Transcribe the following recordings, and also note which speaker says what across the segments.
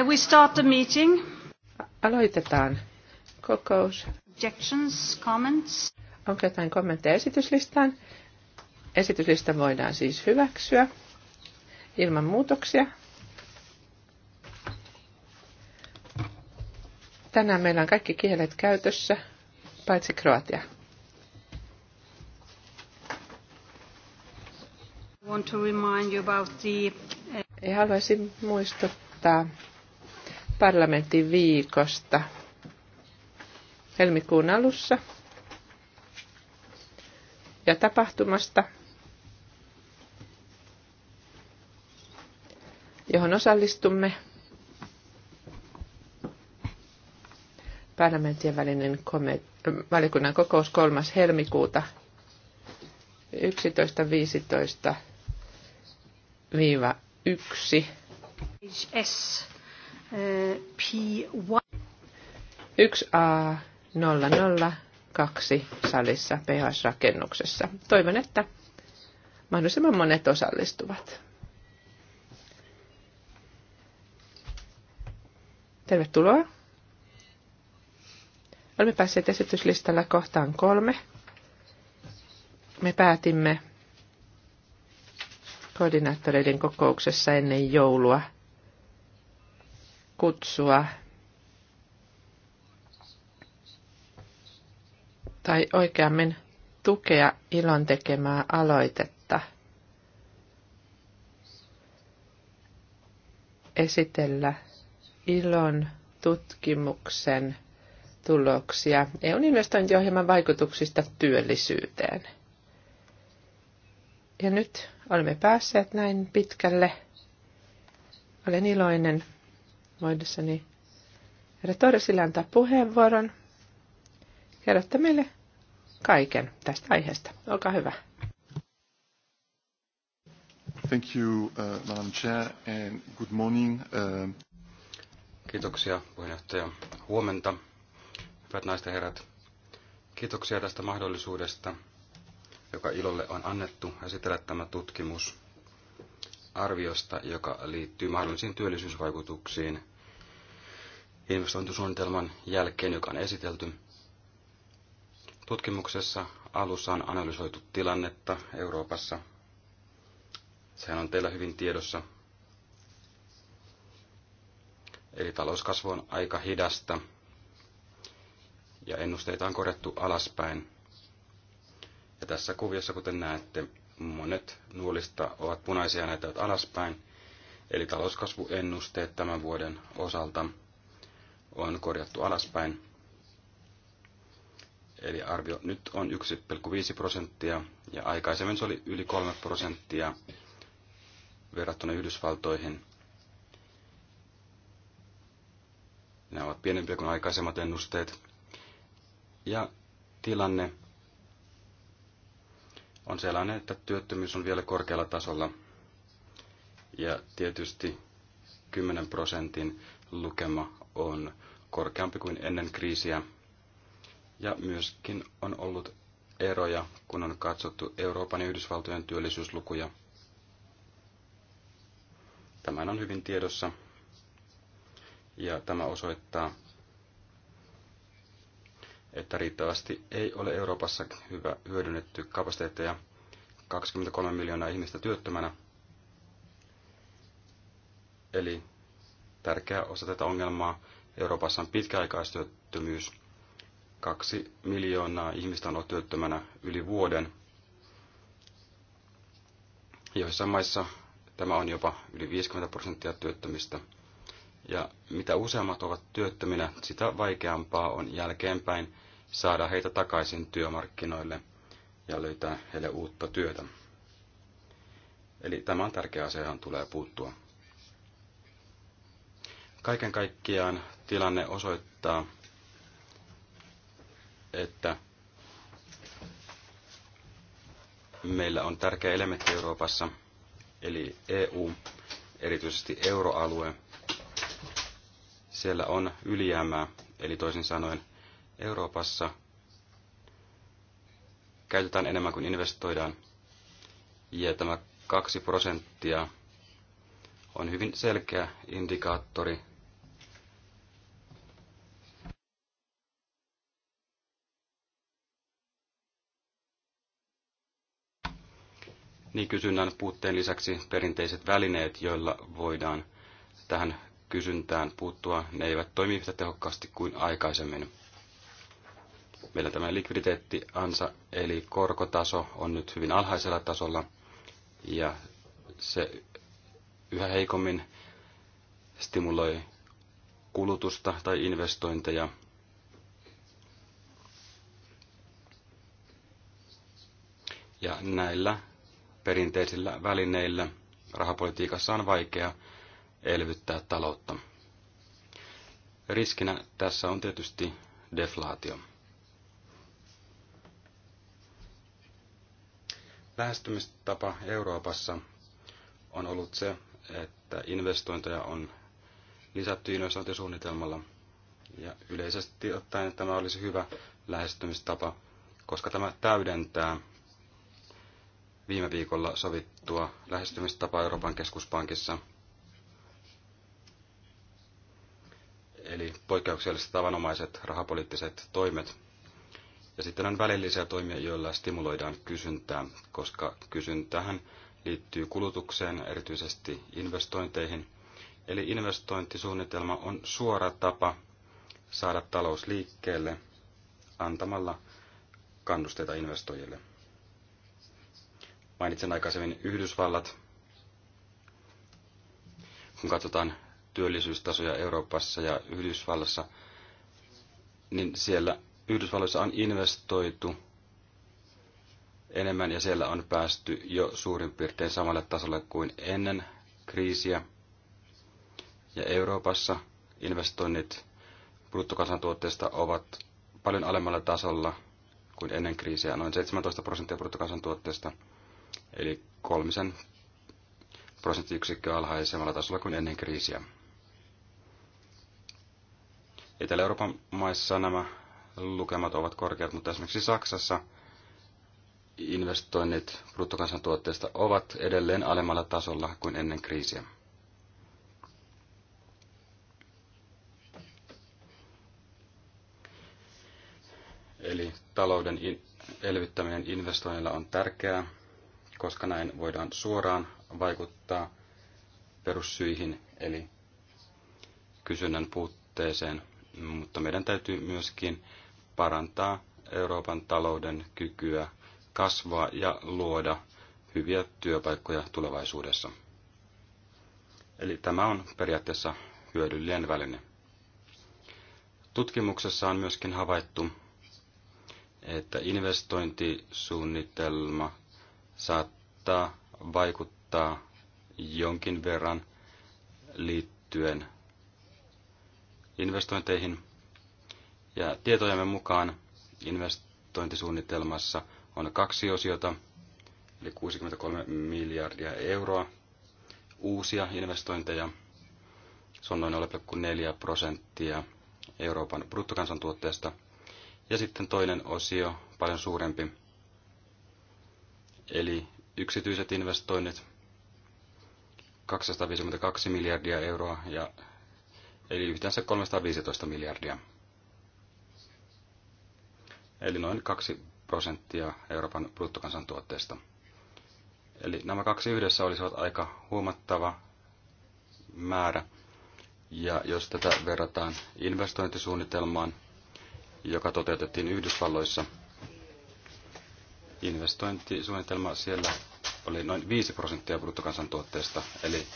Speaker 1: Uh, we start the meeting.
Speaker 2: Aloitetaan kokous. Objections, comments. Onko jotain kommentteja esityslistaan? Esityslista voidaan siis hyväksyä ilman muutoksia. Tänään meillä on kaikki kielet käytössä, paitsi kroatia. Want to
Speaker 1: remind you about
Speaker 2: the... Uh, ja haluaisin muistuttaa parlamentin viikosta helmikuun alussa ja tapahtumasta, johon osallistumme. Parlamentin välinen kome- valikunnan kokous 3. helmikuuta 11.15-1.
Speaker 1: S. P1.
Speaker 2: 1A002 salissa PH-rakennuksessa. Toivon, että mahdollisimman monet osallistuvat. Tervetuloa. Olemme päässeet esityslistalla kohtaan kolme. Me päätimme koordinaattoreiden kokouksessa ennen joulua – kutsua tai oikeammin tukea Ilon tekemää aloitetta esitellä Ilon tutkimuksen tuloksia EUn investointiohjelman vaikutuksista työllisyyteen. Ja nyt olemme päässeet näin pitkälle. Olen iloinen voidessani herra Torresille antaa puheenvuoron. Kerrotte meille kaiken tästä aiheesta. Olkaa hyvä.
Speaker 3: Thank you, uh, Madam Chair, and good morning. Uh... Kiitoksia, puheenjohtaja. Huomenta, hyvät naiset ja herrat. Kiitoksia tästä mahdollisuudesta, joka ilolle on annettu esitellä tämä tutkimus arviosta, joka liittyy mahdollisiin työllisyysvaikutuksiin investointisuunnitelman jälkeen, joka on esitelty. Tutkimuksessa alussa on analysoitu tilannetta Euroopassa. Sehän on teillä hyvin tiedossa. Eli talouskasvu on aika hidasta ja ennusteita on korjattu alaspäin. Ja tässä kuviossa, kuten näette, monet nuolista ovat punaisia näitä alaspäin, eli talouskasvuennusteet tämän vuoden osalta on korjattu alaspäin. Eli arvio nyt on 1,5 prosenttia ja aikaisemmin se oli yli 3 prosenttia verrattuna Yhdysvaltoihin. Nämä ovat pienempiä kuin aikaisemmat ennusteet. Ja tilanne on sellainen, että työttömyys on vielä korkealla tasolla. Ja tietysti 10 prosentin lukema on korkeampi kuin ennen kriisiä. Ja myöskin on ollut eroja, kun on katsottu Euroopan ja Yhdysvaltojen työllisyyslukuja. Tämän on hyvin tiedossa. Ja tämä osoittaa, että riittävästi ei ole Euroopassa hyvä hyödynnetty kapasiteetteja. 23 miljoonaa ihmistä työttömänä. Eli tärkeä osa tätä ongelmaa Euroopassa on pitkäaikaistyöttömyys. Kaksi miljoonaa ihmistä on ollut työttömänä yli vuoden. Joissain maissa tämä on jopa yli 50 prosenttia työttömistä. Ja mitä useammat ovat työttöminä, sitä vaikeampaa on jälkeenpäin saada heitä takaisin työmarkkinoille ja löytää heille uutta työtä. Eli tämä on tärkeä asia, johon tulee puuttua. Kaiken kaikkiaan tilanne osoittaa, että meillä on tärkeä elementti Euroopassa, eli EU, erityisesti euroalue, siellä on ylijäämää, eli toisin sanoen Euroopassa käytetään enemmän kuin investoidaan. Ja tämä 2 prosenttia on hyvin selkeä indikaattori. Niin kysynnän puutteen lisäksi perinteiset välineet, joilla voidaan tähän kysyntään puuttua. Ne eivät toimi yhtä tehokkaasti kuin aikaisemmin. Meillä tämä likviditeettiansa eli korkotaso on nyt hyvin alhaisella tasolla ja se yhä heikommin stimuloi kulutusta tai investointeja. Ja näillä perinteisillä välineillä rahapolitiikassa on vaikea elvyttää taloutta. Riskinä tässä on tietysti deflaatio. Lähestymistapa Euroopassa on ollut se, että investointeja on lisätty investointisuunnitelmalla. Ja yleisesti ottaen tämä olisi hyvä lähestymistapa, koska tämä täydentää viime viikolla sovittua lähestymistapaa Euroopan keskuspankissa – eli poikkeukselliset tavanomaiset rahapoliittiset toimet. Ja sitten on välillisiä toimia, joilla stimuloidaan kysyntää, koska kysyntähän liittyy kulutukseen, erityisesti investointeihin. Eli investointisuunnitelma on suora tapa saada talous liikkeelle antamalla kannusteita investoijille. Mainitsen aikaisemmin Yhdysvallat. Kun katsotaan työllisyystasoja Euroopassa ja Yhdysvallassa, niin siellä Yhdysvalloissa on investoitu enemmän ja siellä on päästy jo suurin piirtein samalle tasolle kuin ennen kriisiä. Ja Euroopassa investoinnit bruttokansantuotteesta ovat paljon alemmalla tasolla kuin ennen kriisiä, noin 17 prosenttia bruttokansantuotteesta, eli kolmisen prosenttiyksikköä alhaisemmalla tasolla kuin ennen kriisiä. Etelä-Euroopan maissa nämä lukemat ovat korkeat, mutta esimerkiksi Saksassa investoinnit bruttokansantuotteesta ovat edelleen alemmalla tasolla kuin ennen kriisiä. Eli talouden elvyttäminen investoinnilla on tärkeää, koska näin voidaan suoraan vaikuttaa perussyihin eli kysynnän puutteeseen mutta meidän täytyy myöskin parantaa Euroopan talouden kykyä kasvaa ja luoda hyviä työpaikkoja tulevaisuudessa. Eli tämä on periaatteessa hyödyllinen väline. Tutkimuksessa on myöskin havaittu, että investointisuunnitelma saattaa vaikuttaa jonkin verran liittyen investointeihin. Ja tietojamme mukaan investointisuunnitelmassa on kaksi osiota, eli 63 miljardia euroa uusia investointeja. Se on noin 0,4 prosenttia Euroopan bruttokansantuotteesta. Ja sitten toinen osio, paljon suurempi, eli yksityiset investoinnit, 252 miljardia euroa ja eli yhteensä 315 miljardia. Eli noin 2 prosenttia Euroopan bruttokansantuotteesta. Eli nämä kaksi yhdessä olisivat aika huomattava määrä. Ja jos tätä verrataan investointisuunnitelmaan, joka toteutettiin Yhdysvalloissa, investointisuunnitelma siellä oli noin 5 prosenttia bruttokansantuotteesta, eli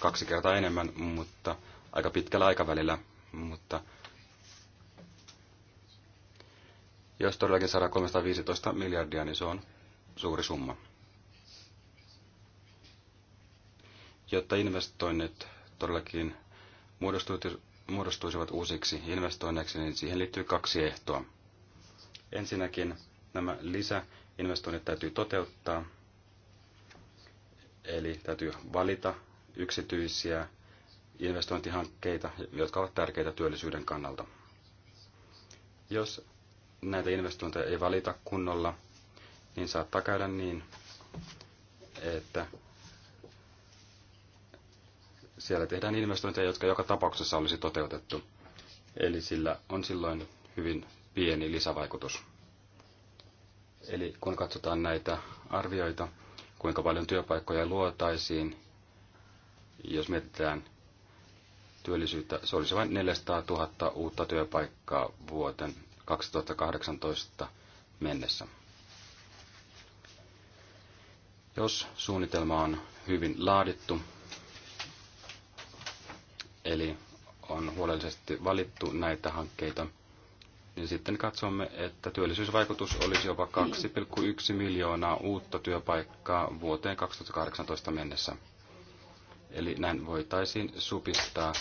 Speaker 3: kaksi kertaa enemmän, mutta aika pitkällä aikavälillä, mutta jos todellakin saadaan 315 miljardia, niin se on suuri summa. Jotta investoinnit todellakin muodostuisivat uusiksi investoinneiksi, niin siihen liittyy kaksi ehtoa. Ensinnäkin nämä lisäinvestoinnit täytyy toteuttaa, eli täytyy valita yksityisiä investointihankkeita, jotka ovat tärkeitä työllisyyden kannalta. Jos näitä investointeja ei valita kunnolla, niin saattaa käydä niin, että siellä tehdään investointeja, jotka joka tapauksessa olisi toteutettu. Eli sillä on silloin hyvin pieni lisävaikutus. Eli kun katsotaan näitä arvioita, kuinka paljon työpaikkoja luotaisiin, jos mietitään työllisyyttä. Se olisi vain 400 000 uutta työpaikkaa vuoteen 2018 mennessä. Jos suunnitelma on hyvin laadittu, eli on huolellisesti valittu näitä hankkeita, niin sitten katsomme, että työllisyysvaikutus olisi jopa 2,1 miljoonaa uutta työpaikkaa vuoteen 2018 mennessä. Eli näin voitaisiin supistaa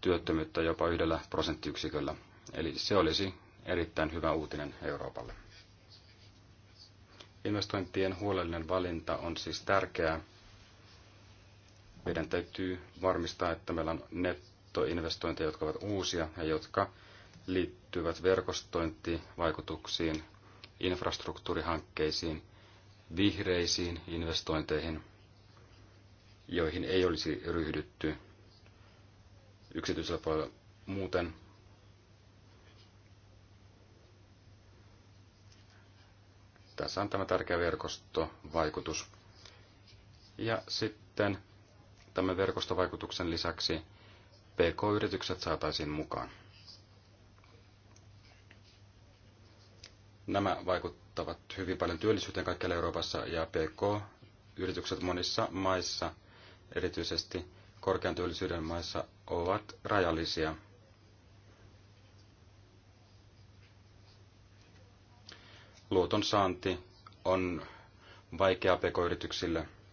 Speaker 3: työttömyyttä jopa yhdellä prosenttiyksiköllä. Eli se olisi erittäin hyvä uutinen Euroopalle. Investointien huolellinen valinta on siis tärkeää. Meidän täytyy varmistaa, että meillä on nettoinvestointeja, jotka ovat uusia ja jotka liittyvät verkostointivaikutuksiin, infrastruktuurihankkeisiin, vihreisiin investointeihin – joihin ei olisi ryhdytty yksityisellä puolella muuten. Tässä on tämä tärkeä verkostovaikutus. Ja sitten tämän verkostovaikutuksen lisäksi PK-yritykset saataisiin mukaan. Nämä vaikuttavat hyvin paljon työllisyyteen kaikkialla Euroopassa ja PK-yritykset monissa maissa – erityisesti korkean työllisyyden maissa, ovat rajallisia. Luoton saanti on vaikea pekoyrityksille. yrityksille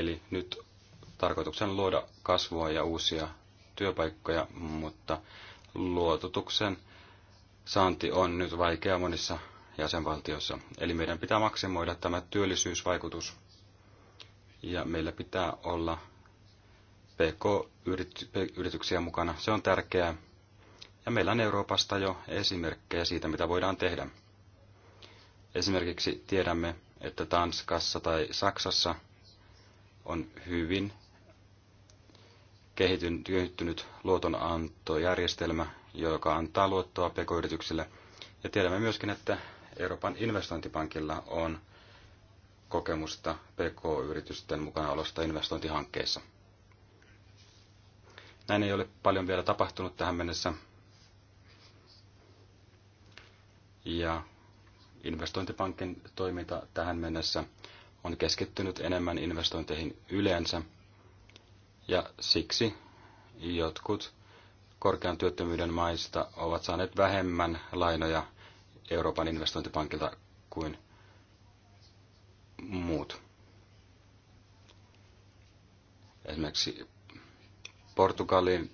Speaker 3: Eli nyt tarkoituksen luoda kasvua ja uusia työpaikkoja, mutta luototuksen saanti on nyt vaikea monissa jäsenvaltioissa. Eli meidän pitää maksimoida tämä työllisyysvaikutus ja meillä pitää olla PK-yrityksiä mukana. Se on tärkeää. Ja meillä on Euroopasta jo esimerkkejä siitä, mitä voidaan tehdä. Esimerkiksi tiedämme, että Tanskassa tai Saksassa on hyvin kehittynyt luotonantojärjestelmä, joka antaa luottoa pk-yrityksille. Ja tiedämme myöskin, että Euroopan investointipankilla on kokemusta PK-yritysten mukanaolosta investointihankkeissa. Näin ei ole paljon vielä tapahtunut tähän mennessä. Ja investointipankin toiminta tähän mennessä on keskittynyt enemmän investointeihin yleensä. Ja siksi jotkut korkean työttömyyden maista ovat saaneet vähemmän lainoja Euroopan investointipankilta kuin muut. Esimerkiksi Portugali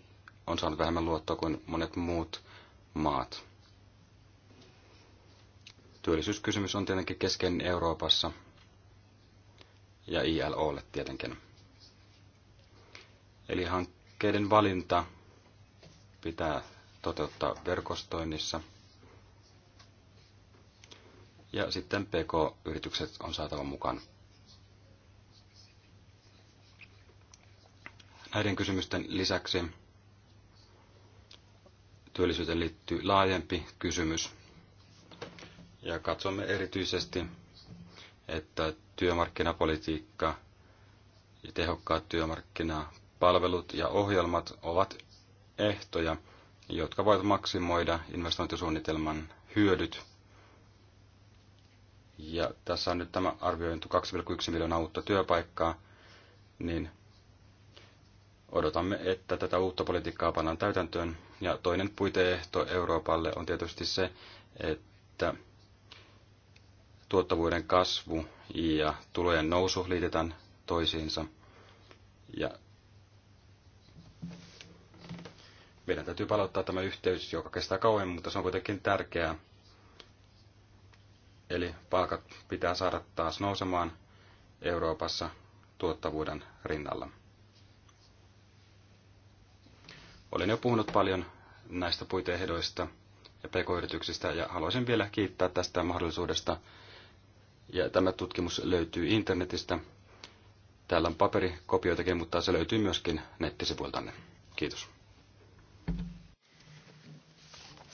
Speaker 3: on saanut vähemmän luottoa kuin monet muut maat. Työllisyyskysymys on tietenkin keskeinen Euroopassa ja ILOlle tietenkin. Eli hankkeiden valinta pitää toteuttaa verkostoinnissa – ja sitten PK-yritykset on saatava mukaan. Näiden kysymysten lisäksi työllisyyteen liittyy laajempi kysymys. Ja katsomme erityisesti, että työmarkkinapolitiikka ja tehokkaat työmarkkinapalvelut ja ohjelmat ovat ehtoja, jotka voivat maksimoida investointisuunnitelman hyödyt ja tässä on nyt tämä arviointu 2,1 miljoonaa uutta työpaikkaa, niin odotamme, että tätä uutta politiikkaa pannaan täytäntöön. Ja toinen puiteehto Euroopalle on tietysti se, että tuottavuuden kasvu ja tulojen nousu liitetään toisiinsa. Ja meidän täytyy palauttaa tämä yhteys, joka kestää kauemmin, mutta se on kuitenkin tärkeää, Eli palkat pitää saada taas nousemaan Euroopassa tuottavuuden rinnalla. Olen jo puhunut paljon näistä puiteehdoista ja pk-yrityksistä ja haluaisin vielä kiittää tästä mahdollisuudesta. Ja tämä tutkimus löytyy internetistä. Täällä on paperikopioitakin, mutta se löytyy myöskin nettisivuiltanne. Kiitos.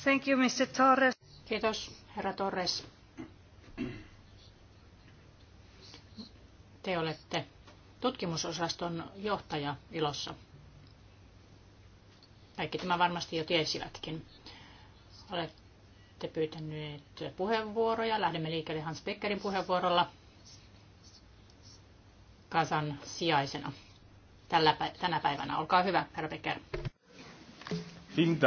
Speaker 1: Thank you, Mr. Torres. Kiitos, herra Torres.
Speaker 4: Te olette tutkimusosaston johtaja Ilossa. Kaikki tämä varmasti jo tiesivätkin. Olette pyytäneet puheenvuoroja. Lähdemme liikkeelle Hans Beckerin puheenvuorolla Kasan sijaisena Tällä, tänä päivänä. Olkaa hyvä, herra Becker.
Speaker 3: Äh, äh,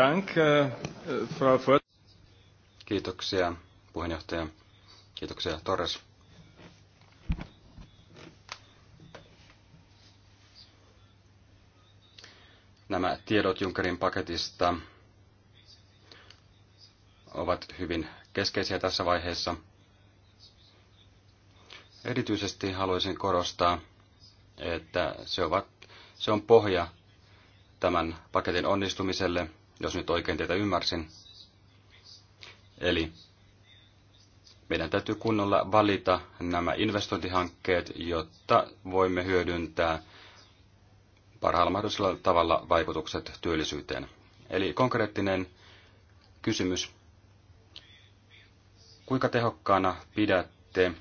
Speaker 3: Kiitoksia, puheenjohtaja. Kiitoksia, Torres. Nämä tiedot Junckerin paketista ovat hyvin keskeisiä tässä vaiheessa. Erityisesti haluaisin korostaa, että se, ovat, se on pohja tämän paketin onnistumiselle, jos nyt oikein tätä ymmärsin. Eli meidän täytyy kunnolla valita nämä investointihankkeet, jotta voimme hyödyntää – parhaalla mahdollisella tavalla vaikutukset työllisyyteen. Eli konkreettinen kysymys. Kuinka tehokkaana pidätte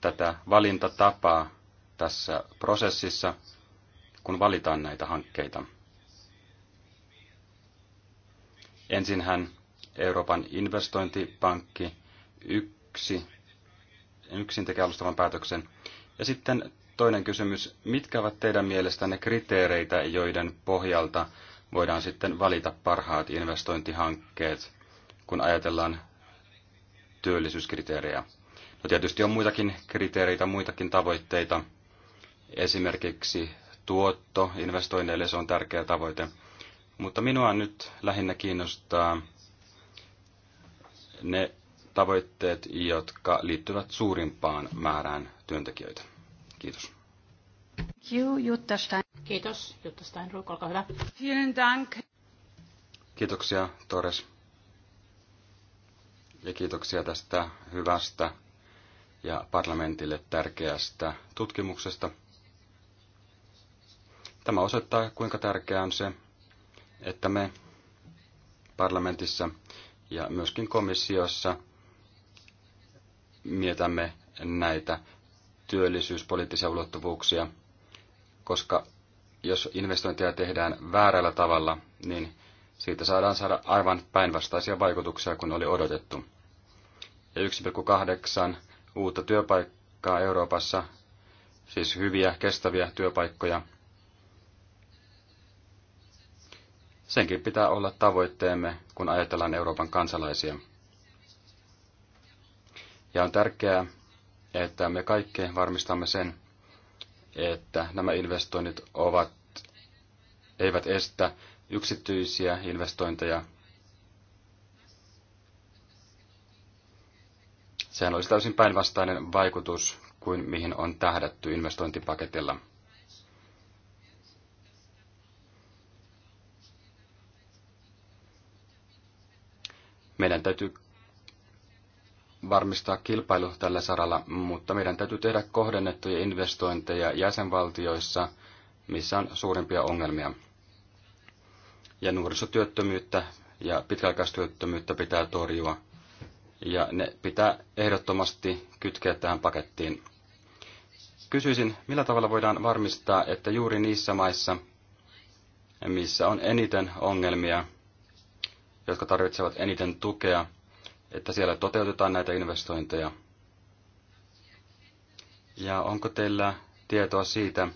Speaker 3: tätä valintatapaa tässä prosessissa, kun valitaan näitä hankkeita? Ensinhän Euroopan investointipankki yksi, yksin tekee alustavan päätöksen. Ja sitten Toinen kysymys, mitkä ovat teidän mielestänne kriteereitä, joiden pohjalta voidaan sitten valita parhaat investointihankkeet, kun ajatellaan työllisyyskriteerejä? No tietysti on muitakin kriteereitä, muitakin tavoitteita. Esimerkiksi tuotto investoinneille, se on tärkeä tavoite. Mutta minua nyt lähinnä kiinnostaa ne tavoitteet, jotka liittyvät suurimpaan määrään työntekijöitä. Kiitos.
Speaker 4: Stein. Kiitos. Jutta Steinruck, olkaa hyvä. Vielen dank.
Speaker 3: Kiitoksia, Tores. Ja kiitoksia tästä hyvästä ja parlamentille tärkeästä tutkimuksesta. Tämä osoittaa, kuinka tärkeää on se, että me parlamentissa ja myöskin komissiossa mietämme näitä työllisyyspoliittisia ulottuvuuksia, koska jos investointeja tehdään väärällä tavalla, niin siitä saadaan saada aivan päinvastaisia vaikutuksia kuin oli odotettu. Ja 1,8 uutta työpaikkaa Euroopassa, siis hyviä, kestäviä työpaikkoja. Senkin pitää olla tavoitteemme, kun ajatellaan Euroopan kansalaisia. Ja on tärkeää, että me kaikki varmistamme sen, että nämä investoinnit ovat, eivät estä yksityisiä investointeja. Sehän olisi täysin päinvastainen vaikutus kuin mihin on tähdätty investointipaketilla. Meidän täytyy varmistaa kilpailu tällä saralla, mutta meidän täytyy tehdä kohdennettuja investointeja jäsenvaltioissa, missä on suurimpia ongelmia. Ja nuorisotyöttömyyttä ja pitkäaikaistyöttömyyttä pitää torjua, ja ne pitää ehdottomasti kytkeä tähän pakettiin. Kysyisin, millä tavalla voidaan varmistaa, että juuri niissä maissa, missä on eniten ongelmia, jotka tarvitsevat eniten tukea, että siellä toteutetaan näitä investointeja? Ja onko teillä tietoa siitä,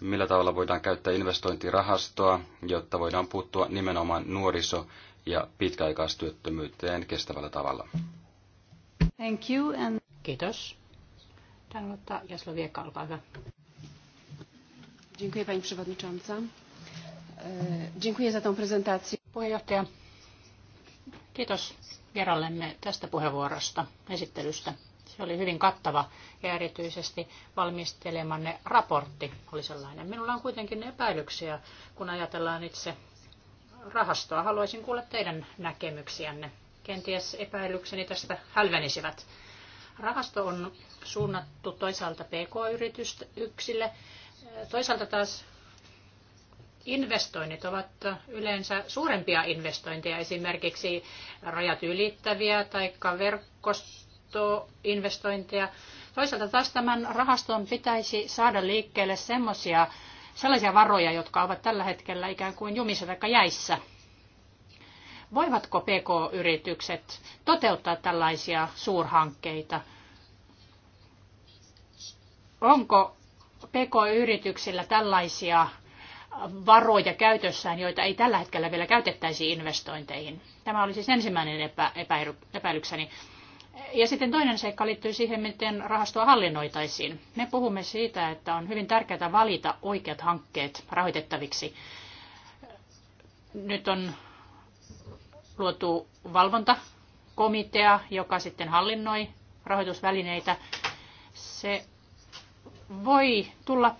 Speaker 3: millä tavalla voidaan käyttää investointirahastoa, jotta voidaan puuttua nimenomaan nuoriso- ja pitkäaikaistyöttömyyteen kestävällä tavalla?
Speaker 1: Thank you and... Kiitos. Danuta Jaslowiecka, olkaa hyvä. Dziękuję Pani Przewodnicząca. E,
Speaker 4: dziękuję za tą prezentację. Puheenjohtaja, kiitos vierallemme tästä puheenvuorosta, esittelystä. Se oli hyvin kattava ja erityisesti valmistelemanne raportti oli sellainen. Minulla on kuitenkin epäilyksiä, kun ajatellaan itse rahastoa. Haluaisin kuulla teidän näkemyksiänne. Kenties epäilykseni tästä hälvenisivät. Rahasto on suunnattu toisaalta pk-yrityksille, toisaalta taas investoinnit ovat yleensä suurempia investointeja, esimerkiksi rajat ylittäviä tai verkostoinvestointeja. Toisaalta taas tämän rahaston pitäisi saada liikkeelle semmoisia sellaisia varoja, jotka ovat tällä hetkellä ikään kuin jumissa tai jäissä. Voivatko PK-yritykset toteuttaa tällaisia suurhankkeita? Onko PK-yrityksillä tällaisia varoja käytössään, joita ei tällä hetkellä vielä käytettäisi investointeihin. Tämä oli siis ensimmäinen epä, epä, epäilykseni. Ja sitten toinen seikka liittyy siihen, miten rahastoa hallinnoitaisiin. Me puhumme siitä, että on hyvin tärkeää valita oikeat hankkeet rahoitettaviksi. Nyt on luotu valvontakomitea, joka sitten hallinnoi rahoitusvälineitä. Se voi tulla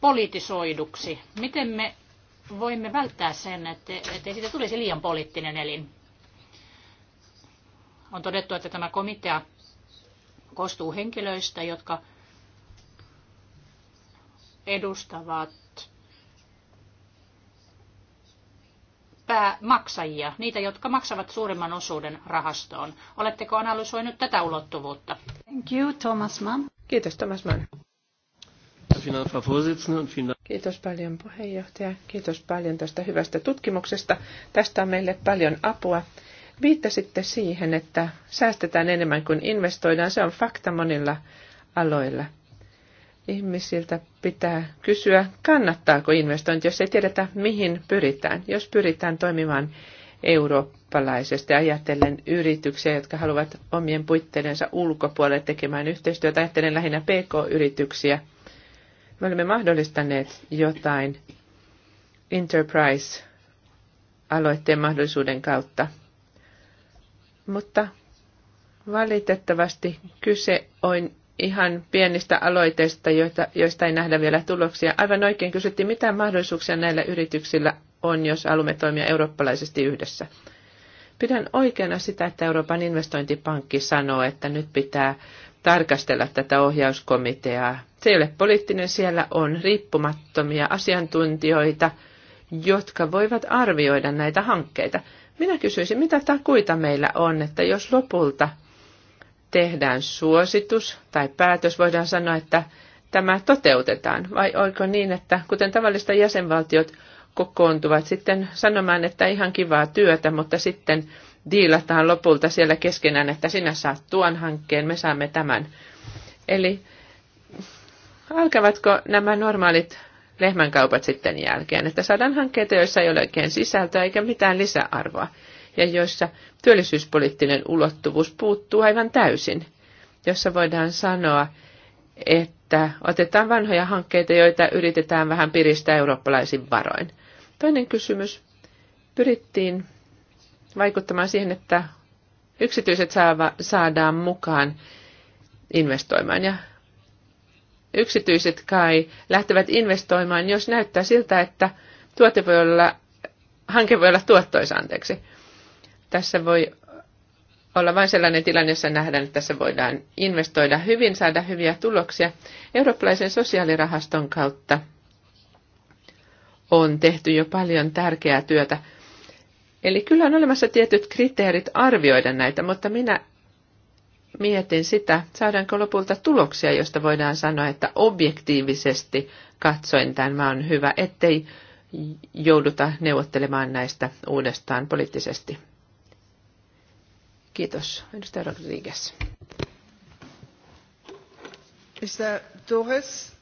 Speaker 4: politisoiduksi? Miten me voimme välttää sen, että, että siitä tulisi liian poliittinen elin? On todettu, että tämä komitea koostuu henkilöistä, jotka edustavat päämaksajia, niitä, jotka maksavat suurimman osuuden rahastoon.
Speaker 2: Oletteko analysoinut tätä ulottuvuutta?
Speaker 1: Thank you, Thomas Mann. Kiitos, Thomas Mann.
Speaker 2: Kiitos paljon puheenjohtaja. Kiitos paljon tästä hyvästä tutkimuksesta. Tästä on meille paljon apua. Viittasitte siihen, että säästetään enemmän kuin investoidaan. Se on fakta monilla aloilla. Ihmisiltä pitää kysyä, kannattaako investointi, jos ei tiedetä, mihin pyritään. Jos pyritään toimimaan eurooppalaisesti ajatellen yrityksiä, jotka haluavat omien puitteidensa ulkopuolelle tekemään yhteistyötä. Ajattelen lähinnä PK-yrityksiä – me olemme mahdollistaneet jotain Enterprise-aloitteen mahdollisuuden kautta, mutta valitettavasti kyse on ihan pienistä aloitteista, joita, joista ei nähdä vielä tuloksia. Aivan oikein kysyttiin, mitä mahdollisuuksia näillä yrityksillä on, jos haluamme toimia eurooppalaisesti yhdessä. Pidän oikeana sitä, että Euroopan investointipankki sanoo, että nyt pitää tarkastella tätä ohjauskomiteaa. Se ei ole poliittinen, siellä on riippumattomia asiantuntijoita, jotka voivat arvioida näitä hankkeita. Minä kysyisin, mitä takuita meillä on, että jos lopulta tehdään suositus tai päätös, voidaan sanoa, että tämä toteutetaan, vai oiko niin, että kuten tavallista jäsenvaltiot kokoontuvat sitten sanomaan, että ihan kivaa työtä, mutta sitten diilataan lopulta siellä keskenään, että sinä saat tuon hankkeen, me saamme tämän. Eli alkavatko nämä normaalit lehmänkaupat sitten jälkeen, että saadaan hankkeita, joissa ei ole oikein sisältöä eikä mitään lisäarvoa, ja joissa työllisyyspoliittinen ulottuvuus puuttuu aivan täysin, jossa voidaan sanoa, että otetaan vanhoja hankkeita, joita yritetään vähän piristää eurooppalaisin varoin. Toinen kysymys. Pyrittiin vaikuttamaan siihen, että yksityiset saava, saadaan mukaan investoimaan. Ja yksityiset kai lähtevät investoimaan, jos näyttää siltä, että tuote voi olla, hanke voi olla tuottoisa, anteeksi. Tässä voi olla vain sellainen tilanne, jossa nähdään, että tässä voidaan investoida hyvin, saada hyviä tuloksia. Eurooppalaisen sosiaalirahaston kautta on tehty jo paljon tärkeää työtä Eli kyllä on olemassa tietyt kriteerit arvioida näitä, mutta minä mietin sitä, saadaanko lopulta tuloksia, josta voidaan sanoa, että objektiivisesti katsoen tämä on hyvä, ettei jouduta neuvottelemaan näistä uudestaan poliittisesti. Kiitos. Edustaja Rodriguez.
Speaker 1: Mr. Torres,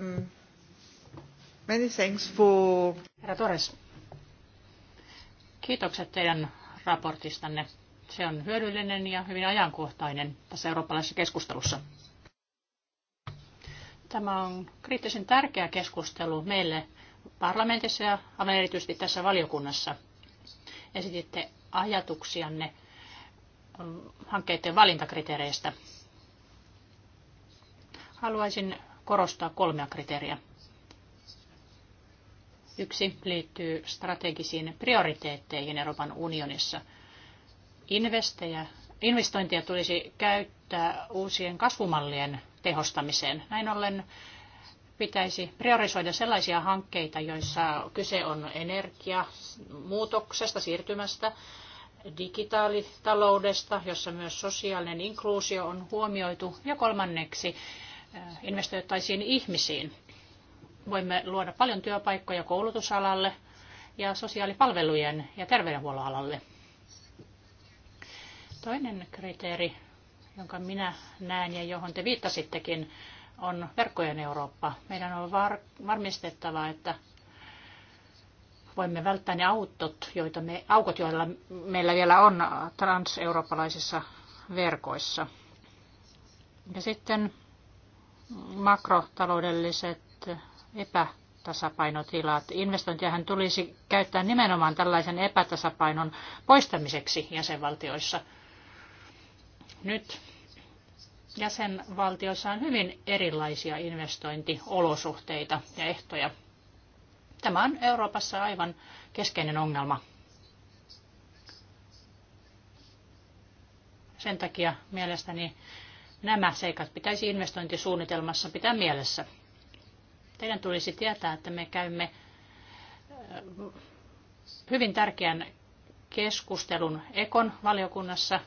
Speaker 4: um, many thanks for... Herra Torres, Kiitokset teidän raportistanne. Se on hyödyllinen ja hyvin ajankohtainen tässä eurooppalaisessa keskustelussa. Tämä on kriittisen tärkeä keskustelu meille parlamentissa ja aivan erityisesti tässä valiokunnassa. Esititte ajatuksianne hankkeiden valintakriteereistä. Haluaisin korostaa kolmea kriteeriä. Yksi liittyy strategisiin prioriteetteihin Euroopan unionissa. Investejä, investointia tulisi käyttää uusien kasvumallien tehostamiseen. Näin ollen pitäisi priorisoida sellaisia hankkeita, joissa kyse on energiamuutoksesta, siirtymästä, digitaalitaloudesta, jossa myös sosiaalinen inkluusio on huomioitu, ja kolmanneksi investoittaisiin ihmisiin voimme luoda paljon työpaikkoja koulutusalalle ja sosiaalipalvelujen ja terveydenhuollon alalle. Toinen kriteeri, jonka minä näen ja johon te viittasittekin, on verkkojen Eurooppa. Meidän on var- varmistettava, että voimme välttää ne autot, joita me, aukot, joilla meillä vielä on transeurooppalaisissa verkoissa. Ja sitten makrotaloudelliset epätasapainotilat. Investointiahan tulisi käyttää nimenomaan tällaisen epätasapainon poistamiseksi jäsenvaltioissa. Nyt jäsenvaltioissa on hyvin erilaisia investointiolosuhteita ja ehtoja. Tämä on Euroopassa aivan keskeinen ongelma. Sen takia mielestäni nämä seikat pitäisi investointisuunnitelmassa pitää mielessä. Teidän tulisi tietää, että me käymme hyvin tärkeän keskustelun Ekon valiokunnassa.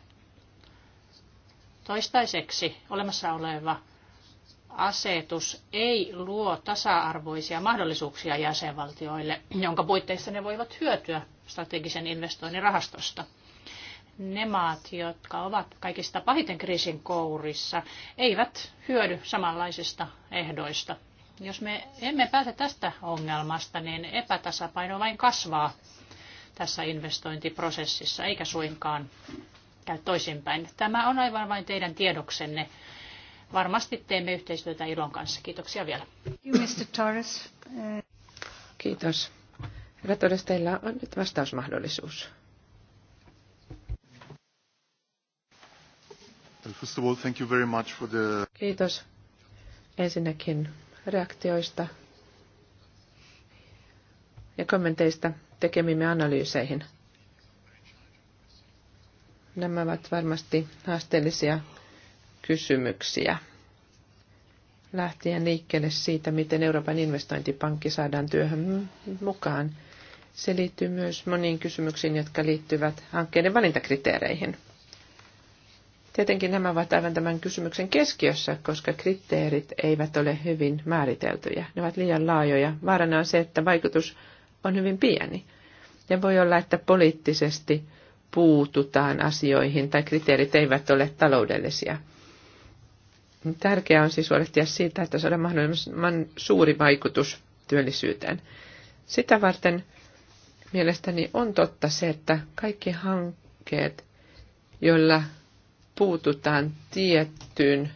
Speaker 4: Toistaiseksi olemassa oleva asetus ei luo tasa-arvoisia mahdollisuuksia jäsenvaltioille, jonka puitteissa ne voivat hyötyä strategisen investoinnin rahastosta. Ne maat, jotka ovat kaikista pahiten kriisin kourissa, eivät hyödy samanlaisista ehdoista. Jos me emme pääse tästä ongelmasta, niin epätasapaino vain kasvaa tässä investointiprosessissa, eikä suinkaan käy toisinpäin. Tämä on aivan vain teidän tiedoksenne. Varmasti teemme yhteistyötä Ilon kanssa. Kiitoksia
Speaker 1: vielä. Mr. Torres.
Speaker 2: Kiitos. Herra Torres, teillä on nyt vastausmahdollisuus.
Speaker 3: First of all, thank you very much for the...
Speaker 2: Kiitos ensinnäkin reaktioista ja kommenteista tekemimme analyyseihin. Nämä ovat varmasti haasteellisia kysymyksiä. Lähtien liikkeelle siitä, miten Euroopan investointipankki saadaan työhön mukaan. Se liittyy myös moniin kysymyksiin, jotka liittyvät hankkeiden valintakriteereihin. Tietenkin nämä ovat aivan tämän kysymyksen keskiössä, koska kriteerit eivät ole hyvin määriteltyjä. Ne ovat liian laajoja. Vaarana on se, että vaikutus on hyvin pieni. Ja voi olla, että poliittisesti puututaan asioihin tai kriteerit eivät ole taloudellisia. Tärkeää on siis huolehtia siitä, että saadaan mahdollisimman suuri vaikutus työllisyyteen. Sitä varten mielestäni on totta se, että kaikki hankkeet, joilla puututaan tiettyyn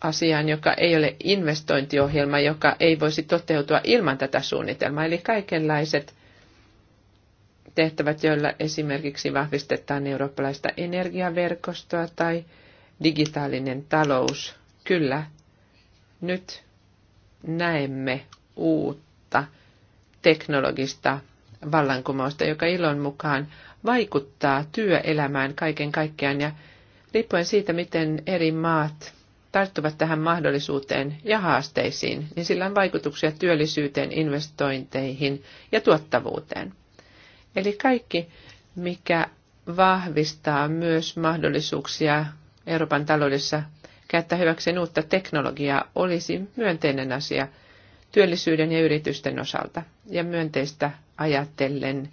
Speaker 2: asiaan, joka ei ole investointiohjelma, joka ei voisi toteutua ilman tätä suunnitelmaa. Eli kaikenlaiset tehtävät, joilla esimerkiksi vahvistetaan eurooppalaista energiaverkostoa tai digitaalinen talous. Kyllä, nyt näemme uutta teknologista vallankumousta, joka ilon mukaan vaikuttaa työelämään kaiken kaikkiaan ja riippuen siitä, miten eri maat tarttuvat tähän mahdollisuuteen ja haasteisiin, niin sillä on vaikutuksia työllisyyteen, investointeihin ja tuottavuuteen. Eli kaikki, mikä vahvistaa myös mahdollisuuksia Euroopan taloudessa käyttää hyväkseen uutta teknologiaa, olisi myönteinen asia työllisyyden ja yritysten osalta ja myönteistä ajatellen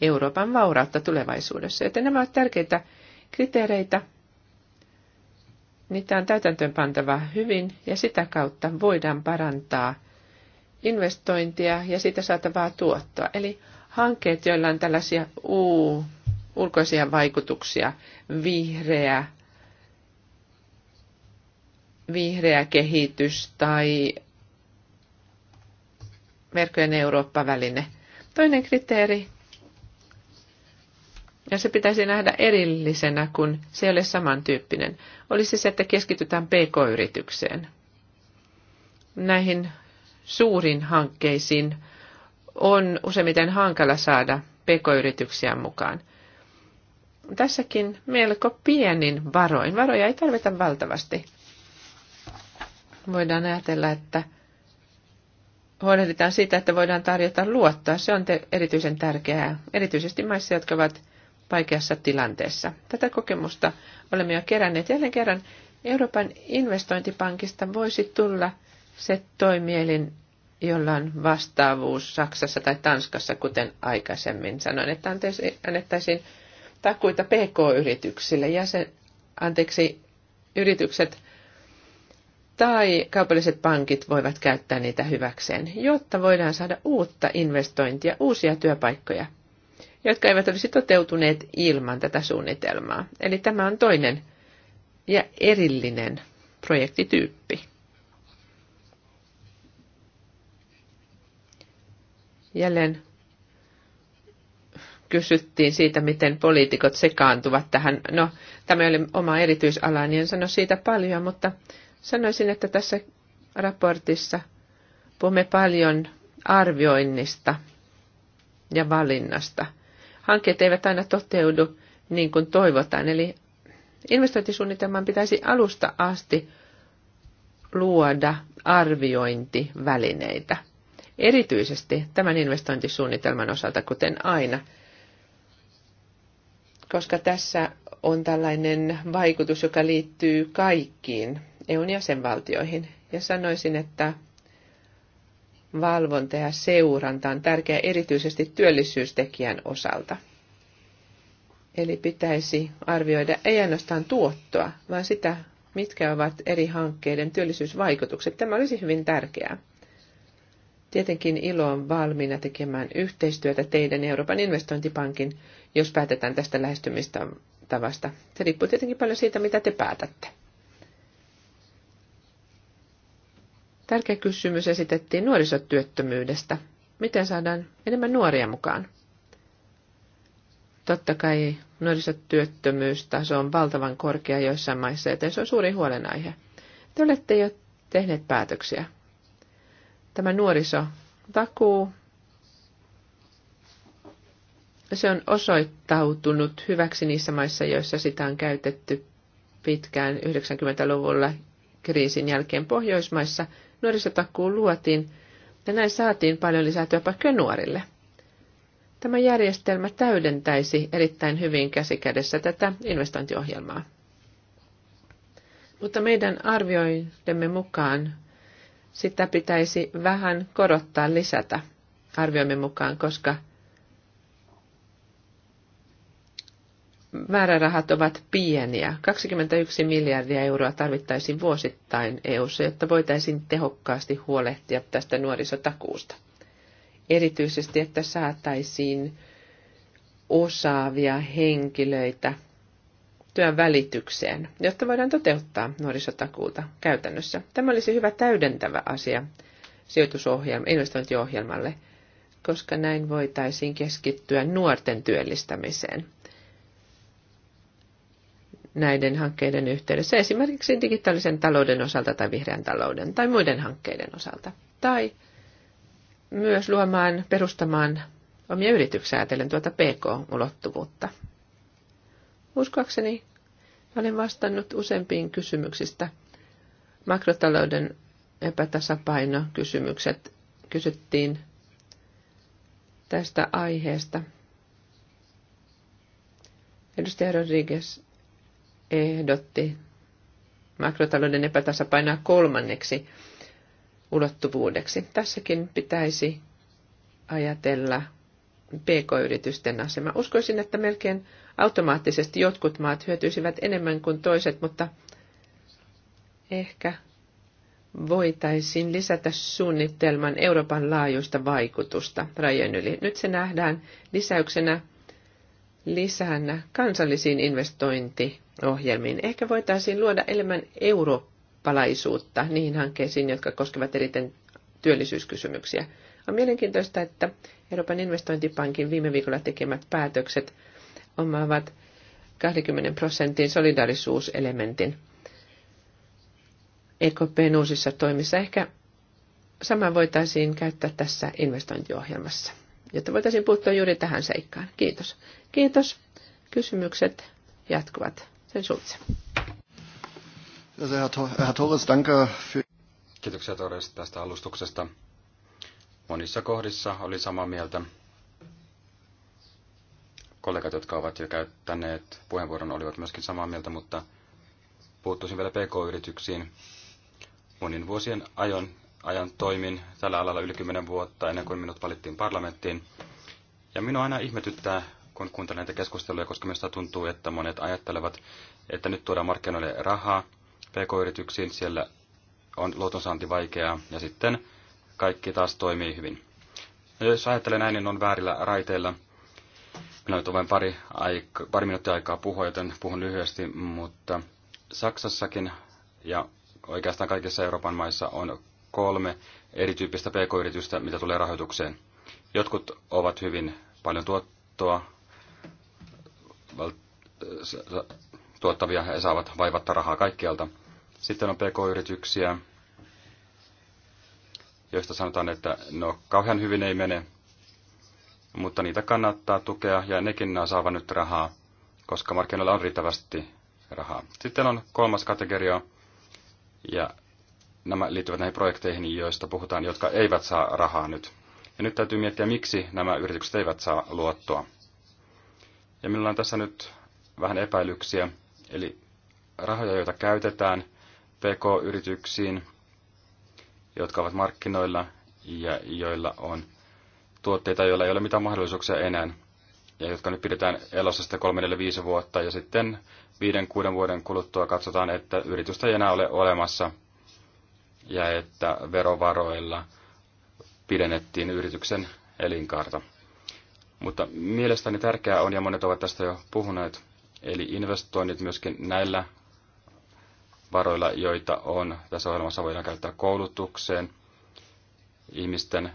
Speaker 2: Euroopan vaurautta tulevaisuudessa. Joten nämä ovat tärkeitä kriteereitä. Niitä on täytäntöön pantava hyvin ja sitä kautta voidaan parantaa investointia ja siitä saatavaa tuottoa. Eli hankkeet, joilla on tällaisia uu, ulkoisia vaikutuksia, vihreä, vihreä kehitys tai verkkojen Eurooppa-väline. Toinen kriteeri ja se pitäisi nähdä erillisenä, kun se ei ole samantyyppinen. Olisi se, että keskitytään pk-yritykseen. Näihin suurin hankkeisiin on useimmiten hankala saada pk-yrityksiä mukaan. Tässäkin melko pienin varoin. Varoja ei tarvita valtavasti. Voidaan ajatella, että huolehditaan siitä, että voidaan tarjota luottoa. Se on erityisen tärkeää, erityisesti maissa, jotka ovat vaikeassa tilanteessa. Tätä kokemusta olemme jo keränneet. Jälleen kerran Euroopan investointipankista voisi tulla se toimielin, jolla on vastaavuus Saksassa tai Tanskassa, kuten aikaisemmin sanoin, että annettaisiin takuita PK-yrityksille, jäsen, anteeksi, yritykset tai kaupalliset pankit voivat käyttää niitä hyväkseen, jotta voidaan saada uutta investointia, uusia työpaikkoja – jotka eivät olisi toteutuneet ilman tätä suunnitelmaa. Eli tämä on toinen ja erillinen projektityyppi. Jälleen kysyttiin siitä, miten poliitikot sekaantuvat tähän. No, tämä oli oma erityisala, niin en sano siitä paljon, mutta sanoisin, että tässä raportissa puhumme paljon arvioinnista ja valinnasta – hankkeet eivät aina toteudu niin kuin toivotaan. Eli investointisuunnitelman pitäisi alusta asti luoda arviointivälineitä. Erityisesti tämän investointisuunnitelman osalta, kuten aina, koska tässä on tällainen vaikutus, joka liittyy kaikkiin EUn jäsenvaltioihin. Ja sanoisin, että valvonta ja seuranta on tärkeää erityisesti työllisyystekijän osalta. Eli pitäisi arvioida ei ainoastaan tuottoa, vaan sitä, mitkä ovat eri hankkeiden työllisyysvaikutukset. Tämä olisi hyvin tärkeää. Tietenkin ILO on valmiina tekemään yhteistyötä teidän Euroopan investointipankin, jos päätetään tästä lähestymistavasta. Se riippuu tietenkin paljon siitä, mitä te päätätte. Tärkeä kysymys esitettiin nuorisotyöttömyydestä. Miten saadaan enemmän nuoria mukaan? Totta kai nuorisotyöttömyystaso on valtavan korkea joissain maissa, joten se on suuri huolenaihe. Te olette jo tehneet päätöksiä. Tämä nuorisotakuu, se on osoittautunut hyväksi niissä maissa, joissa sitä on käytetty pitkään 90-luvulla kriisin jälkeen Pohjoismaissa – nuorisotakuu luotiin ja näin saatiin paljon lisää työpaikkoja nuorille. Tämä järjestelmä täydentäisi erittäin hyvin käsikädessä tätä investointiohjelmaa. Mutta meidän arvioidemme mukaan sitä pitäisi vähän korottaa lisätä arvioimme mukaan, koska määrärahat ovat pieniä. 21 miljardia euroa tarvittaisiin vuosittain EU:ssa, jotta voitaisiin tehokkaasti huolehtia tästä nuorisotakuusta. Erityisesti, että saataisiin osaavia henkilöitä työn välitykseen, jotta voidaan toteuttaa nuorisotakuuta käytännössä. Tämä olisi hyvä täydentävä asia investointiohjelmalle, koska näin voitaisiin keskittyä nuorten työllistämiseen – näiden hankkeiden yhteydessä, esimerkiksi digitaalisen talouden osalta tai vihreän talouden tai muiden hankkeiden osalta. Tai myös luomaan, perustamaan omia yrityksiä ajatellen tuota PK-ulottuvuutta. Uskoakseni olen vastannut useampiin kysymyksistä. Makrotalouden epätasapaino kysymykset kysyttiin tästä aiheesta. Edustaja Rodriguez ehdotti makrotalouden epätasapainoa kolmanneksi ulottuvuudeksi. Tässäkin pitäisi ajatella pk-yritysten asema. Uskoisin, että melkein automaattisesti jotkut maat hyötyisivät enemmän kuin toiset, mutta ehkä voitaisiin lisätä suunnitelman Euroopan laajuista vaikutusta rajojen yli. Nyt se nähdään lisäyksenä lisänä kansallisiin investointiin ohjelmiin. Ehkä voitaisiin luoda enemmän eurooppalaisuutta niihin hankkeisiin, jotka koskevat eriten työllisyyskysymyksiä. On mielenkiintoista, että Euroopan investointipankin viime viikolla tekemät päätökset omaavat 20 prosentin solidarisuuselementin EKPn uusissa toimissa. Ehkä sama voitaisiin käyttää tässä investointiohjelmassa, jotta voitaisiin puuttua juuri tähän seikkaan. Kiitos. Kiitos. Kysymykset jatkuvat. Sen Schulze.
Speaker 3: Herr Torres, danke für... Kiitoksia Torres tästä alustuksesta. Monissa kohdissa oli samaa mieltä. Kollegat, jotka ovat jo käyttäneet puheenvuoron, olivat myöskin samaa mieltä, mutta puuttuisin vielä PK-yrityksiin. Monin vuosien ajon, ajan toimin tällä alalla yli 10 vuotta ennen kuin minut valittiin parlamenttiin. Ja minua aina ihmetyttää, kun kuuntelen näitä keskusteluja, koska minusta tuntuu, että monet ajattelevat, että nyt tuodaan markkinoille rahaa pk-yrityksiin, siellä on luotonsaanti vaikeaa ja sitten kaikki taas toimii hyvin. Ja no, jos ajattelee näin, niin on väärillä raiteilla. Minä on vain pari, aika, pari minuuttia aikaa puhua, joten puhun lyhyesti, mutta Saksassakin ja oikeastaan kaikissa Euroopan maissa on kolme erityyppistä pk-yritystä, mitä tulee rahoitukseen. Jotkut ovat hyvin paljon tuottoa Äh, tuottavia he saavat vaivatta rahaa kaikkialta. Sitten on pk-yrityksiä, joista sanotaan, että no kauhean hyvin ei mene, mutta niitä kannattaa tukea ja nekin nämä saavat nyt rahaa, koska markkinoilla on riittävästi rahaa. Sitten on kolmas kategoria, ja nämä liittyvät näihin projekteihin, joista puhutaan, jotka eivät saa rahaa nyt. Ja nyt täytyy miettiä, miksi nämä yritykset eivät saa luottoa. Ja minulla on tässä nyt vähän epäilyksiä, eli rahoja, joita käytetään PK-yrityksiin, jotka ovat markkinoilla ja joilla on tuotteita, joilla ei ole mitään mahdollisuuksia enää, ja jotka nyt pidetään elossa sitä 3-5 vuotta, ja sitten 5-6 vuoden kuluttua katsotaan, että yritystä ei enää ole olemassa, ja että verovaroilla pidennettiin yrityksen elinkaarta. Mutta mielestäni tärkeää on, ja monet ovat tästä jo puhuneet, eli investoinnit myöskin näillä varoilla, joita on tässä ohjelmassa, voidaan käyttää koulutukseen, ihmisten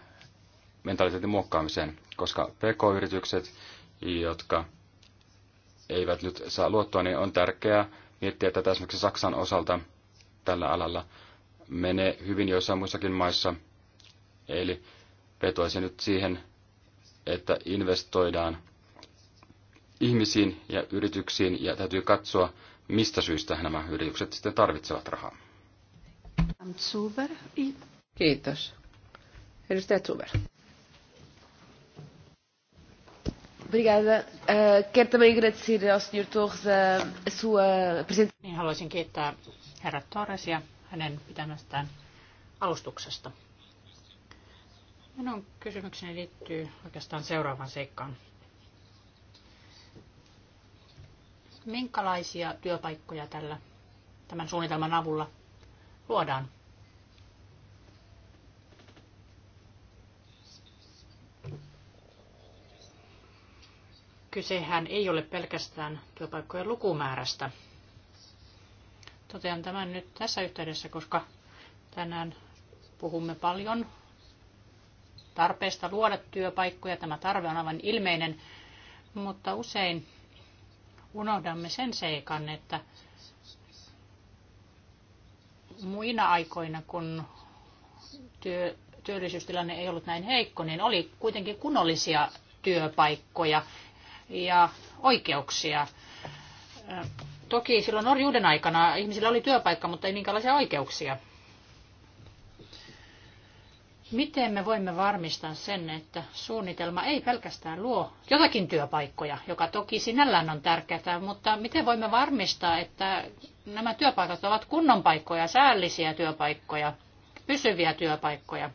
Speaker 3: mentaliteetin muokkaamiseen, koska pk-yritykset, jotka eivät nyt saa luottoa, niin on tärkeää miettiä tätä esimerkiksi Saksan osalta tällä alalla menee hyvin joissain muissakin maissa. Eli vetoisin nyt siihen, että investoidaan ihmisiin ja yrityksiin ja täytyy katsoa, mistä syystä nämä yritykset sitten tarvitsevat rahaa.
Speaker 2: Kiitos. Edustaja Zuber. Eh, eh,
Speaker 4: niin haluaisin kiittää herra Torresia hänen pitämästään alustuksesta. Minun kysymykseni liittyy oikeastaan seuraavan seikkaan. Minkälaisia työpaikkoja tällä tämän suunnitelman avulla luodaan? Kysehän ei ole pelkästään työpaikkojen lukumäärästä. Totean tämän nyt tässä yhteydessä, koska tänään puhumme paljon tarpeesta luoda työpaikkoja. Tämä tarve on aivan ilmeinen, mutta usein unohdamme sen seikan, että muina aikoina, kun työ, työllisyystilanne ei ollut näin heikko, niin oli kuitenkin kunnollisia työpaikkoja ja oikeuksia. Toki silloin orjuuden aikana ihmisillä oli työpaikka, mutta ei minkälaisia oikeuksia. Miten me voimme varmistaa sen, että suunnitelma ei pelkästään luo jotakin työpaikkoja, joka toki sinällään on tärkeää, mutta miten voimme varmistaa, että nämä työpaikat ovat kunnon paikkoja, säällisiä työpaikkoja, pysyviä työpaikkoja?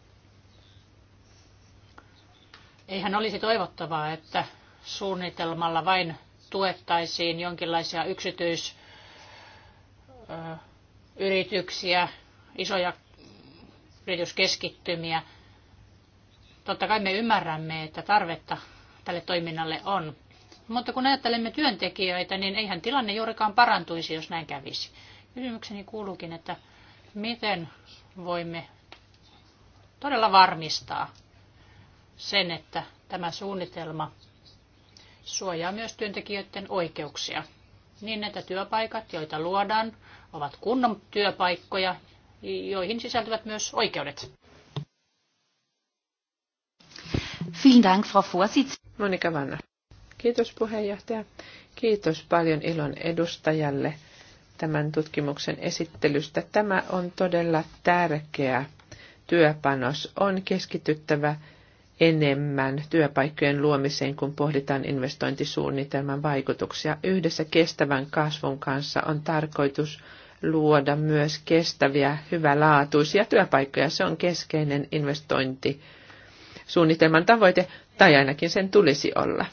Speaker 4: Eihän olisi toivottavaa, että suunnitelmalla vain tuettaisiin jonkinlaisia yksityisyrityksiä, isoja yrityskeskittymiä. Totta kai me ymmärrämme, että tarvetta tälle toiminnalle on. Mutta kun ajattelemme työntekijöitä, niin eihän tilanne juurikaan parantuisi, jos näin kävisi. Kysymykseni kuuluukin, että miten voimme todella varmistaa sen, että tämä suunnitelma suojaa myös työntekijöiden oikeuksia. Niin, että työpaikat, joita luodaan, ovat kunnon työpaikkoja, joihin sisältyvät myös oikeudet.
Speaker 2: Vielen Dank, Frau Vorsitz. Monika Vanna. Kiitos puheenjohtaja. Kiitos paljon Ilon edustajalle tämän tutkimuksen esittelystä. Tämä on todella tärkeä työpanos. On keskityttävä enemmän työpaikkojen luomiseen, kun pohditaan investointisuunnitelman vaikutuksia. Yhdessä kestävän kasvun kanssa on tarkoitus luoda myös kestäviä, hyvälaatuisia työpaikkoja. Se on keskeinen investointi suunnitelman tavoite, tai ainakin sen tulisi olla.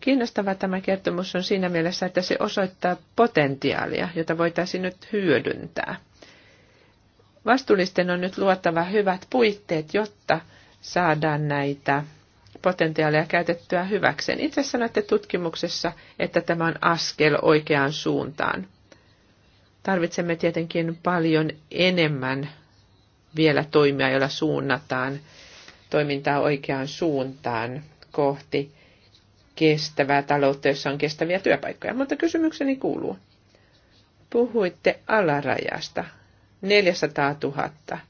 Speaker 2: Kiinnostava tämä kertomus on siinä mielessä, että se osoittaa potentiaalia, jota voitaisiin nyt hyödyntää. Vastuullisten on nyt luotava hyvät puitteet, jotta saadaan näitä potentiaalia käytettyä hyväkseen. Itse sanoitte tutkimuksessa, että tämä on askel oikeaan suuntaan. Tarvitsemme tietenkin paljon enemmän vielä toimia, joilla suunnataan toimintaa oikeaan suuntaan kohti kestävää taloutta, jossa on kestäviä työpaikkoja. Mutta kysymykseni kuuluu. Puhuitte alarajasta 400 000. 2,1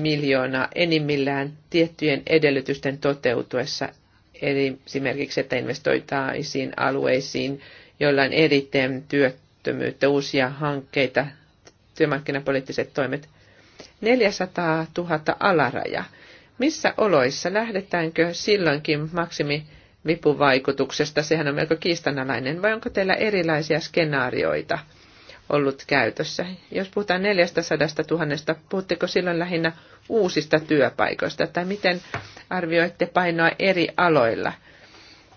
Speaker 2: miljoonaa enimmillään tiettyjen edellytysten toteutuessa, eli esimerkiksi, että investoitaisiin alueisiin, joilla on eriten työttömyyttä, uusia hankkeita, työmarkkinapoliittiset toimet. 400 000 alaraja. Missä oloissa lähdetäänkö silloinkin maksimi vipuvaikutuksesta, sehän on melko kiistanalainen, vai onko teillä erilaisia skenaarioita ollut käytössä? Jos puhutaan 400 000, puhutteko silloin lähinnä uusista työpaikoista, tai miten arvioitte painoa eri aloilla –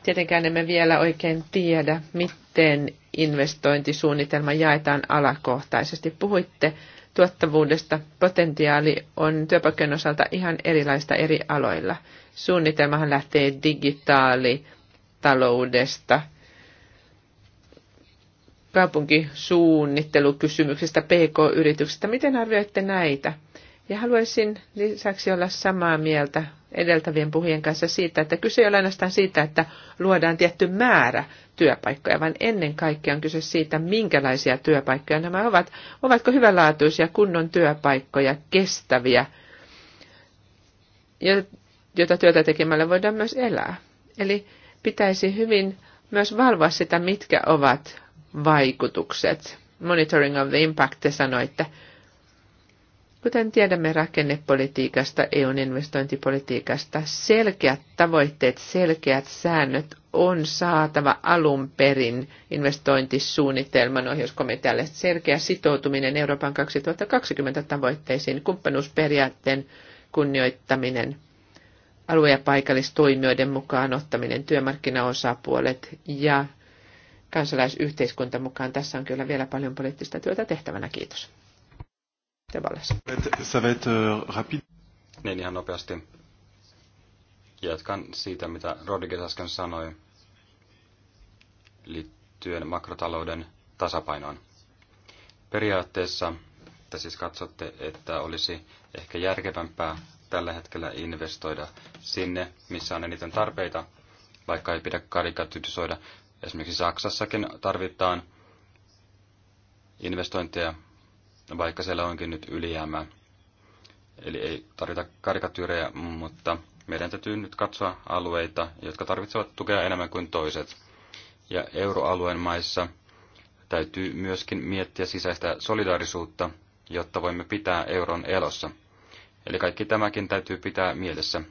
Speaker 2: Tietenkään emme vielä oikein tiedä, miten investointisuunnitelma jaetaan alakohtaisesti. Puhuitte tuottavuudesta. Potentiaali on työpaikkojen osalta ihan erilaista eri aloilla. Suunnitelmahan lähtee digitaalitaloudesta, kaupunkisuunnittelukysymyksistä, pk-yrityksistä. Miten arvioitte näitä? Ja haluaisin lisäksi olla samaa mieltä edeltävien puhujien kanssa siitä, että kyse ei ole ainoastaan siitä, että luodaan tietty määrä työpaikkoja, vaan ennen kaikkea on kyse siitä, minkälaisia työpaikkoja nämä ovat. Ovatko hyvänlaatuisia kunnon työpaikkoja, kestäviä, joita työtä tekemällä voidaan myös elää. Eli pitäisi hyvin myös valvoa sitä, mitkä ovat vaikutukset. Monitoring of the impact, te sanoitte. Kuten tiedämme rakennepolitiikasta, EUn investointipolitiikasta, selkeät tavoitteet, selkeät säännöt on saatava alun perin investointisuunnitelman ohjauskomitealle. Selkeä sitoutuminen Euroopan 2020 tavoitteisiin, kumppanuusperiaatteen kunnioittaminen, alue- ja paikallistoimijoiden mukaan ottaminen, työmarkkinaosapuolet ja kansalaisyhteiskunta mukaan. Tässä on kyllä vielä paljon poliittista työtä tehtävänä. Kiitos.
Speaker 3: Euh, rapid. Niin ihan nopeasti. Jatkan siitä, mitä Rodriguez äsken sanoi liittyen makrotalouden tasapainoon. Periaatteessa te siis katsotte, että olisi ehkä järkevämpää tällä hetkellä investoida sinne, missä on eniten tarpeita, vaikka ei pidä karikativisoida. Esimerkiksi Saksassakin tarvitaan investointeja vaikka siellä onkin nyt ylijäämää. Eli ei tarvita karikatyyrejä, mutta meidän täytyy nyt katsoa alueita, jotka tarvitsevat tukea enemmän kuin toiset. Ja euroalueen maissa täytyy myöskin miettiä sisäistä solidaarisuutta, jotta voimme pitää euron elossa. Eli kaikki tämäkin täytyy pitää mielessä.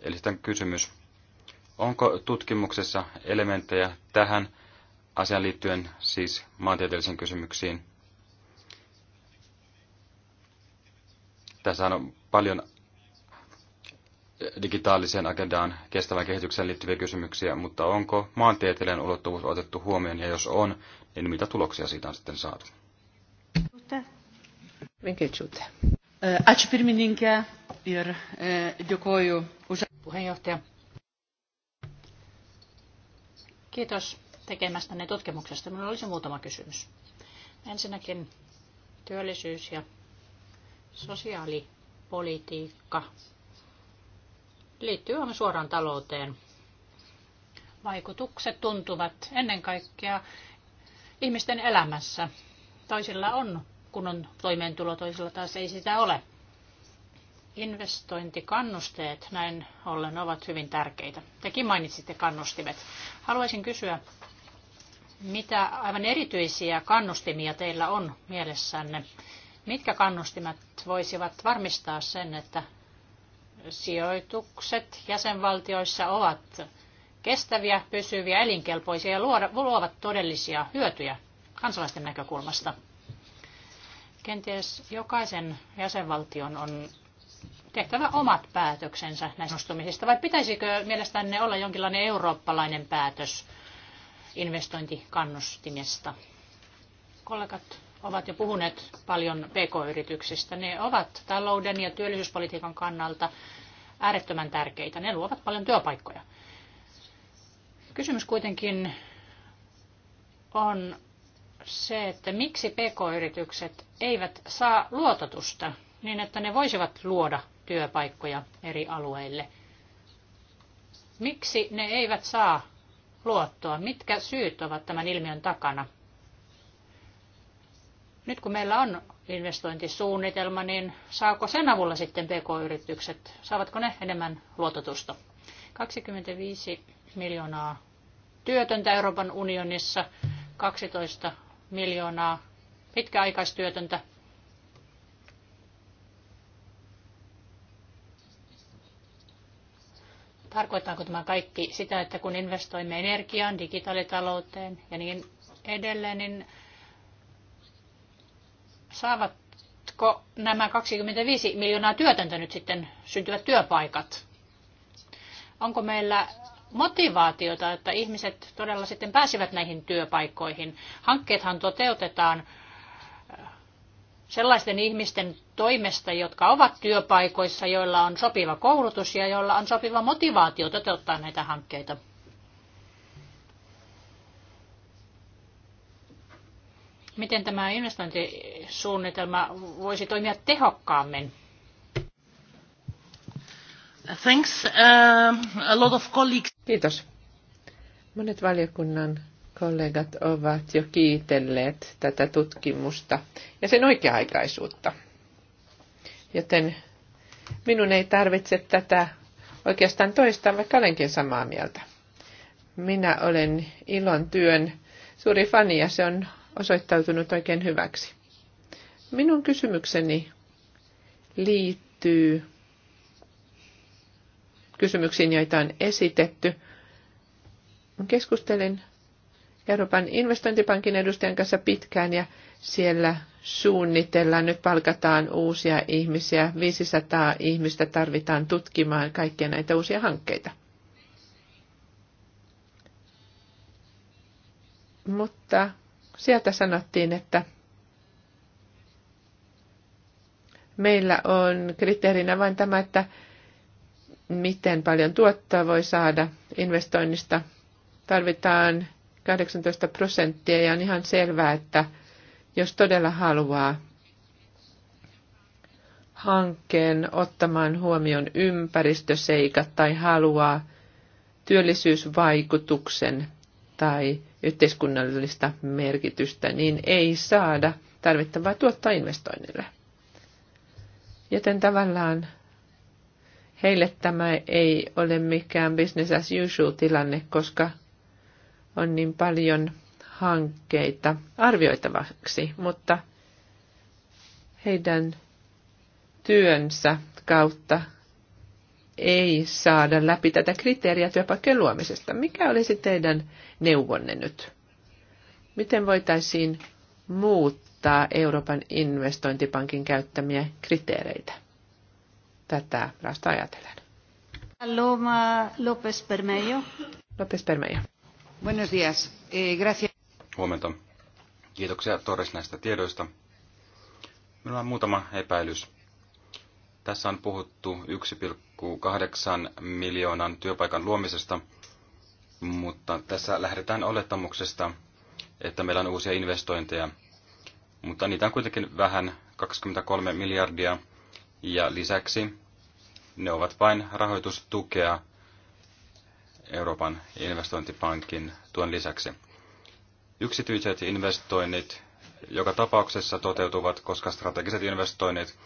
Speaker 3: Eli sitten kysymys, onko tutkimuksessa elementtejä tähän asiaan liittyen siis maantieteellisiin kysymyksiin. Tässä on paljon digitaaliseen agendaan, kestävän kehitykseen liittyviä kysymyksiä, mutta onko maantieteellinen ulottuvuus otettu huomioon, ja jos on, niin mitä tuloksia siitä on sitten saatu?
Speaker 4: Kiitos tekemästäne tutkimuksesta. Minulla olisi muutama kysymys. Ensinnäkin työllisyys ja sosiaalipolitiikka liittyy aivan suoraan talouteen. Vaikutukset tuntuvat ennen kaikkea ihmisten elämässä. Toisilla on kunnon toimeentulo, toisilla taas ei sitä ole. Investointikannusteet näin ollen ovat hyvin tärkeitä. Tekin mainitsitte kannustimet. Haluaisin kysyä, mitä aivan erityisiä kannustimia teillä on mielessänne? Mitkä kannustimet voisivat varmistaa sen, että sijoitukset jäsenvaltioissa ovat kestäviä, pysyviä, elinkelpoisia ja luovat todellisia hyötyjä kansalaisten näkökulmasta? Kenties jokaisen jäsenvaltion on tehtävä omat päätöksensä näistä nostumisista, vai pitäisikö mielestänne olla jonkinlainen eurooppalainen päätös? investointikannustimesta. Kollegat ovat jo puhuneet paljon PK-yrityksistä. Ne ovat talouden ja työllisyyspolitiikan kannalta äärettömän tärkeitä. Ne luovat paljon työpaikkoja. Kysymys kuitenkin on se, että miksi PK-yritykset eivät saa luototusta niin, että ne voisivat luoda työpaikkoja eri alueille. Miksi ne eivät saa luottoa. Mitkä syyt ovat tämän ilmiön takana? Nyt kun meillä on investointisuunnitelma, niin saako sen avulla sitten PK-yritykset, saavatko ne enemmän luototusta? 25 miljoonaa työtöntä Euroopan unionissa, 12 miljoonaa pitkäaikaistyötöntä. Tarkoittaako tämä kaikki sitä, että kun investoimme energiaan, digitaalitalouteen ja niin edelleen, niin saavatko nämä 25 miljoonaa työtöntä nyt sitten syntyvät työpaikat? Onko meillä motivaatiota, että ihmiset todella sitten pääsivät näihin työpaikkoihin? Hankkeethan toteutetaan äh, sellaisten ihmisten toimesta, jotka ovat työpaikoissa, joilla on sopiva koulutus ja joilla on sopiva motivaatio toteuttaa näitä hankkeita. Miten tämä investointisuunnitelma voisi toimia tehokkaammin?
Speaker 2: Thanks. Uh, a lot of colleagues. Kiitos. Monet valiokunnan kollegat ovat jo kiitelleet tätä tutkimusta ja sen oikea-aikaisuutta. Joten minun ei tarvitse tätä oikeastaan toistaa, vaikka olenkin samaa mieltä. Minä olen ilon työn suuri fani ja se on osoittautunut oikein hyväksi. Minun kysymykseni liittyy kysymyksiin, joita on esitetty. Keskustelin Euroopan investointipankin edustajan kanssa pitkään ja siellä suunnitellaan, nyt palkataan uusia ihmisiä, 500 ihmistä tarvitaan tutkimaan kaikkia näitä uusia hankkeita. Mutta sieltä sanottiin, että meillä on kriteerinä vain tämä, että miten paljon tuottoa voi saada investoinnista. Tarvitaan 18 prosenttia ja on ihan selvää, että jos todella haluaa hankkeen ottamaan huomioon ympäristöseikat tai haluaa työllisyysvaikutuksen tai yhteiskunnallista merkitystä, niin ei saada tarvittavaa tuottaa investoinnille. Joten tavallaan heille tämä ei ole mikään business as usual tilanne, koska on niin paljon – hankkeita arvioitavaksi, mutta heidän työnsä kautta ei saada läpi tätä kriteeriä työpaikkojen luomisesta. Mikä olisi teidän neuvonne nyt? Miten voitaisiin muuttaa Euroopan investointipankin käyttämiä kriteereitä tätä rasta ajatellen?
Speaker 1: Loma López
Speaker 2: Permejo. López Permejo. Buenos días. Eh, gracias.
Speaker 3: Huomenta. Kiitoksia Torres näistä tiedoista. Minulla on muutama epäilys. Tässä on puhuttu 1,8 miljoonan työpaikan luomisesta, mutta tässä lähdetään olettamuksesta, että meillä on uusia investointeja. Mutta niitä on kuitenkin vähän 23 miljardia ja lisäksi ne ovat vain rahoitustukea Euroopan investointipankin tuon lisäksi. Yksityiset investoinnit joka tapauksessa toteutuvat, koska strategiset investoinnit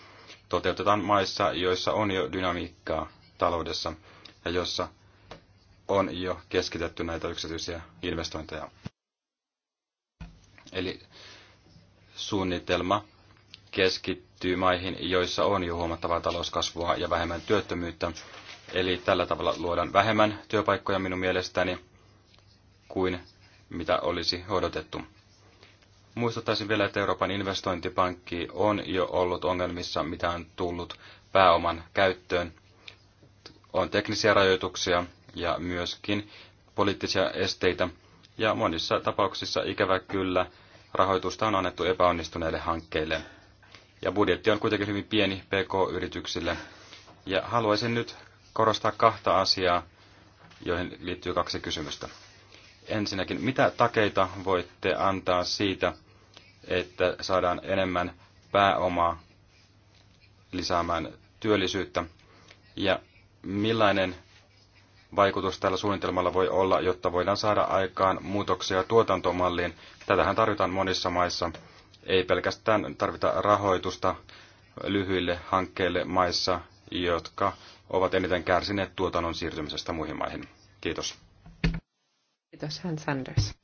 Speaker 3: toteutetaan maissa, joissa on jo dynamiikkaa taloudessa ja jossa on jo keskitetty näitä yksityisiä investointeja. Eli suunnitelma keskittyy maihin, joissa on jo huomattavaa talouskasvua ja vähemmän työttömyyttä. Eli tällä tavalla luodaan vähemmän työpaikkoja minun mielestäni kuin mitä olisi odotettu. Muistuttaisin vielä, että Euroopan investointipankki on jo ollut ongelmissa, mitä on tullut pääoman käyttöön. On teknisiä rajoituksia ja myöskin poliittisia esteitä, ja monissa tapauksissa ikävä kyllä rahoitusta on annettu epäonnistuneille hankkeille. Ja budjetti on kuitenkin hyvin pieni PK-yrityksille. Ja haluaisin nyt korostaa kahta asiaa, joihin liittyy kaksi kysymystä ensinnäkin, mitä takeita voitte antaa siitä, että saadaan enemmän pääomaa lisäämään työllisyyttä? Ja millainen vaikutus tällä suunnitelmalla voi olla, jotta voidaan saada aikaan muutoksia tuotantomalliin? Tätähän tarvitaan monissa maissa. Ei pelkästään tarvita rahoitusta lyhyille hankkeille maissa, jotka ovat eniten kärsineet tuotannon siirtymisestä muihin maihin. Kiitos.
Speaker 2: Kiitos, Hän Sanders.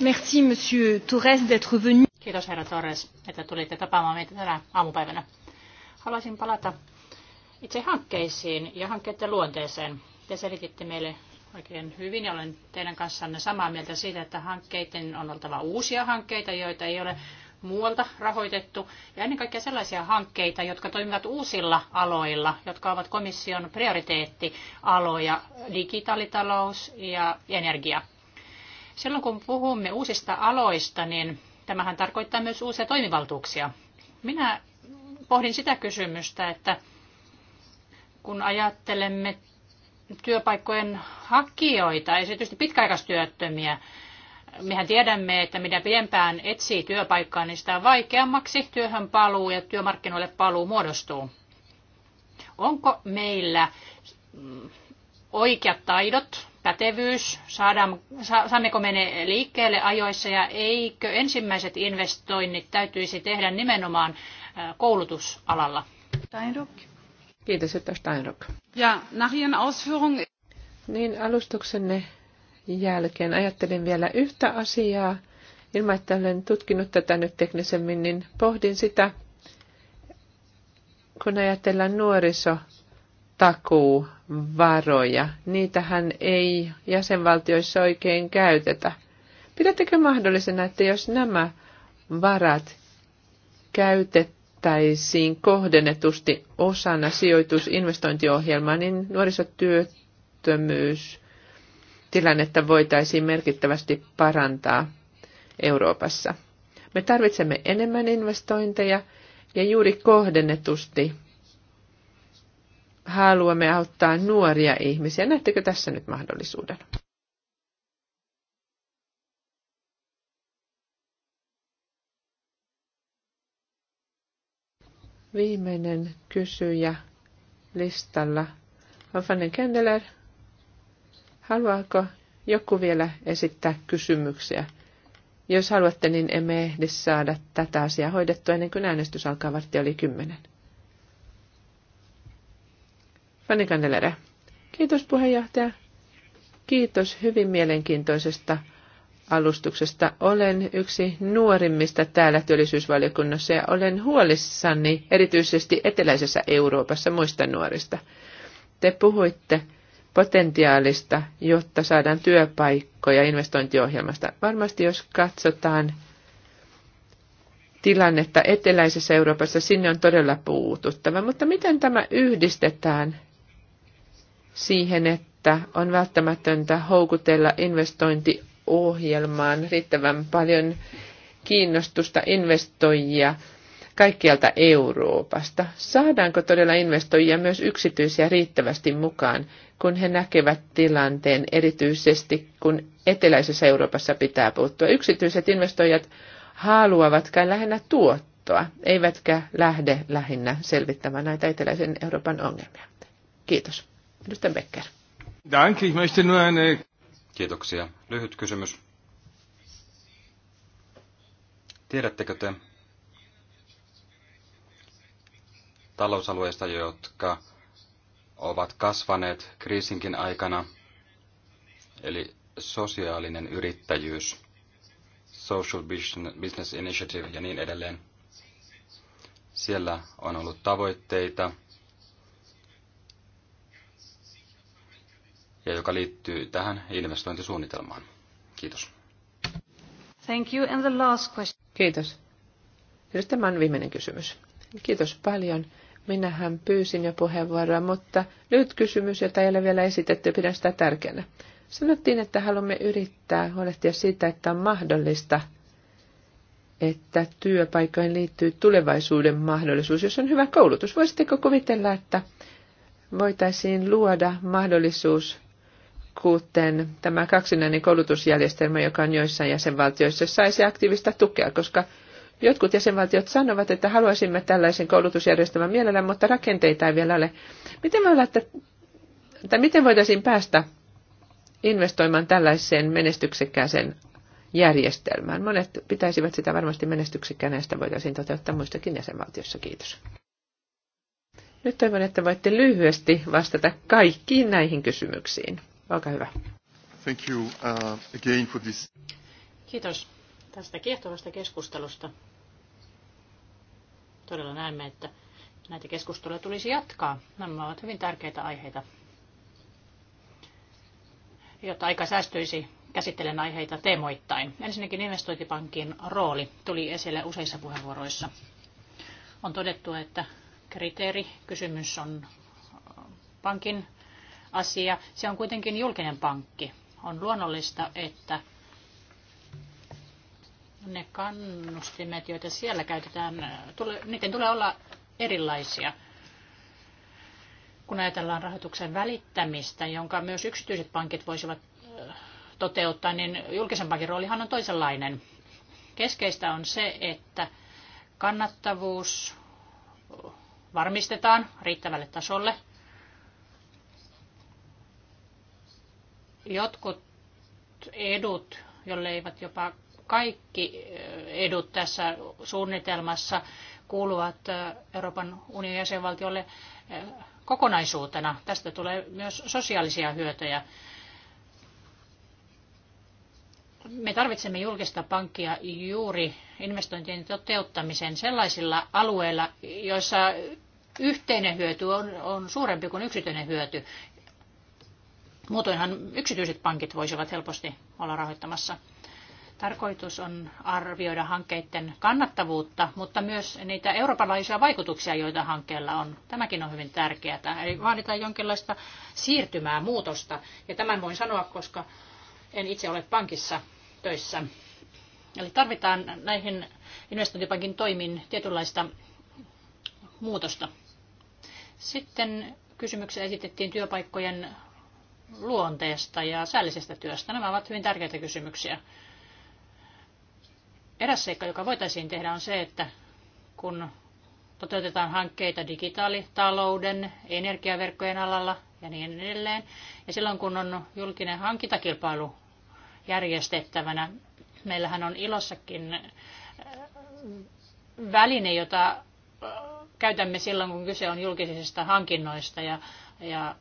Speaker 4: Merci,
Speaker 1: monsieur Torres, d'être venu.
Speaker 4: Kiitos, herra Torres, että tulitte tapaamaan meitä tänä aamupäivänä. Haluaisin palata itse hankkeisiin ja hankkeiden luonteeseen. Te selititte meille oikein hyvin ja olen teidän kanssanne samaa mieltä siitä, että hankkeiden on oltava uusia hankkeita, joita ei ole muualta rahoitettu ja ennen kaikkea sellaisia hankkeita, jotka toimivat uusilla aloilla, jotka ovat komission prioriteettialoja, digitaalitalous ja energia. Silloin kun puhumme uusista aloista, niin tämähän tarkoittaa myös uusia toimivaltuuksia. Minä pohdin sitä kysymystä, että kun ajattelemme työpaikkojen hakijoita, erityisesti pitkäaikaistyöttömiä, mehän tiedämme, että mitä pienempään etsii työpaikkaa, niin sitä vaikeammaksi työhön paluu ja työmarkkinoille paluu muodostuu. Onko meillä mm, oikeat taidot, pätevyys, saadaan, saammeko mene liikkeelle ajoissa ja eikö ensimmäiset investoinnit täytyisi tehdä nimenomaan äh,
Speaker 2: koulutusalalla? Steinrock. Kiitos, että Steinrock. Ja, nach Ihren Ausführungen... Niin, alustuksenne jälkeen ajattelin vielä yhtä asiaa. Ilman, että olen tutkinut tätä nyt teknisemmin, niin pohdin sitä, kun ajatellaan nuorisotakuvaroja. Niitähän ei jäsenvaltioissa oikein käytetä. Pidättekö mahdollisena, että jos nämä varat käytettäisiin kohdennetusti osana sijoitusinvestointiohjelmaa, niin nuorisotyöttömyys tilannetta voitaisiin merkittävästi parantaa Euroopassa. Me tarvitsemme enemmän investointeja ja juuri kohdennetusti haluamme auttaa nuoria ihmisiä. Näettekö tässä nyt mahdollisuuden? Viimeinen kysyjä listalla on Kendeler. Haluaako joku vielä esittää kysymyksiä? Jos haluatte, niin emme ehdi saada tätä asiaa hoidettua ennen kuin äänestys alkaa vartti oli kymmenen. Fanny Kandelere. Kiitos puheenjohtaja. Kiitos hyvin mielenkiintoisesta alustuksesta. Olen yksi nuorimmista täällä työllisyysvaliokunnassa ja olen huolissani erityisesti eteläisessä Euroopassa muista nuorista. Te puhuitte potentiaalista, jotta saadaan työpaikkoja investointiohjelmasta. Varmasti jos katsotaan tilannetta eteläisessä Euroopassa, sinne on todella puututtava. Mutta miten tämä yhdistetään siihen, että on välttämätöntä houkutella investointiohjelmaan riittävän paljon kiinnostusta investoijia – kaikkialta Euroopasta. Saadaanko todella investoijia myös yksityisiä riittävästi mukaan, kun he näkevät tilanteen erityisesti, kun eteläisessä Euroopassa pitää puuttua? Yksityiset investoijat haluavat kai lähinnä tuottoa, eivätkä lähde lähinnä selvittämään näitä eteläisen Euroopan ongelmia. Kiitos. Edustaja Becker.
Speaker 3: Kiitoksia. Lyhyt kysymys. Tiedättekö te, talousalueista, jotka ovat kasvaneet kriisinkin aikana, eli sosiaalinen yrittäjyys, Social Business Initiative ja niin edelleen. Siellä on ollut tavoitteita, ja joka liittyy tähän investointisuunnitelmaan. Kiitos.
Speaker 2: Thank you. And the last question. Kiitos. Sitten viimeinen kysymys. Kiitos paljon. Minähän pyysin jo puheenvuoroa, mutta nyt kysymys, jota ei ole vielä esitetty, pidän sitä tärkeänä. Sanottiin, että haluamme yrittää huolehtia siitä, että on mahdollista, että työpaikkoihin liittyy tulevaisuuden mahdollisuus, jos on hyvä koulutus. Voisitteko kuvitella, että voitaisiin luoda mahdollisuus, kuten tämä kaksinainen koulutusjärjestelmä, joka on joissain jäsenvaltioissa, saisi aktiivista tukea, koska Jotkut jäsenvaltiot sanovat, että haluaisimme tällaisen koulutusjärjestelmän mielellään, mutta rakenteita ei vielä ole. Miten, voi olla, että, tai miten voitaisiin päästä investoimaan tällaiseen menestyksekkääseen järjestelmään? Monet pitäisivät sitä varmasti menestyksekkäänä ja sitä voitaisiin toteuttaa muistakin jäsenvaltiossa. Kiitos. Nyt toivon, että voitte lyhyesti vastata kaikkiin näihin kysymyksiin. Olkaa hyvä. Thank you, uh, again for this.
Speaker 1: Kiitos
Speaker 4: tästä kiehtovasta keskustelusta todella näemme, että näitä keskusteluja tulisi jatkaa. Nämä ovat hyvin tärkeitä aiheita. Jotta aika säästyisi, käsittelen aiheita teemoittain. Ensinnäkin investointipankin rooli tuli esille useissa puheenvuoroissa. On todettu, että kriteeri, kysymys on äh, pankin asia. Se on kuitenkin julkinen pankki. On luonnollista, että ne kannustimet, joita siellä käytetään, tule, niiden tulee olla erilaisia. Kun ajatellaan rahoituksen välittämistä, jonka myös yksityiset pankit voisivat äh, toteuttaa, niin julkisen pankin roolihan on toisenlainen. Keskeistä on se, että kannattavuus varmistetaan riittävälle tasolle. Jotkut edut, jolle eivät jopa kaikki eh, edut tässä suunnitelmassa kuuluvat eh, Euroopan unionin jäsenvaltiolle eh, kokonaisuutena. Tästä tulee myös sosiaalisia hyötyjä. Me tarvitsemme julkista pankkia juuri investointien toteuttamisen sellaisilla alueilla, joissa yhteinen hyöty on, on suurempi kuin yksityinen hyöty. Muutoinhan yksityiset pankit voisivat helposti olla rahoittamassa Tarkoitus on arvioida hankkeiden kannattavuutta, mutta myös niitä eurooppalaisia vaikutuksia, joita hankkeella on. Tämäkin on hyvin tärkeää. Eli vaaditaan jonkinlaista siirtymää, muutosta. Ja tämän voin sanoa, koska en itse ole pankissa töissä. Eli tarvitaan näihin investointipankin toimiin tietynlaista muutosta. Sitten kysymyksiä esitettiin työpaikkojen luonteesta ja säällisestä työstä. Nämä ovat hyvin tärkeitä kysymyksiä. Eräs seikka, joka voitaisiin tehdä, on se, että kun toteutetaan hankkeita digitaalitalouden, energiaverkkojen alalla ja niin edelleen, ja silloin kun on julkinen hankintakilpailu järjestettävänä, meillähän on ilossakin äh, väline, jota äh, käytämme silloin, kun kyse on julkisista hankinnoista ja, ja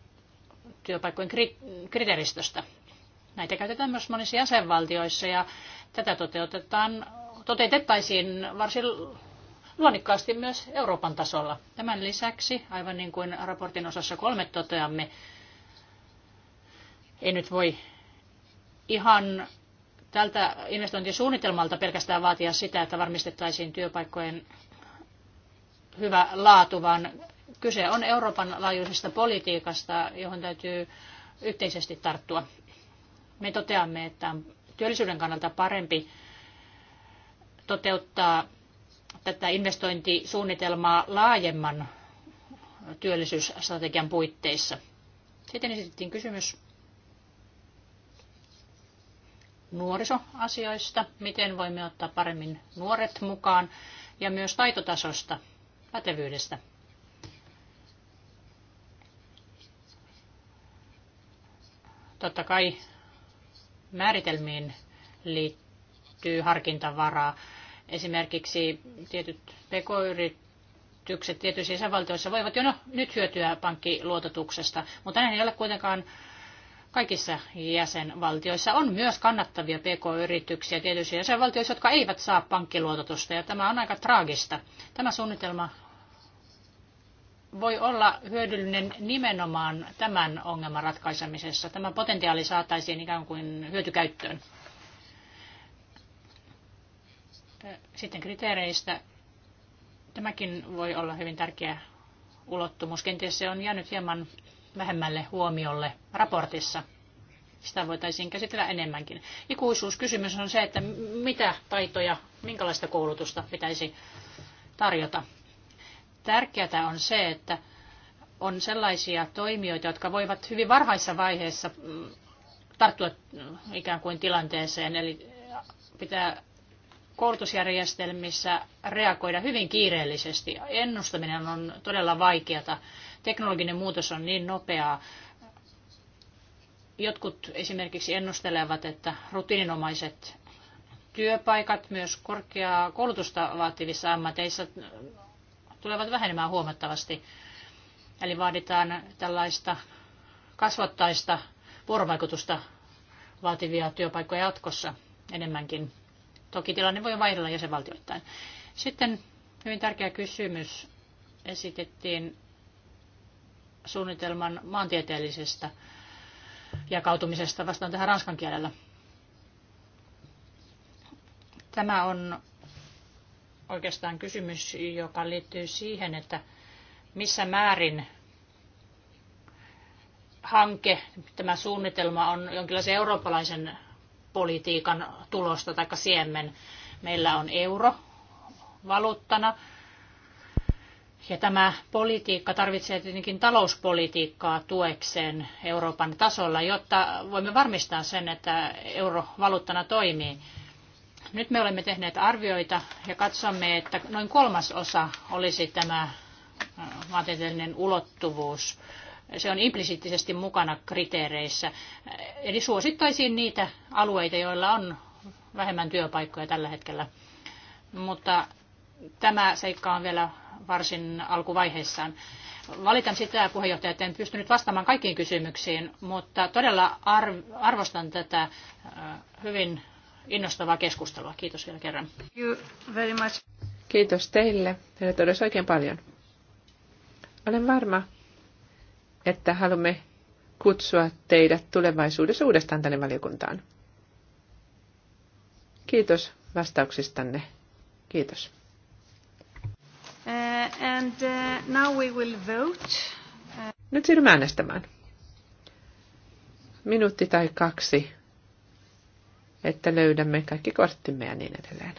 Speaker 4: työpaikkojen kriteeristöstä. Näitä käytetään myös monissa jäsenvaltioissa ja tätä toteutetaan toteutettaisiin varsin luonnikkaasti myös Euroopan tasolla. Tämän lisäksi, aivan niin kuin raportin osassa kolme toteamme, ei nyt voi ihan tältä investointisuunnitelmalta pelkästään vaatia sitä, että varmistettaisiin työpaikkojen hyvä laatu, vaan kyse on Euroopan laajuisesta politiikasta, johon täytyy yhteisesti tarttua. Me toteamme, että työllisyyden kannalta parempi toteuttaa tätä investointisuunnitelmaa laajemman työllisyysstrategian puitteissa. Sitten esitettiin kysymys nuorisoasioista, miten voimme ottaa paremmin nuoret mukaan ja myös taitotasosta, pätevyydestä. Totta kai määritelmiin liittyy harkintavaraa. Esimerkiksi tietyt pk-yritykset tietyissä jäsenvaltioissa voivat jo no, nyt hyötyä pankkiluototuksesta, mutta näin ei ole kuitenkaan kaikissa jäsenvaltioissa. On myös kannattavia pk-yrityksiä tietyissä jäsenvaltioissa, jotka eivät saa pankkiluototusta, ja tämä on aika traagista. Tämä suunnitelma voi olla hyödyllinen nimenomaan tämän ongelman ratkaisemisessa. Tämä potentiaali saataisiin ikään kuin hyötykäyttöön. Sitten kriteereistä. Tämäkin voi olla hyvin tärkeä ulottumus. Kenties se on jäänyt hieman vähemmälle huomiolle raportissa. Sitä voitaisiin käsitellä enemmänkin. Ikuisuuskysymys on se, että mitä taitoja, minkälaista koulutusta pitäisi tarjota. Tärkeää on se, että on sellaisia toimijoita, jotka voivat hyvin varhaisessa vaiheessa tarttua ikään kuin tilanteeseen, eli pitää koulutusjärjestelmissä reagoida hyvin kiireellisesti. Ennustaminen on todella vaikeata. Teknologinen muutos on niin nopeaa. Jotkut esimerkiksi ennustelevat, että rutiininomaiset työpaikat myös korkeaa koulutusta vaativissa ammateissa tulevat vähenemään huomattavasti. Eli vaaditaan tällaista kasvattaista vuorovaikutusta vaativia työpaikkoja jatkossa enemmänkin. Toki tilanne voi vaihdella jäsenvaltioittain. Sitten hyvin tärkeä kysymys esitettiin suunnitelman maantieteellisestä jakautumisesta vastaan tähän ranskan kielellä. Tämä on oikeastaan kysymys, joka liittyy siihen, että missä määrin hanke, tämä suunnitelma on jonkinlaisen eurooppalaisen politiikan tulosta tai siemen. Meillä on euro valuuttana. Ja tämä politiikka tarvitsee tietenkin talouspolitiikkaa tuekseen Euroopan tasolla, jotta voimme varmistaa sen, että euro valuuttana toimii. Nyt me olemme tehneet arvioita ja katsomme, että noin kolmas osa olisi tämä maantieteellinen ulottuvuus se on implisiittisesti mukana kriteereissä. Eli suosittaisiin niitä alueita, joilla on vähemmän työpaikkoja tällä hetkellä. Mutta tämä seikka on vielä varsin alkuvaiheessaan. Valitan sitä, puheenjohtaja, että en pystynyt vastaamaan kaikkiin kysymyksiin, mutta todella arvostan tätä äh, hyvin innostavaa keskustelua. Kiitos
Speaker 1: vielä kerran.
Speaker 2: Kiitos teille. Teille todella oikein paljon. Olen varma, että haluamme kutsua teidät tulevaisuudessa uudestaan tänne valiokuntaan. Kiitos vastauksistanne. Kiitos.
Speaker 1: Uh, and, uh, now we will vote. Uh...
Speaker 2: Nyt siirrymme äänestämään. Minuutti tai kaksi, että löydämme kaikki korttimme ja niin edelleen.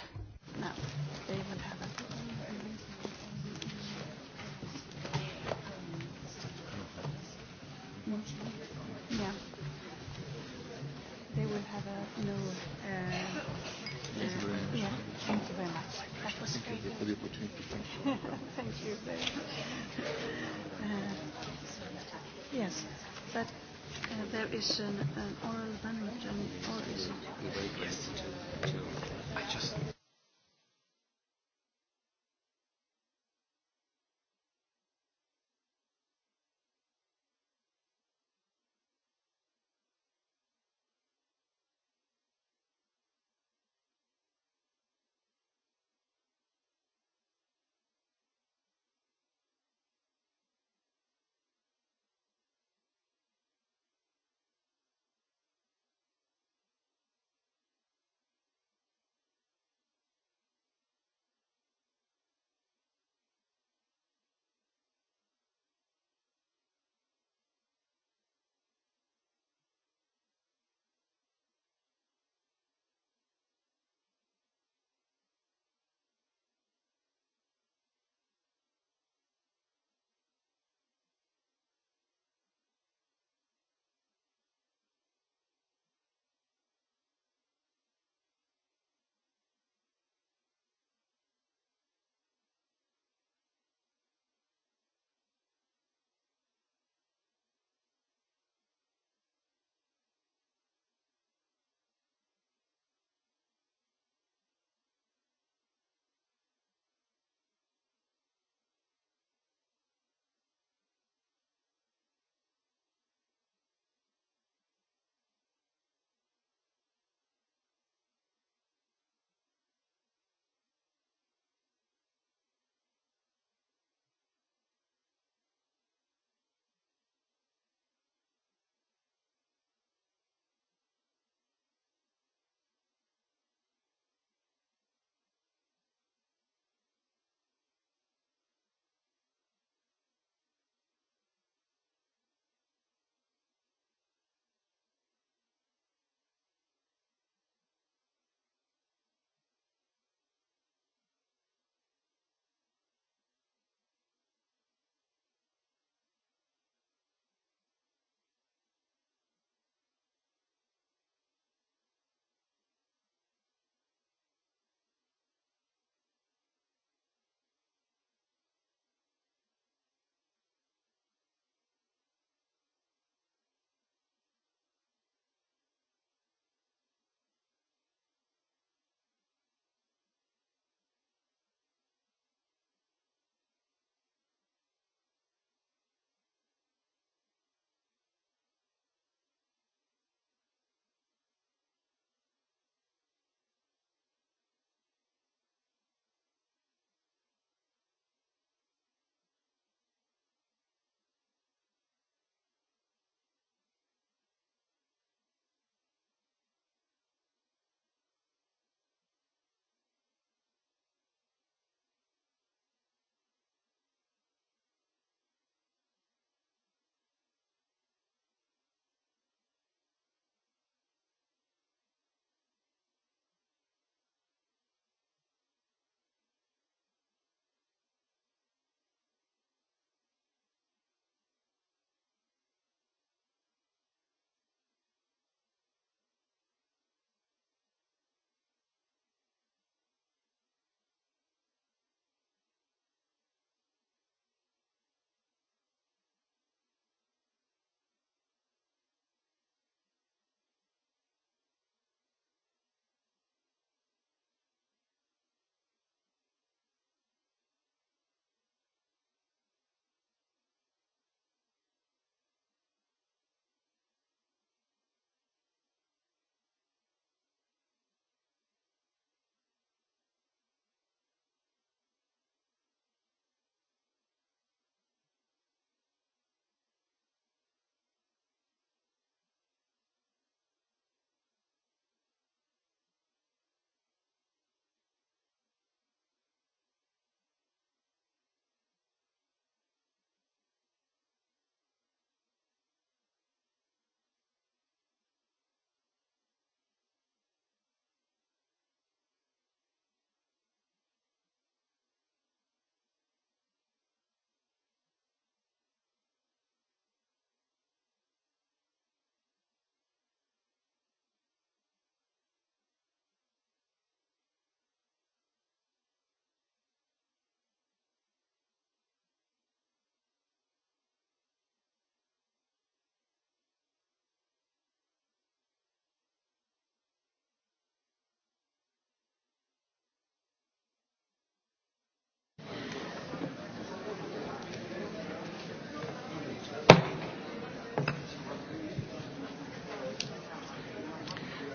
Speaker 1: No. No. Uh, yeah. Thank you very much.
Speaker 2: That was thank you for the opportunity. Thank you. thank you very much.
Speaker 1: Uh, yes, but uh, there is an, an oral amendment, or is it? Yes. I just.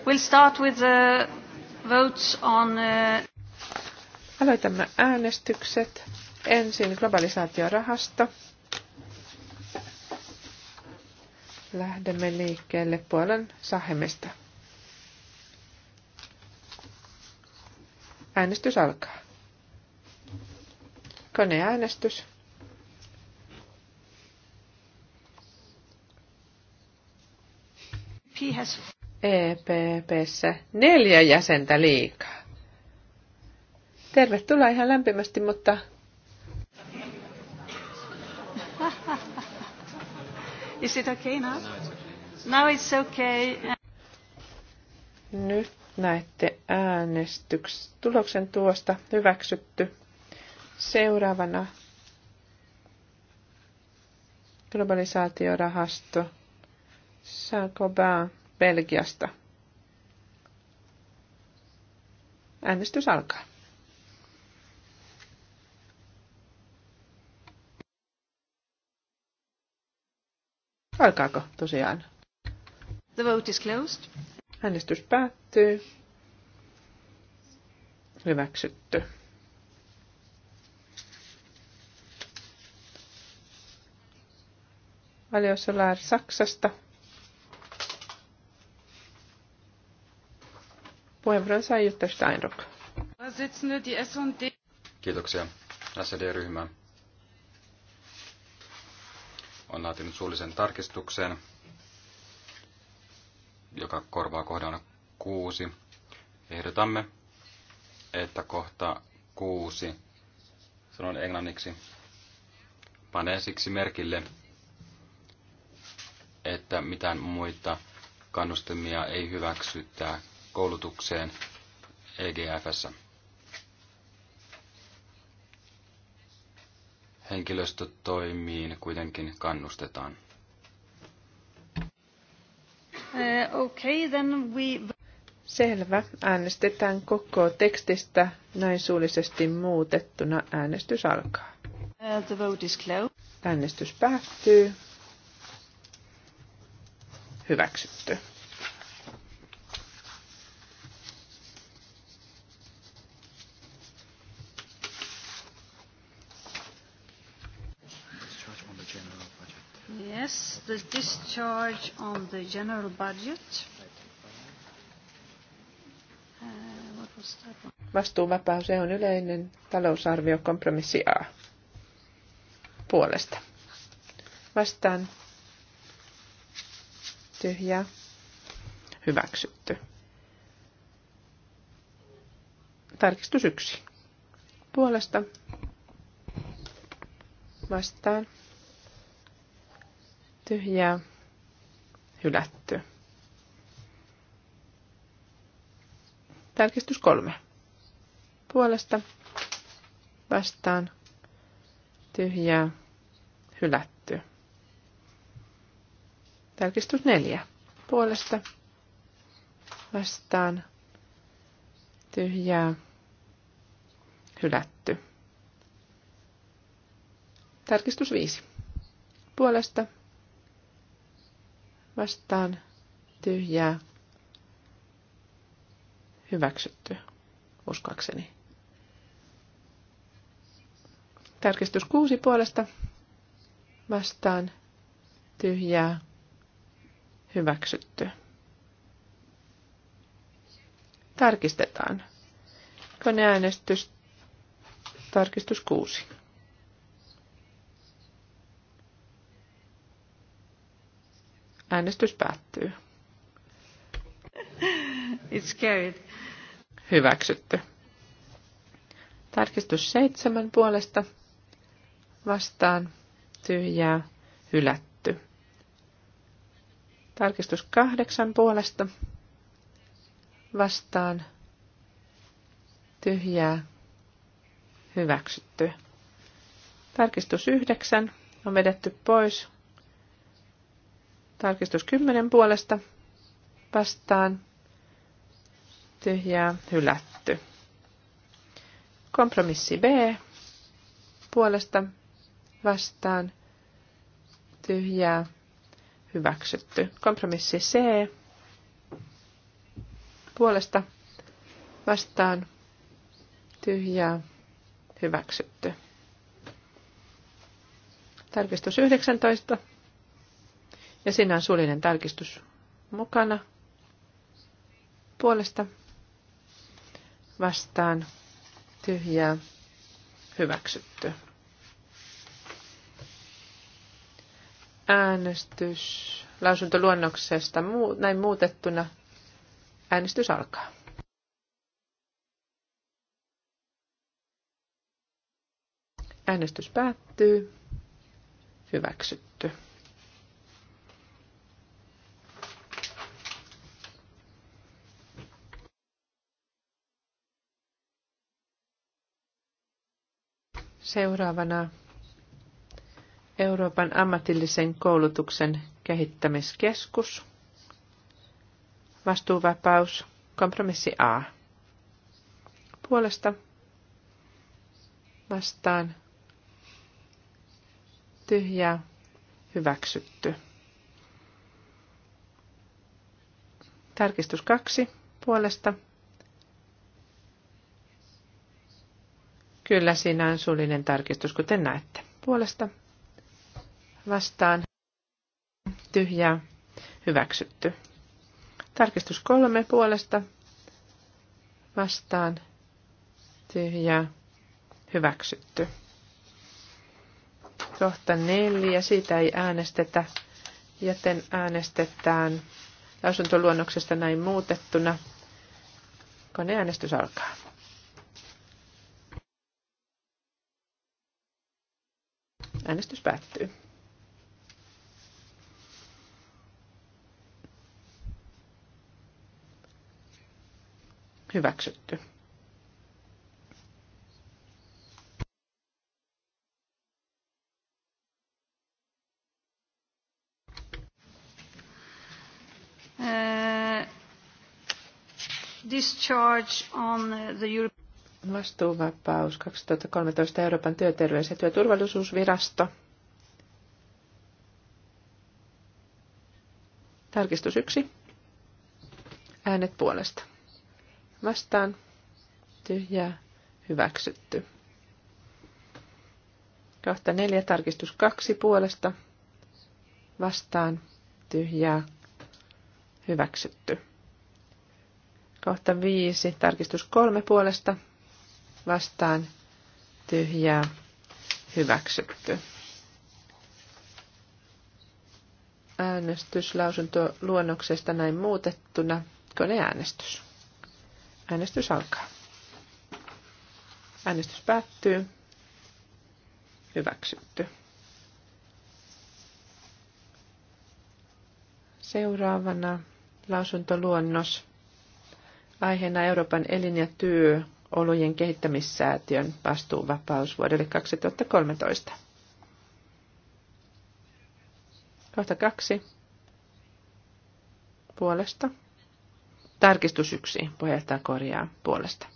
Speaker 1: We'll start with the votes on... Uh...
Speaker 2: Aloitamme äänestykset. Ensin globalisaatiorahasto. Lähdemme liikkeelle puolen sahemesta. Äänestys alkaa. Koneäänestys. He has EPPssä neljä jäsentä liikaa. Tervetuloa ihan lämpimästi, mutta...
Speaker 1: Is it okay now? Now it's
Speaker 2: okay. Nyt näette äänestystuloksen tuloksen tuosta hyväksytty. Seuraavana globalisaatiorahasto. Saint-Gobain Belgiasta. Äänestys alkaa. Alkaako tosiaan?
Speaker 1: The vote is closed.
Speaker 2: Äänestys päättyy. Hyväksytty. Valiossa Solar Saksasta. Puheenvuoron Jutta Steinrock.
Speaker 3: Kiitoksia. SD-ryhmä on laatinut suullisen tarkistuksen, joka korvaa kohdan kuusi. Ehdotamme, että kohta kuusi, sanon englanniksi, panee siksi merkille, että mitään muita kannustimia ei hyväksytä koulutukseen EGFssä. Henkilöstötoimiin kuitenkin kannustetaan.
Speaker 2: Uh, eh, okay, then we... Selvä. Äänestetään koko tekstistä näin suullisesti muutettuna. Äänestys alkaa.
Speaker 1: Uh, the vote is closed.
Speaker 2: Äänestys päättyy. Hyväksytty.
Speaker 1: the discharge on the general budget.
Speaker 2: Vastuuvapaus on yleinen talousarvio kompromissi A puolesta. Vastaan tyhjä hyväksytty. Tarkistus yksi. Puolesta vastaan tyhjää, hylätty. Tarkistus kolme. Puolesta vastaan tyhjää, hylätty. Tarkistus neljä. Puolesta vastaan tyhjää, hylätty. Tarkistus viisi. Puolesta vastaan tyhjää hyväksytty, uskoakseni. Tarkistus kuusi puolesta vastaan tyhjää hyväksytty. Tarkistetaan. Koneäänestys tarkistus kuusi. Äänestys päättyy. It's carried. Hyväksytty. Tarkistus seitsemän puolesta vastaan tyhjää hylätty. Tarkistus kahdeksan puolesta vastaan tyhjää hyväksytty. Tarkistus yhdeksän on vedetty pois. Tarkistus 10 puolesta vastaan. Tyhjää hylätty. Kompromissi B puolesta vastaan. Tyhjää hyväksytty. Kompromissi C puolesta vastaan. Tyhjää hyväksytty. Tarkistus 19 ja siinä on suullinen tarkistus mukana puolesta vastaan tyhjää hyväksytty. Äänestys lausuntoluonnoksesta muu, näin muutettuna. Äänestys alkaa. Äänestys päättyy. Hyväksytty. Seuraavana Euroopan ammatillisen koulutuksen kehittämiskeskus. Vastuuvapaus. Kompromissi A. Puolesta vastaan tyhjää hyväksytty. Tarkistus kaksi puolesta Kyllä siinä on suullinen tarkistus, kuten näette. Puolesta vastaan tyhjää hyväksytty. Tarkistus kolme puolesta vastaan tyhjää hyväksytty. Kohta neljä, siitä ei äänestetä, joten äänestetään lausuntoluonnoksesta näin muutettuna. Koneäänestys alkaa. Äänestys päättyy. Hyväksytty.
Speaker 1: Uh, discharge on the European
Speaker 2: Vastuuvapaus 2013 Euroopan työterveys- ja työturvallisuusvirasto. Tarkistus 1. Äänet puolesta. Vastaan. Tyhjää. Hyväksytty. Kohta neljä tarkistus kaksi puolesta. Vastaan. Tyhjää. Hyväksytty. Kohta viisi tarkistus kolme puolesta vastaan tyhjää hyväksytty. Äänestyslausunto luonnoksesta näin muutettuna. Koneäänestys. Äänestys alkaa. Äänestys päättyy. Hyväksytty. Seuraavana lausuntoluonnos. Aiheena Euroopan elin- ja työ olujen kehittämissäätiön vastuuvapaus vuodelle 2013. Kohta kaksi. Puolesta. Tarkistus yksi. Puheenjohtaja korjaa puolesta.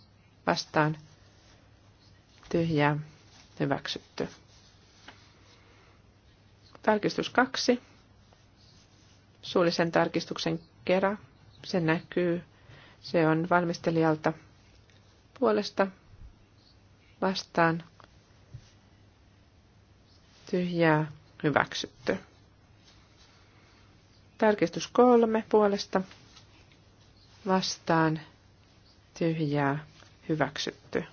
Speaker 2: Vastaan. Tyhjää. Hyväksytty. Tarkistus kaksi. Suullisen tarkistuksen kera. Se näkyy. Se on valmistelijalta puolesta vastaan tyhjää hyväksytty. Tarkistus kolme puolesta vastaan tyhjää hyväksytty.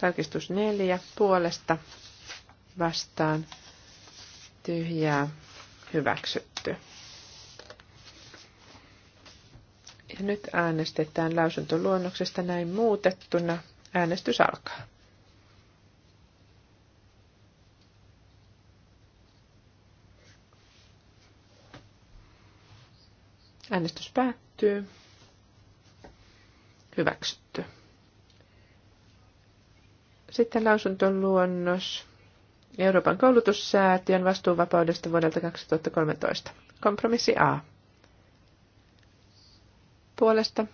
Speaker 2: Tarkistus neljä puolesta vastaan tyhjää hyväksytty. Nyt äänestetään lausuntoluonnoksesta näin muutettuna. Äänestys alkaa. Äänestys päättyy. Hyväksytty. Sitten lausuntoluonnos Euroopan koulutussäätiön vastuuvapaudesta vuodelta 2013. Kompromissi A puolesta.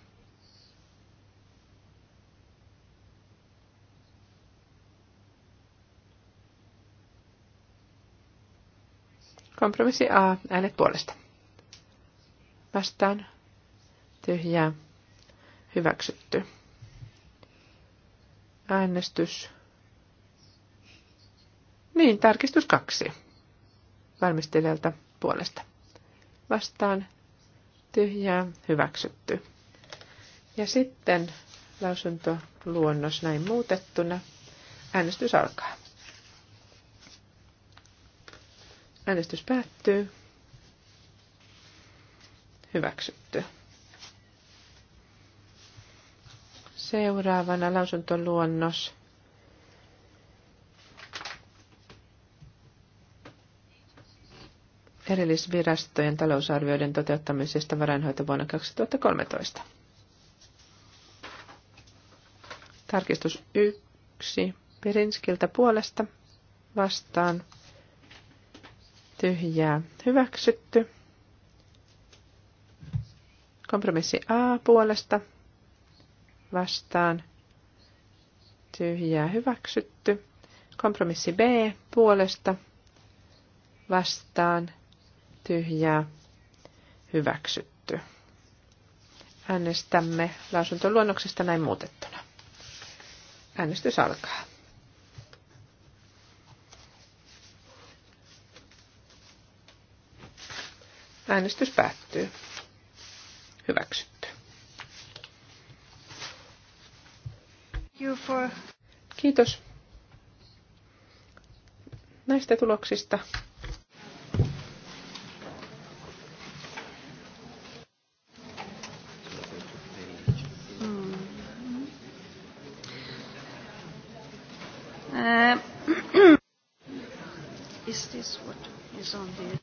Speaker 2: Kompromissi A, äänet puolesta. Vastaan. Tyhjää. Hyväksytty. Äänestys. Niin, tarkistus kaksi. Valmistelijalta puolesta. Vastaan tyhjää, hyväksytty. Ja sitten lausuntoluonnos näin muutettuna. Äänestys alkaa. Äänestys päättyy. Hyväksytty. Seuraavana lausuntoluonnos erillisvirastojen talousarvioiden toteuttamisesta vuonna 2013. Tarkistus 1. perinskiltä puolesta vastaan tyhjää hyväksytty. Kompromissi A puolesta vastaan tyhjää hyväksytty. Kompromissi B puolesta vastaan tyhjää hyväksytty. Äänestämme lausuntoluonnoksesta näin muutettuna. Äänestys alkaa. Äänestys päättyy. Hyväksytty. Kiitos näistä tuloksista. on the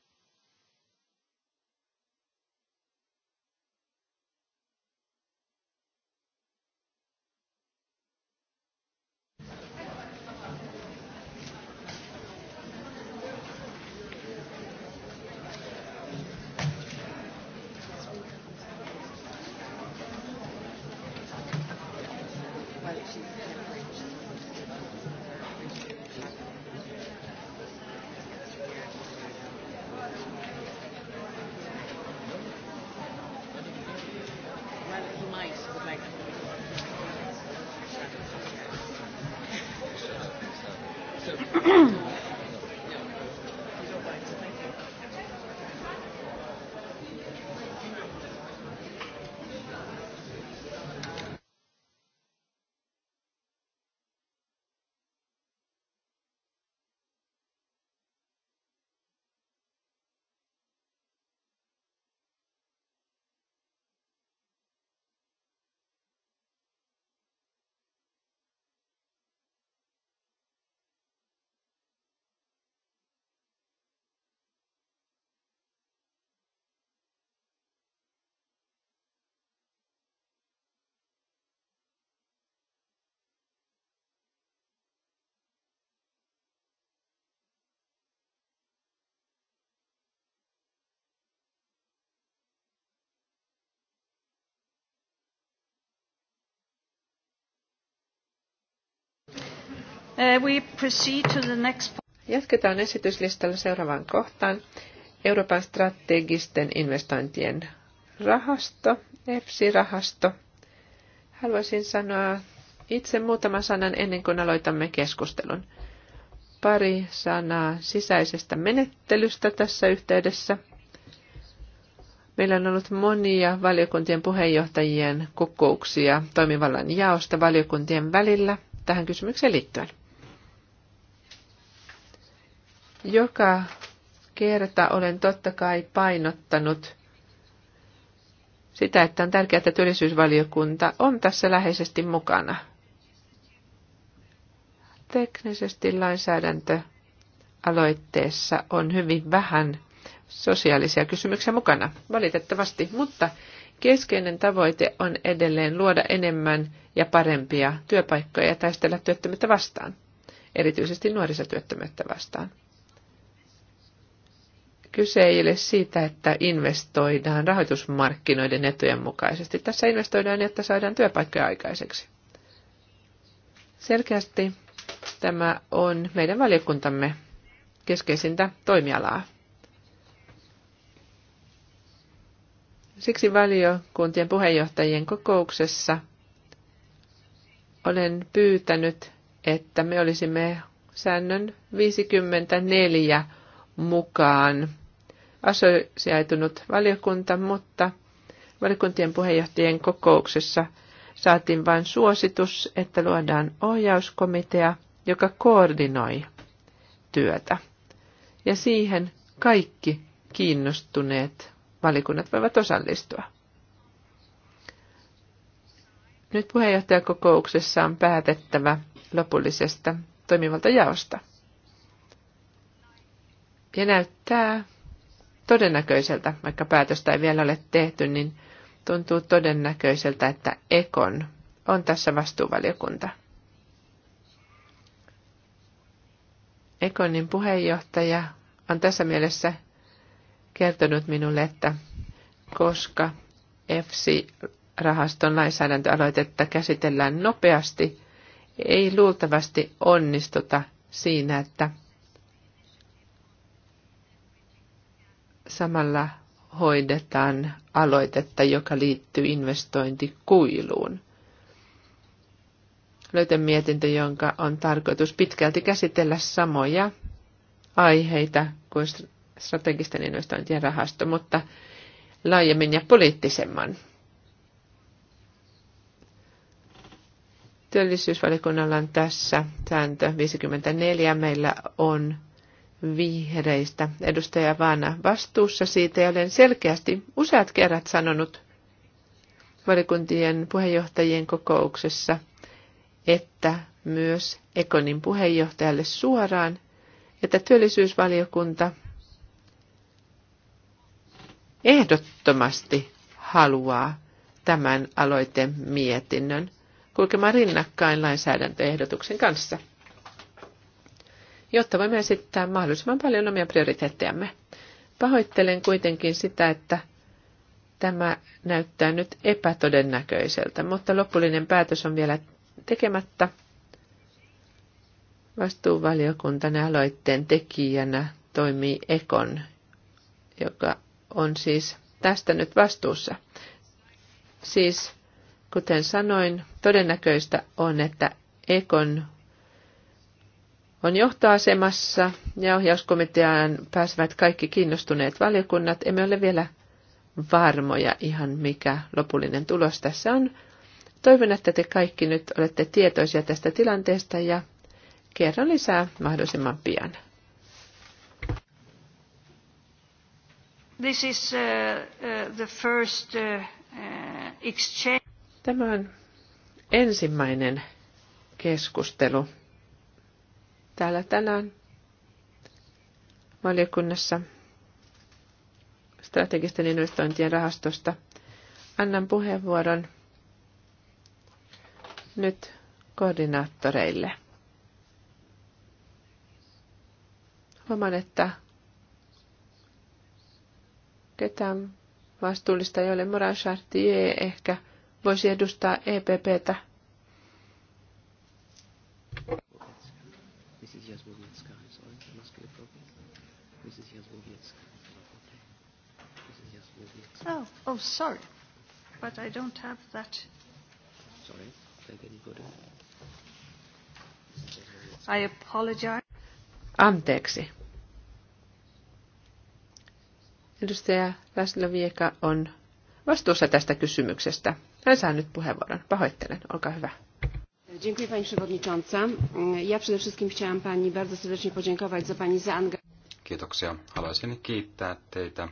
Speaker 2: Eh, we proceed to the next... Jatketaan esityslistalla seuraavaan kohtaan. Euroopan strategisten investointien rahasto, EFSI-rahasto. Haluaisin sanoa itse muutaman sanan ennen kuin aloitamme keskustelun. Pari sanaa sisäisestä menettelystä tässä yhteydessä. Meillä on ollut monia valiokuntien puheenjohtajien kokouksia toimivallan jaosta valiokuntien välillä tähän kysymykseen liittyen. Joka kerta olen totta kai painottanut sitä, että on tärkeää, että työllisyysvaliokunta on tässä läheisesti mukana. Teknisesti lainsäädäntö aloitteessa on hyvin vähän sosiaalisia kysymyksiä mukana, valitettavasti, mutta keskeinen tavoite on edelleen luoda enemmän ja parempia työpaikkoja ja taistella työttömyyttä vastaan, erityisesti nuorisotyöttömyyttä vastaan. Kyse ei ole siitä, että investoidaan rahoitusmarkkinoiden etujen mukaisesti. Tässä investoidaan, että saadaan työpaikkoja aikaiseksi. Selkeästi tämä on meidän valiokuntamme keskeisintä toimialaa. Siksi valiokuntien puheenjohtajien kokouksessa olen pyytänyt, että me olisimme säännön 54 mukaan asosiaitunut valiokunta, mutta valiokuntien puheenjohtajien kokouksessa saatiin vain suositus, että luodaan ohjauskomitea, joka koordinoi työtä. Ja siihen kaikki kiinnostuneet valikunnat voivat osallistua. Nyt puheenjohtajakokouksessa on päätettävä lopullisesta toimivalta jaosta. Ja näyttää todennäköiseltä, vaikka päätöstä ei vielä ole tehty, niin tuntuu todennäköiseltä, että Ekon on tässä vastuuvaliokunta. Ekonin puheenjohtaja on tässä mielessä kertonut minulle, että koska EFSI-rahaston lainsäädäntöaloitetta käsitellään nopeasti, ei luultavasti onnistuta siinä, että samalla hoidetaan aloitetta, joka liittyy investointikuiluun. Löytän mietintö, jonka on tarkoitus pitkälti käsitellä samoja aiheita kuin strategisten investointien rahasto, mutta laajemmin ja poliittisemman. Työllisyysvalikunnalla on tässä sääntö 54. Meillä on vihreistä. Edustaja Vaana vastuussa siitä ja olen selkeästi useat kerrat sanonut valikuntien puheenjohtajien kokouksessa, että myös Ekonin puheenjohtajalle suoraan, että työllisyysvaliokunta ehdottomasti haluaa tämän aloitemietinnön kulkemaan rinnakkain lainsäädäntöehdotuksen kanssa jotta voimme esittää mahdollisimman paljon omia prioriteettejamme. Pahoittelen kuitenkin sitä, että tämä näyttää nyt epätodennäköiseltä, mutta lopullinen päätös on vielä tekemättä. Vastuuvaliokuntana aloitteen tekijänä toimii Ekon, joka on siis tästä nyt vastuussa. Siis, kuten sanoin, todennäköistä on, että Ekon on johtoasemassa ja ohjauskomiteaan pääsevät kaikki kiinnostuneet valiokunnat. Emme ole vielä varmoja ihan mikä lopullinen tulos tässä on. Toivon, että te kaikki nyt olette tietoisia tästä tilanteesta ja kerron lisää mahdollisimman pian.
Speaker 1: This is, uh, uh the first, uh,
Speaker 2: uh, exchange. Tämä on ensimmäinen keskustelu täällä tänään valiokunnassa strategisten investointien rahastosta. Annan puheenvuoron nyt koordinaattoreille. Huomaan, että ketään vastuullista ei ole. Moran Chartier ehkä voisi edustaa EPPtä. Oh,
Speaker 1: oh, sorry. But I don't have that. Sorry. I apologize.
Speaker 2: Anteeksi. Edustaja Laslovieka on vastuussa tästä kysymyksestä. Hän saa nyt puheenvuoron. Pahoittelen. Olkaa hyvä.
Speaker 1: Dziękuję Pani Przewodnicząca. Ja przede wszystkim chciałam Pani bardzo serdecznie podziękować za Pani zaangażowanie.
Speaker 3: Kiitoksia. Haluaisin kiittää teitä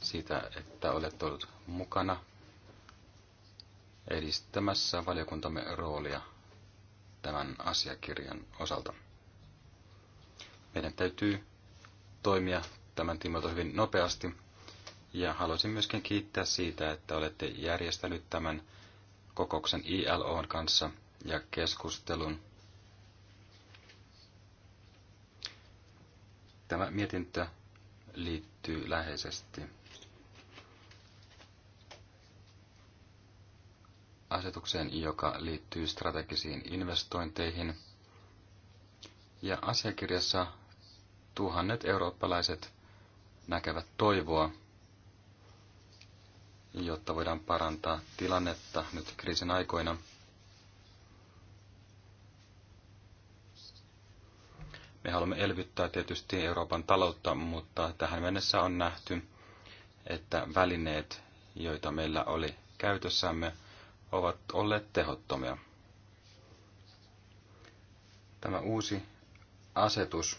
Speaker 3: siitä, että olette ollut mukana edistämässä valiokuntamme roolia tämän asiakirjan osalta. Meidän täytyy toimia tämän tiimoilta hyvin nopeasti, ja haluaisin myöskin kiittää siitä, että olette järjestänyt tämän kokouksen ILOn kanssa ja keskustelun Tämä mietintö liittyy läheisesti asetukseen, joka liittyy strategisiin investointeihin. Ja asiakirjassa tuhannet eurooppalaiset näkevät toivoa, jotta voidaan parantaa tilannetta nyt kriisin aikoina – Me haluamme elvyttää tietysti Euroopan taloutta, mutta tähän mennessä on nähty, että välineet, joita meillä oli käytössämme, ovat olleet tehottomia. Tämä uusi asetus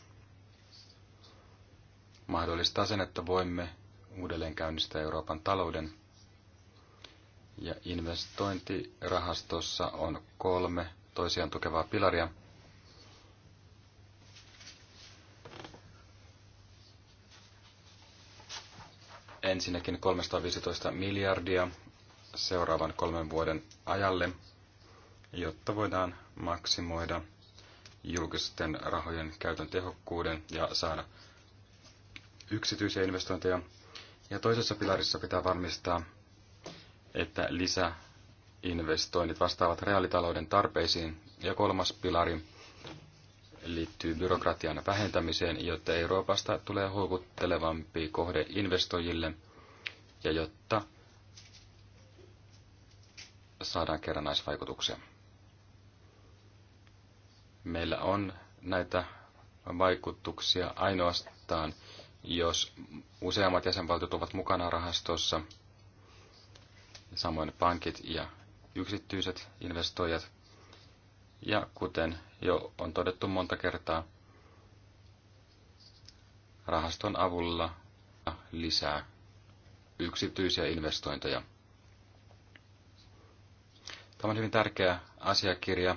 Speaker 3: mahdollistaa sen, että voimme uudelleen käynnistää Euroopan talouden. Ja investointirahastossa on kolme toisiaan tukevaa pilaria – Ensinnäkin 315 miljardia seuraavan kolmen vuoden ajalle, jotta voidaan maksimoida julkisten rahojen käytön tehokkuuden ja saada yksityisiä investointeja. Ja toisessa pilarissa pitää varmistaa, että lisäinvestoinnit vastaavat reaalitalouden tarpeisiin. Ja kolmas pilari liittyy byrokratian vähentämiseen, jotta Euroopasta tulee houkuttelevampi kohde investoijille ja jotta saadaan kerrannaisvaikutuksia. Meillä on näitä vaikutuksia ainoastaan, jos useammat jäsenvaltiot ovat mukana rahastossa, samoin pankit ja yksityiset investoijat. Ja kuten jo on todettu monta kertaa, rahaston avulla lisää yksityisiä investointeja. Tämä on hyvin tärkeä asiakirja,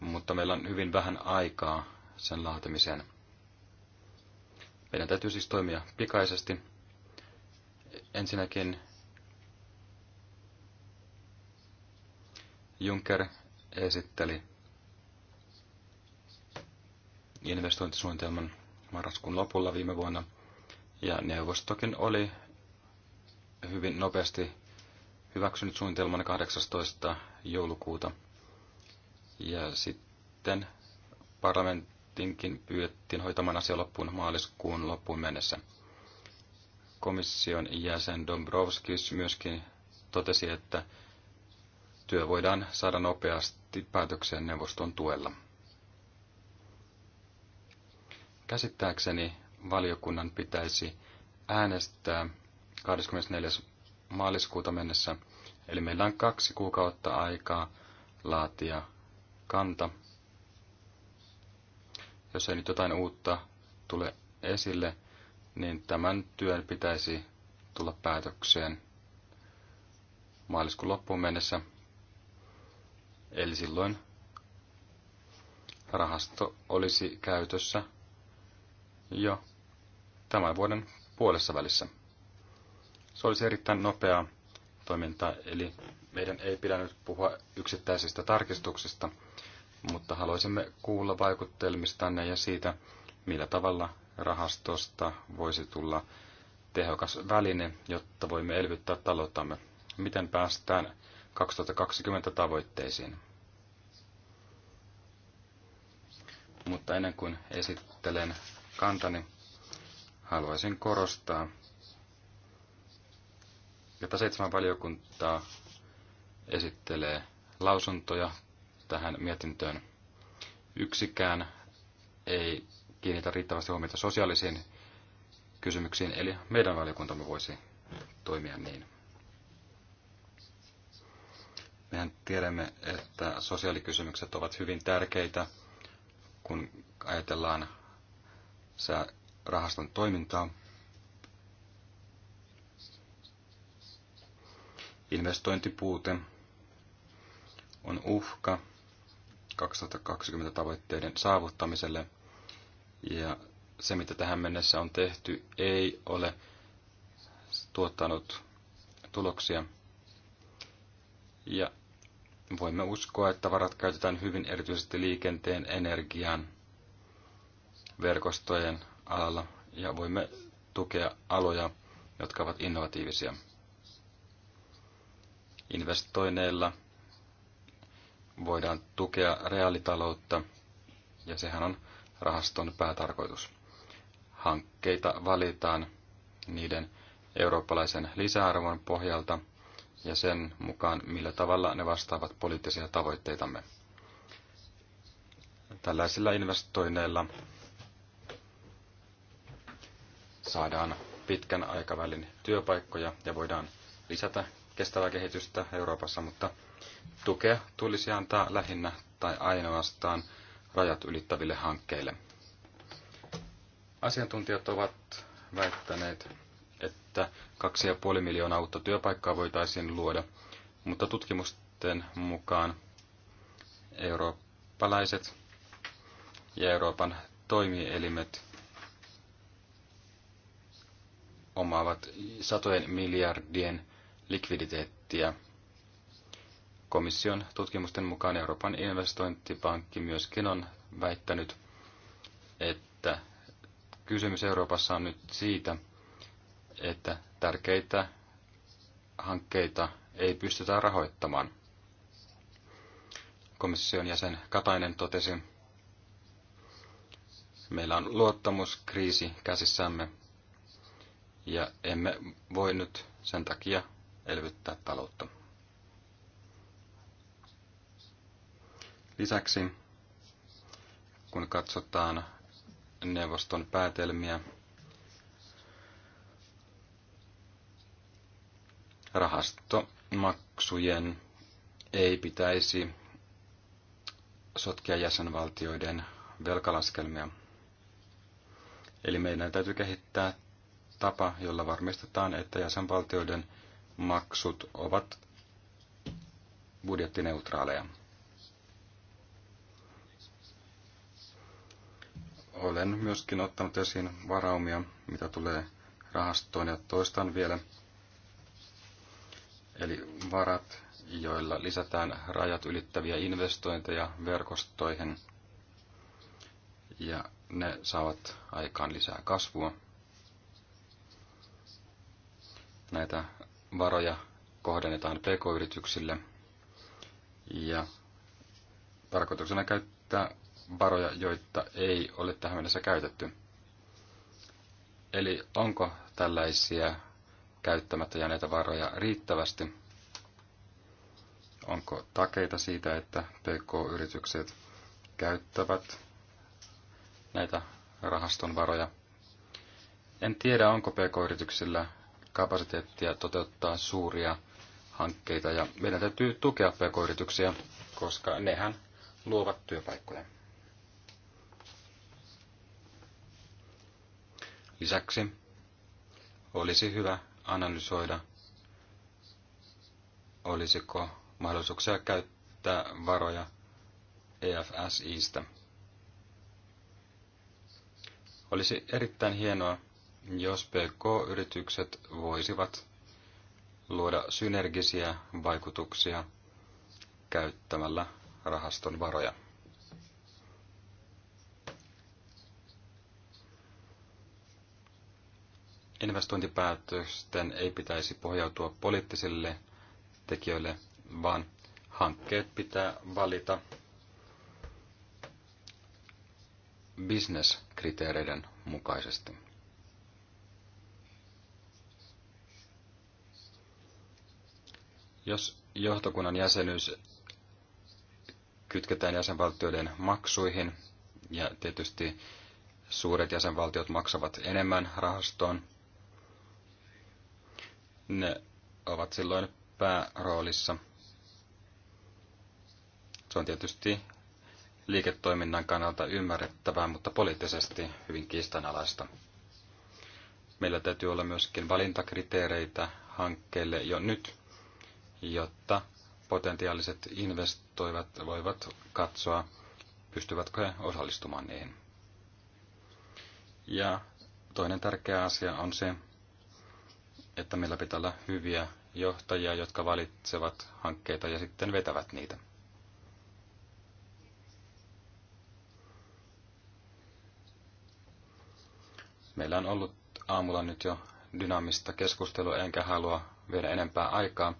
Speaker 3: mutta meillä on hyvin vähän aikaa sen laatimiseen. Meidän täytyy siis toimia pikaisesti. Ensinnäkin Juncker esitteli investointisuunnitelman marraskuun lopulla viime vuonna. Ja neuvostokin oli hyvin nopeasti hyväksynyt suunnitelman 18. joulukuuta. Ja sitten parlamentinkin pyydettiin hoitamaan asia loppuun maaliskuun loppuun mennessä. Komission jäsen Dombrovskis myöskin totesi, että työ voidaan saada nopeasti päätökseen neuvoston tuella. Käsittääkseni valiokunnan pitäisi äänestää 24. maaliskuuta mennessä, eli meillä on kaksi kuukautta aikaa laatia kanta. Jos ei nyt jotain uutta tule esille, niin tämän työn pitäisi tulla päätökseen maaliskuun loppuun mennessä. Eli silloin rahasto olisi käytössä jo tämän vuoden puolessa välissä. Se olisi erittäin nopeaa toimintaa, eli meidän ei pidä nyt puhua yksittäisistä tarkistuksista, mutta haluaisimme kuulla vaikuttelmistanne ja siitä, millä tavalla rahastosta voisi tulla tehokas väline, jotta voimme elvyttää talouttamme. Miten päästään 2020 tavoitteisiin? Mutta ennen kuin esittelen kantani, haluaisin korostaa, että seitsemän valiokuntaa esittelee lausuntoja tähän mietintöön. Yksikään ei kiinnitä riittävästi huomiota sosiaalisiin kysymyksiin, eli meidän valiokuntamme voisi toimia niin. Mehän tiedämme, että sosiaalikysymykset ovat hyvin tärkeitä, kun ajatellaan rahaston toimintaa. Investointipuute on uhka 2020 tavoitteiden saavuttamiselle ja se, mitä tähän mennessä on tehty, ei ole tuottanut tuloksia. Ja voimme uskoa, että varat käytetään hyvin erityisesti liikenteen, energiaan verkostojen alalla ja voimme tukea aloja, jotka ovat innovatiivisia. Investoineilla voidaan tukea reaalitaloutta, ja sehän on rahaston päätarkoitus. Hankkeita valitaan niiden eurooppalaisen lisäarvon pohjalta ja sen mukaan, millä tavalla ne vastaavat poliittisia tavoitteitamme. Tällaisilla investoinneilla saadaan pitkän aikavälin työpaikkoja ja voidaan lisätä kestävää kehitystä Euroopassa, mutta tukea tulisi antaa lähinnä tai ainoastaan rajat ylittäville hankkeille. Asiantuntijat ovat väittäneet, että 2,5 miljoonaa uutta työpaikkaa voitaisiin luoda, mutta tutkimusten mukaan eurooppalaiset ja Euroopan toimielimet omaavat satojen miljardien likviditeettiä. Komission tutkimusten mukaan Euroopan investointipankki myöskin on väittänyt, että kysymys Euroopassa on nyt siitä, että tärkeitä hankkeita ei pystytä rahoittamaan. Komission jäsen Katainen totesi, meillä on luottamuskriisi käsissämme – ja emme voi nyt sen takia elvyttää taloutta. Lisäksi, kun katsotaan neuvoston päätelmiä, rahastomaksujen ei pitäisi sotkea jäsenvaltioiden velkalaskelmia. Eli meidän täytyy kehittää tapa, jolla varmistetaan, että jäsenvaltioiden maksut ovat budjettineutraaleja. Olen myöskin ottanut esiin varaumia, mitä tulee rahastoon ja toistan vielä. Eli varat, joilla lisätään rajat ylittäviä investointeja verkostoihin ja ne saavat aikaan lisää kasvua. Näitä varoja kohdennetaan pk-yrityksille ja tarkoituksena käyttää varoja, joita ei ole tähän mennessä käytetty. Eli onko tällaisia käyttämättä jääneitä varoja riittävästi? Onko takeita siitä, että PK-yritykset käyttävät näitä rahaston varoja? En tiedä, onko PK-yrityksillä kapasiteettia toteuttaa suuria hankkeita ja meidän täytyy tukea pk-yrityksiä, koska nehän luovat työpaikkoja. Lisäksi olisi hyvä analysoida, olisiko mahdollisuuksia käyttää varoja EFSIstä. Olisi erittäin hienoa, jos PK-yritykset voisivat luoda synergisiä vaikutuksia käyttämällä rahaston varoja. Investointipäätösten ei pitäisi pohjautua poliittisille tekijöille, vaan hankkeet pitää valita bisneskriteereiden mukaisesti. Jos johtokunnan jäsenyys kytketään jäsenvaltioiden maksuihin, ja tietysti suuret jäsenvaltiot maksavat enemmän rahastoon, ne ovat silloin pääroolissa. Se on tietysti liiketoiminnan kannalta ymmärrettävää, mutta poliittisesti hyvin kiistanalaista. Meillä täytyy olla myöskin valintakriteereitä hankkeelle jo nyt jotta potentiaaliset investoivat voivat katsoa, pystyvätkö he osallistumaan niihin. Ja toinen tärkeä asia on se, että meillä pitää olla hyviä johtajia, jotka valitsevat hankkeita ja sitten vetävät niitä. Meillä on ollut aamulla nyt jo dynaamista keskustelua, enkä halua viedä enempää aikaa.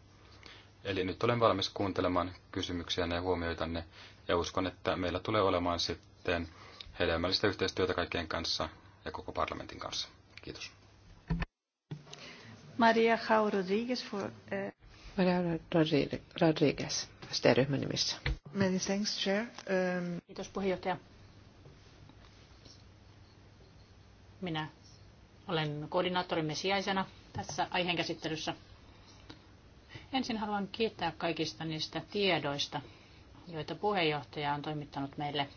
Speaker 3: Eli nyt olen valmis kuuntelemaan kysymyksiä ja huomioitanne, ja uskon, että meillä tulee olemaan sitten hedelmällistä yhteistyötä kaikkien kanssa ja koko parlamentin kanssa. Kiitos.
Speaker 1: Maria Jau Rodriguez for, uh...
Speaker 2: Maria Rodriguez, ST-ryhmän nimissä.
Speaker 1: Many thanks, Chair. Um... Kiitos puheenjohtaja.
Speaker 4: Minä olen koordinaattorimme sijaisena tässä aiheen käsittelyssä. Ensin haluan kiittää kaikista niistä tiedoista, joita puheenjohtaja on toimittanut meille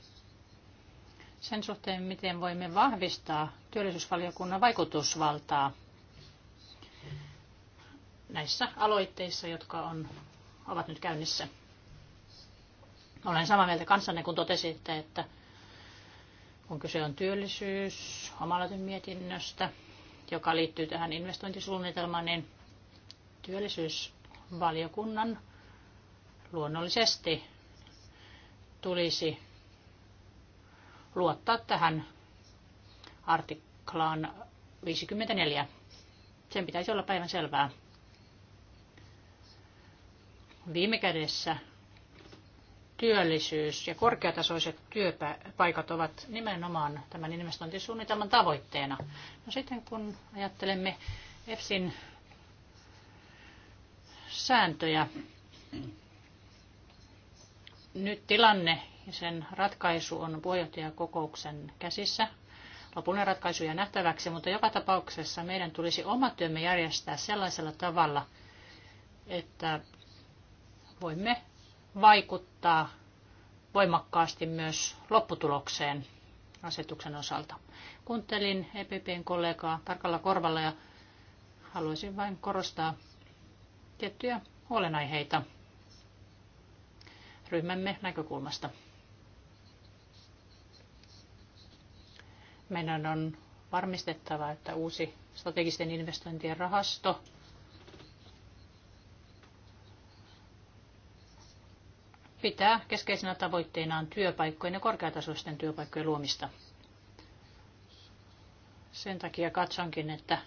Speaker 4: sen suhteen, miten voimme vahvistaa työllisyysvaliokunnan vaikutusvaltaa näissä aloitteissa, jotka on, ovat nyt käynnissä. Olen samaa mieltä kanssanne, kun totesitte, että kun kyse on työllisyys, omalaisen mietinnöstä, joka liittyy tähän investointisuunnitelmaan, niin työllisyys valiokunnan luonnollisesti tulisi luottaa tähän artiklaan 54. Sen pitäisi olla päivän selvää. Viime kädessä työllisyys ja korkeatasoiset työpaikat ovat nimenomaan tämän investointisuunnitelman tavoitteena. No sitten kun ajattelemme EFSin sääntöjä. Nyt tilanne ja sen ratkaisu on puheenjohtajakokouksen käsissä. Lopullinen ratkaisu jää nähtäväksi, mutta joka tapauksessa meidän tulisi oma työmme järjestää sellaisella tavalla, että voimme vaikuttaa voimakkaasti myös lopputulokseen asetuksen osalta. Kuuntelin EPPn kollegaa tarkalla korvalla ja haluaisin vain korostaa tiettyjä huolenaiheita ryhmämme näkökulmasta. Meidän on varmistettava, että uusi strategisten investointien rahasto pitää keskeisenä tavoitteenaan työpaikkojen ja korkeatasoisten työpaikkojen luomista. Sen takia katsonkin, että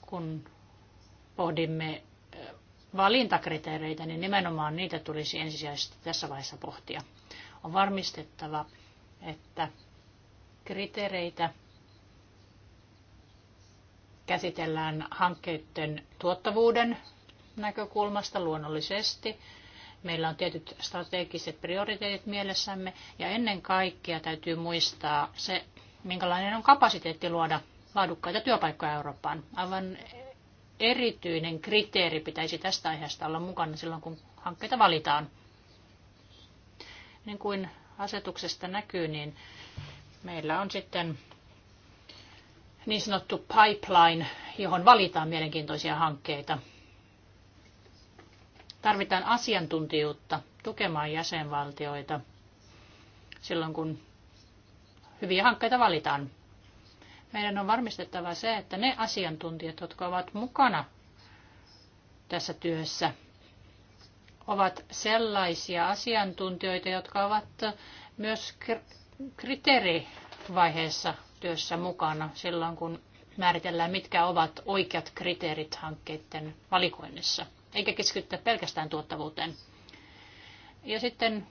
Speaker 4: kun pohdimme valintakriteereitä, niin nimenomaan niitä tulisi ensisijaisesti tässä vaiheessa pohtia. On varmistettava, että kriteereitä käsitellään hankkeiden tuottavuuden näkökulmasta luonnollisesti. Meillä on tietyt strategiset prioriteetit mielessämme ja ennen kaikkea täytyy muistaa se, minkälainen on kapasiteetti luoda laadukkaita työpaikkoja Eurooppaan. Aivan erityinen kriteeri pitäisi tästä aiheesta olla mukana silloin, kun hankkeita valitaan. Niin kuin asetuksesta näkyy, niin meillä on sitten niin sanottu pipeline, johon valitaan mielenkiintoisia hankkeita. Tarvitaan asiantuntijuutta tukemaan jäsenvaltioita silloin, kun hyviä hankkeita valitaan. Meidän on varmistettava se, että ne asiantuntijat, jotka ovat mukana tässä työssä, ovat sellaisia asiantuntijoita, jotka ovat myös kriteerivaiheessa työssä mukana silloin, kun määritellään, mitkä ovat oikeat kriteerit hankkeiden valikoinnissa, eikä keskittyä pelkästään tuottavuuteen. Ja sitten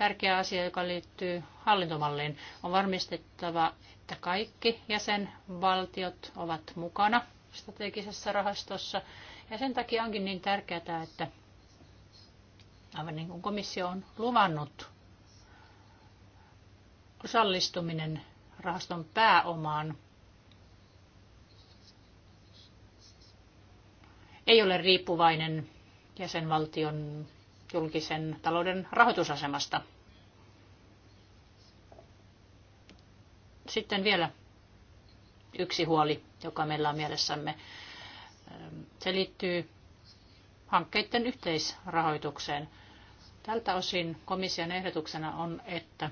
Speaker 4: tärkeä asia, joka liittyy hallintomalliin. On varmistettava, että kaikki jäsenvaltiot ovat mukana strategisessa rahastossa. Ja sen takia onkin niin tärkeää, että aivan niin kuin komissio on luvannut, osallistuminen rahaston pääomaan ei ole riippuvainen jäsenvaltion julkisen talouden rahoitusasemasta. Sitten vielä yksi huoli, joka meillä on mielessämme. Ähm, se liittyy hankkeiden yhteisrahoitukseen. Tältä osin komission ehdotuksena on, että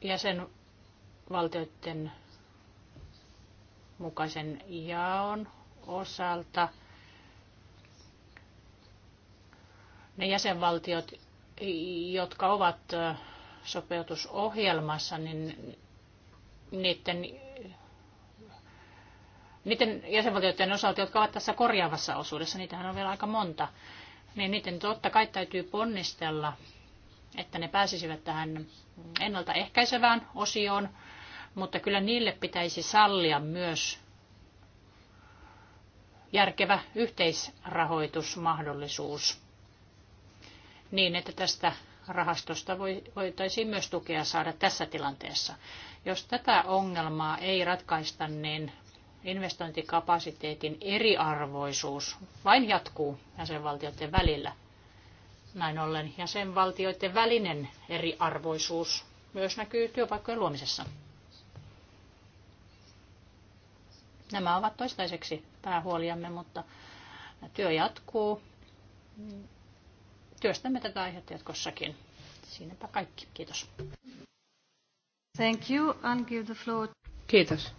Speaker 4: jäsenvaltioiden mukaisen jaon osalta ne jäsenvaltiot, jotka ovat sopeutusohjelmassa, niin niiden, niiden jäsenvaltioiden osalta, jotka ovat tässä korjaavassa osuudessa, niitähän on vielä aika monta, niin niiden totta kai täytyy ponnistella, että ne pääsisivät tähän ennaltaehkäisevään osioon, mutta kyllä niille pitäisi sallia myös järkevä yhteisrahoitusmahdollisuus niin, että tästä rahastosta voitaisiin myös tukea saada tässä tilanteessa. Jos tätä ongelmaa ei ratkaista, niin investointikapasiteetin eriarvoisuus vain jatkuu jäsenvaltioiden välillä. Näin ollen jäsenvaltioiden välinen eriarvoisuus myös näkyy työpaikkojen luomisessa. Nämä ovat toistaiseksi päähuoliamme, mutta työ jatkuu. Työstämme tätä aihetta jatkossakin.
Speaker 1: Siinäpä kaikki. Kiitos. Thank you and give the floor.
Speaker 2: Kiitos.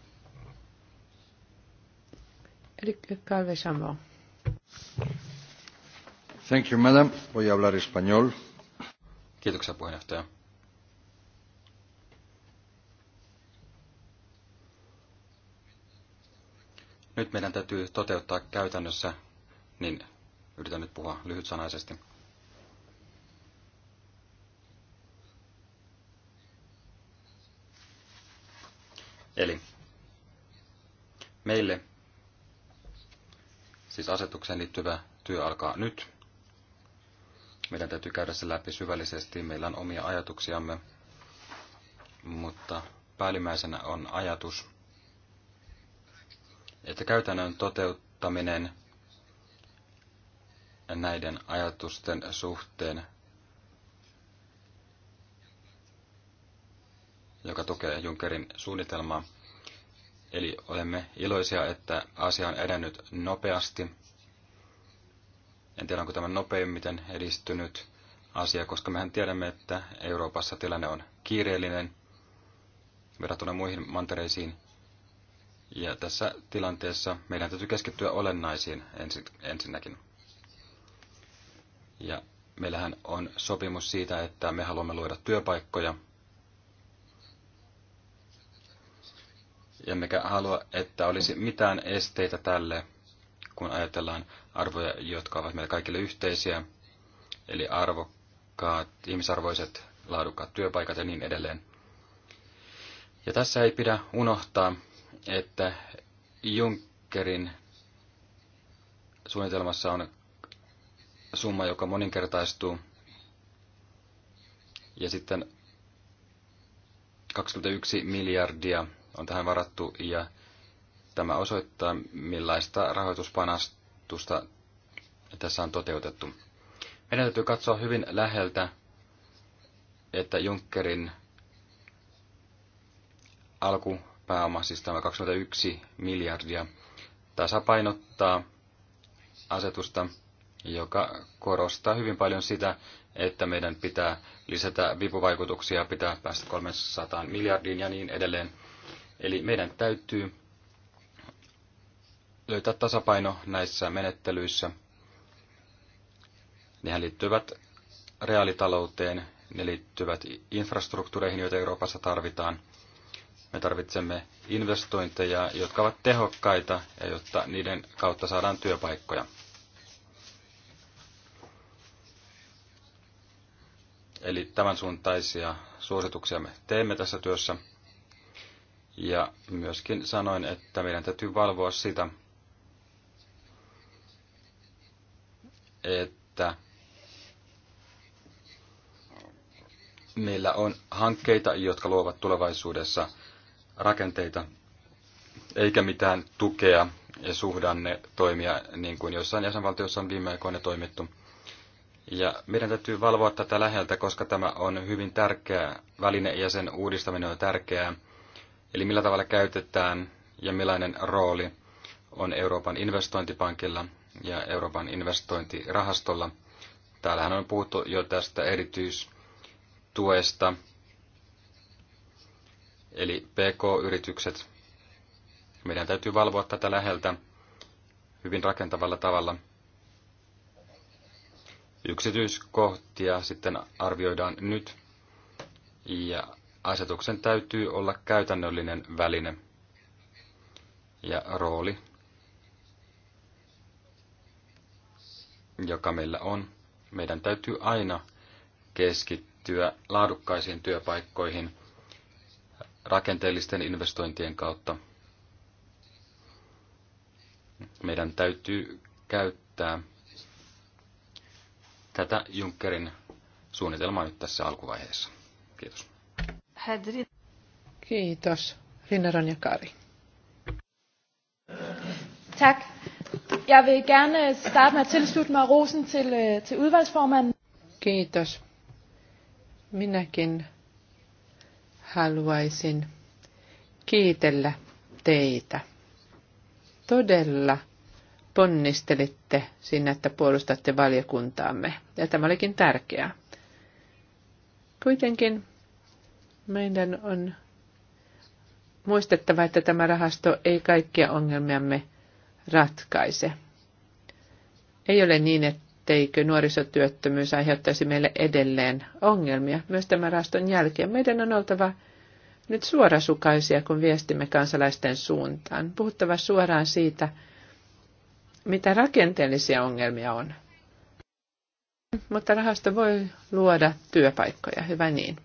Speaker 2: Eli Calve Chambon.
Speaker 3: Thank you, madam. Voy hablar español. Kiitoksia puheenjohtaja. Nyt meidän täytyy toteuttaa käytännössä, niin yritän nyt puhua lyhytsanaisesti. Eli meille siis asetukseen liittyvä työ alkaa nyt. Meidän täytyy käydä se läpi syvällisesti. Meillä on omia ajatuksiamme, mutta päällimmäisenä on ajatus, että käytännön toteuttaminen näiden ajatusten suhteen, joka tukee Junckerin suunnitelmaa. Eli olemme iloisia, että asia on edennyt nopeasti. En tiedä, onko tämä nopeimmiten edistynyt asia, koska mehän tiedämme, että Euroopassa tilanne on kiireellinen verrattuna muihin mantereisiin. Ja tässä tilanteessa meidän täytyy keskittyä olennaisiin ensin, ensinnäkin. Ja meillähän on sopimus siitä, että me haluamme luoda työpaikkoja. Emmekä halua, että olisi mitään esteitä tälle, kun ajatellaan arvoja, jotka ovat meille kaikille yhteisiä, eli arvokkaat, ihmisarvoiset, laadukkaat työpaikat ja niin edelleen. Ja tässä ei pidä unohtaa, että Junckerin suunnitelmassa on summa, joka moninkertaistuu. Ja sitten 21 miljardia on tähän varattu ja tämä osoittaa, millaista rahoituspanastusta tässä on toteutettu. Meidän täytyy katsoa hyvin läheltä, että Junckerin alku pääoma, siis tämä 21 miljardia, tasapainottaa asetusta, joka korostaa hyvin paljon sitä, että meidän pitää lisätä vipuvaikutuksia, pitää päästä 300 miljardiin ja niin edelleen. Eli meidän täytyy löytää tasapaino näissä menettelyissä. Nehän liittyvät reaalitalouteen, ne liittyvät infrastruktuureihin, joita Euroopassa tarvitaan – me tarvitsemme investointeja, jotka ovat tehokkaita ja jotta niiden kautta saadaan työpaikkoja. Eli tämän suuntaisia suosituksia me teemme tässä työssä. Ja myöskin sanoin, että meidän täytyy valvoa sitä, että meillä on hankkeita, jotka luovat tulevaisuudessa rakenteita, eikä mitään tukea ja suhdanne toimia niin kuin jossain jäsenvaltiossa on viime aikoina toimittu. Ja meidän täytyy valvoa tätä läheltä, koska tämä on hyvin tärkeä väline ja sen uudistaminen on tärkeää. Eli millä tavalla käytetään ja millainen rooli on Euroopan investointipankilla ja Euroopan investointirahastolla. Täällähän on puhuttu jo tästä erityistuesta eli PK-yritykset. Meidän täytyy valvoa tätä läheltä hyvin rakentavalla tavalla. Yksityiskohtia sitten arvioidaan nyt, ja asetuksen täytyy olla käytännöllinen väline ja rooli, joka meillä on. Meidän täytyy aina keskittyä laadukkaisiin työpaikkoihin – rakenteellisten investointien kautta. Meidän täytyy käyttää tätä Junckerin suunnitelmaa nyt tässä alkuvaiheessa. Kiitos.
Speaker 2: Kiitos. Rinna Kari. Tak. Jag vill gerne starta med att tillsluta mig rosen til, øh, til udvalgsformanden. Kiitos. Minäkin haluaisin kiitellä teitä. Todella ponnistelitte sinne, että puolustatte valiokuntaamme, ja tämä olikin tärkeää. Kuitenkin meidän on muistettava, että tämä rahasto ei kaikkia ongelmiamme ratkaise. Ei ole niin, että etteikö nuorisotyöttömyys aiheuttaisi meille edelleen ongelmia myös tämän rahaston jälkeen. Meidän on oltava nyt suorasukaisia, kun viestimme kansalaisten suuntaan. Puhuttava suoraan siitä, mitä rakenteellisia ongelmia on. Mutta rahasto voi luoda työpaikkoja, hyvä niin.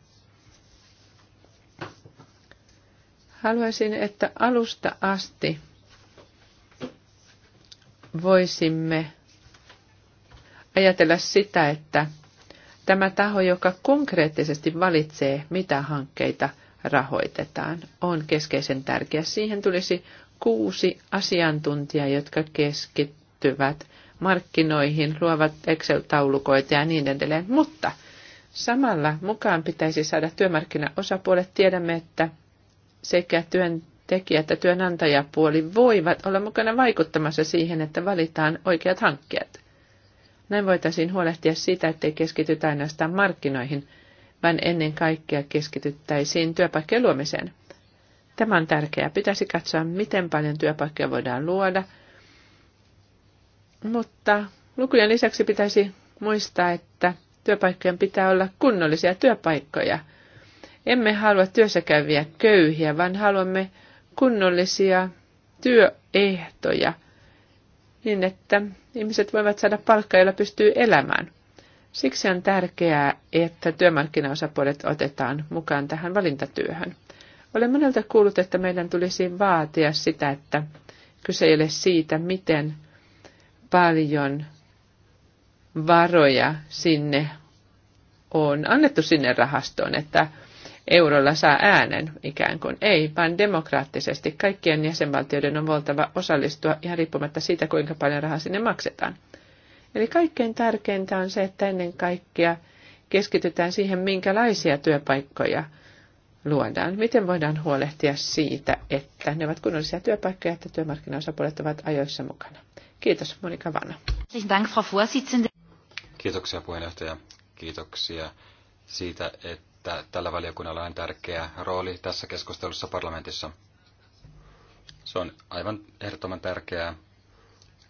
Speaker 2: Haluaisin, että alusta asti voisimme ajatella sitä, että tämä taho, joka konkreettisesti valitsee, mitä hankkeita rahoitetaan, on keskeisen tärkeä. Siihen tulisi kuusi asiantuntijaa, jotka keskittyvät markkinoihin, luovat Excel-taulukoita ja niin edelleen. Mutta samalla mukaan pitäisi saada työmarkkinaosapuolet. Tiedämme, että sekä työntekijä- että työnantajapuoli voivat olla mukana vaikuttamassa siihen, että valitaan oikeat hankkeet. Näin voitaisiin huolehtia siitä, ettei keskitytä ainoastaan markkinoihin, vaan ennen kaikkea keskityttäisiin työpaikkojen luomiseen. Tämä on tärkeää. Pitäisi katsoa, miten paljon työpaikkoja voidaan luoda. Mutta lukujen lisäksi pitäisi muistaa, että työpaikkojen pitää olla kunnollisia työpaikkoja. Emme halua työssäkäyviä köyhiä, vaan haluamme kunnollisia työehtoja – niin, että ihmiset voivat saada palkkaa, jolla pystyy elämään. Siksi on tärkeää, että työmarkkinaosapuolet otetaan mukaan tähän valintatyöhön. Olen monelta kuullut, että meidän tulisi vaatia sitä, että kyse ei ole siitä, miten paljon varoja sinne on annettu sinne rahastoon, että eurolla saa äänen ikään kuin. Ei, vaan demokraattisesti kaikkien jäsenvaltioiden on oltava osallistua ihan riippumatta siitä, kuinka paljon rahaa sinne maksetaan. Eli kaikkein tärkeintä on se, että ennen kaikkea keskitytään siihen, minkälaisia työpaikkoja luodaan. Miten voidaan huolehtia siitä, että ne ovat kunnollisia työpaikkoja, että työmarkkinaosapuolet ovat ajoissa mukana. Kiitos Monika Vanna.
Speaker 3: Kiitoksia puheenjohtaja. Kiitoksia siitä, että että tällä valiokunnalla on tärkeä rooli tässä keskustelussa parlamentissa. Se on aivan ehdottoman tärkeää,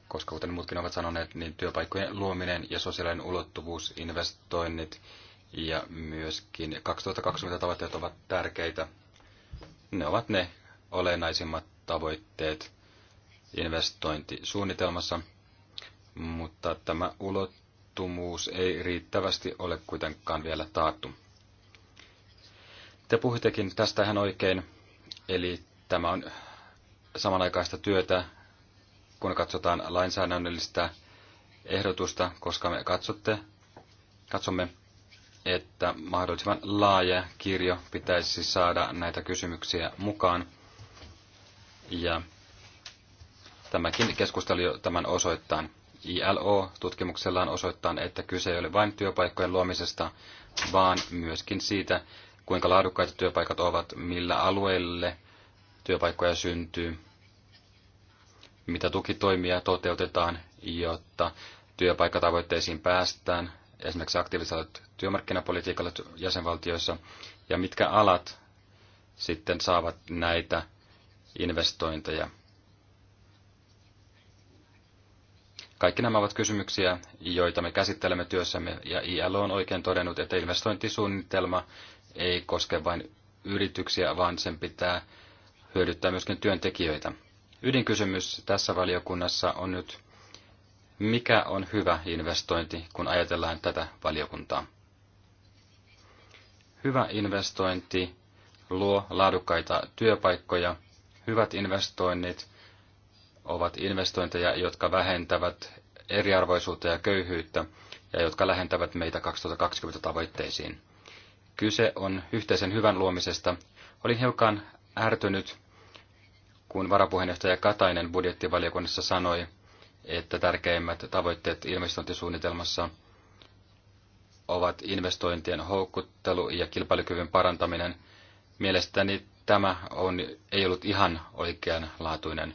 Speaker 3: koska kuten muutkin ovat sanoneet, niin työpaikkojen luominen ja sosiaalinen ulottuvuus, investoinnit ja myöskin 2020 tavoitteet ovat tärkeitä. Ne ovat ne olennaisimmat tavoitteet investointisuunnitelmassa, mutta tämä ulottuvuus ei riittävästi ole kuitenkaan vielä taattu. Te puhuittekin tästä ihan oikein, eli tämä on samanaikaista työtä, kun katsotaan lainsäädännöllistä ehdotusta, koska me katsotte, katsomme, että mahdollisimman laaja kirjo pitäisi saada näitä kysymyksiä mukaan. Ja tämäkin keskustelu jo tämän osoittaa. ILO tutkimuksellaan osoittaa, että kyse ei ole vain työpaikkojen luomisesta, vaan myöskin siitä, kuinka laadukkaita työpaikat ovat, millä alueille työpaikkoja syntyy, mitä tukitoimia toteutetaan, jotta työpaikkatavoitteisiin päästään, esimerkiksi aktiivisella työmarkkinapolitiikalla jäsenvaltioissa, ja mitkä alat sitten saavat näitä investointeja. Kaikki nämä ovat kysymyksiä, joita me käsittelemme työssämme, ja ILO on oikein todennut, että investointisuunnitelma ei koske vain yrityksiä, vaan sen pitää hyödyttää myöskin työntekijöitä. Ydinkysymys tässä valiokunnassa on nyt, mikä on hyvä investointi, kun ajatellaan tätä valiokuntaa. Hyvä investointi luo laadukkaita työpaikkoja. Hyvät investoinnit ovat investointeja, jotka vähentävät eriarvoisuutta ja köyhyyttä ja jotka lähentävät meitä 2020 tavoitteisiin. Kyse on yhteisen hyvän luomisesta. Olin hiukan ärtynyt, kun varapuheenjohtaja Katainen budjettivaliokunnassa sanoi, että tärkeimmät tavoitteet investointisuunnitelmassa ovat investointien houkuttelu ja kilpailukyvyn parantaminen. Mielestäni tämä on, ei ollut ihan oikeanlaatuinen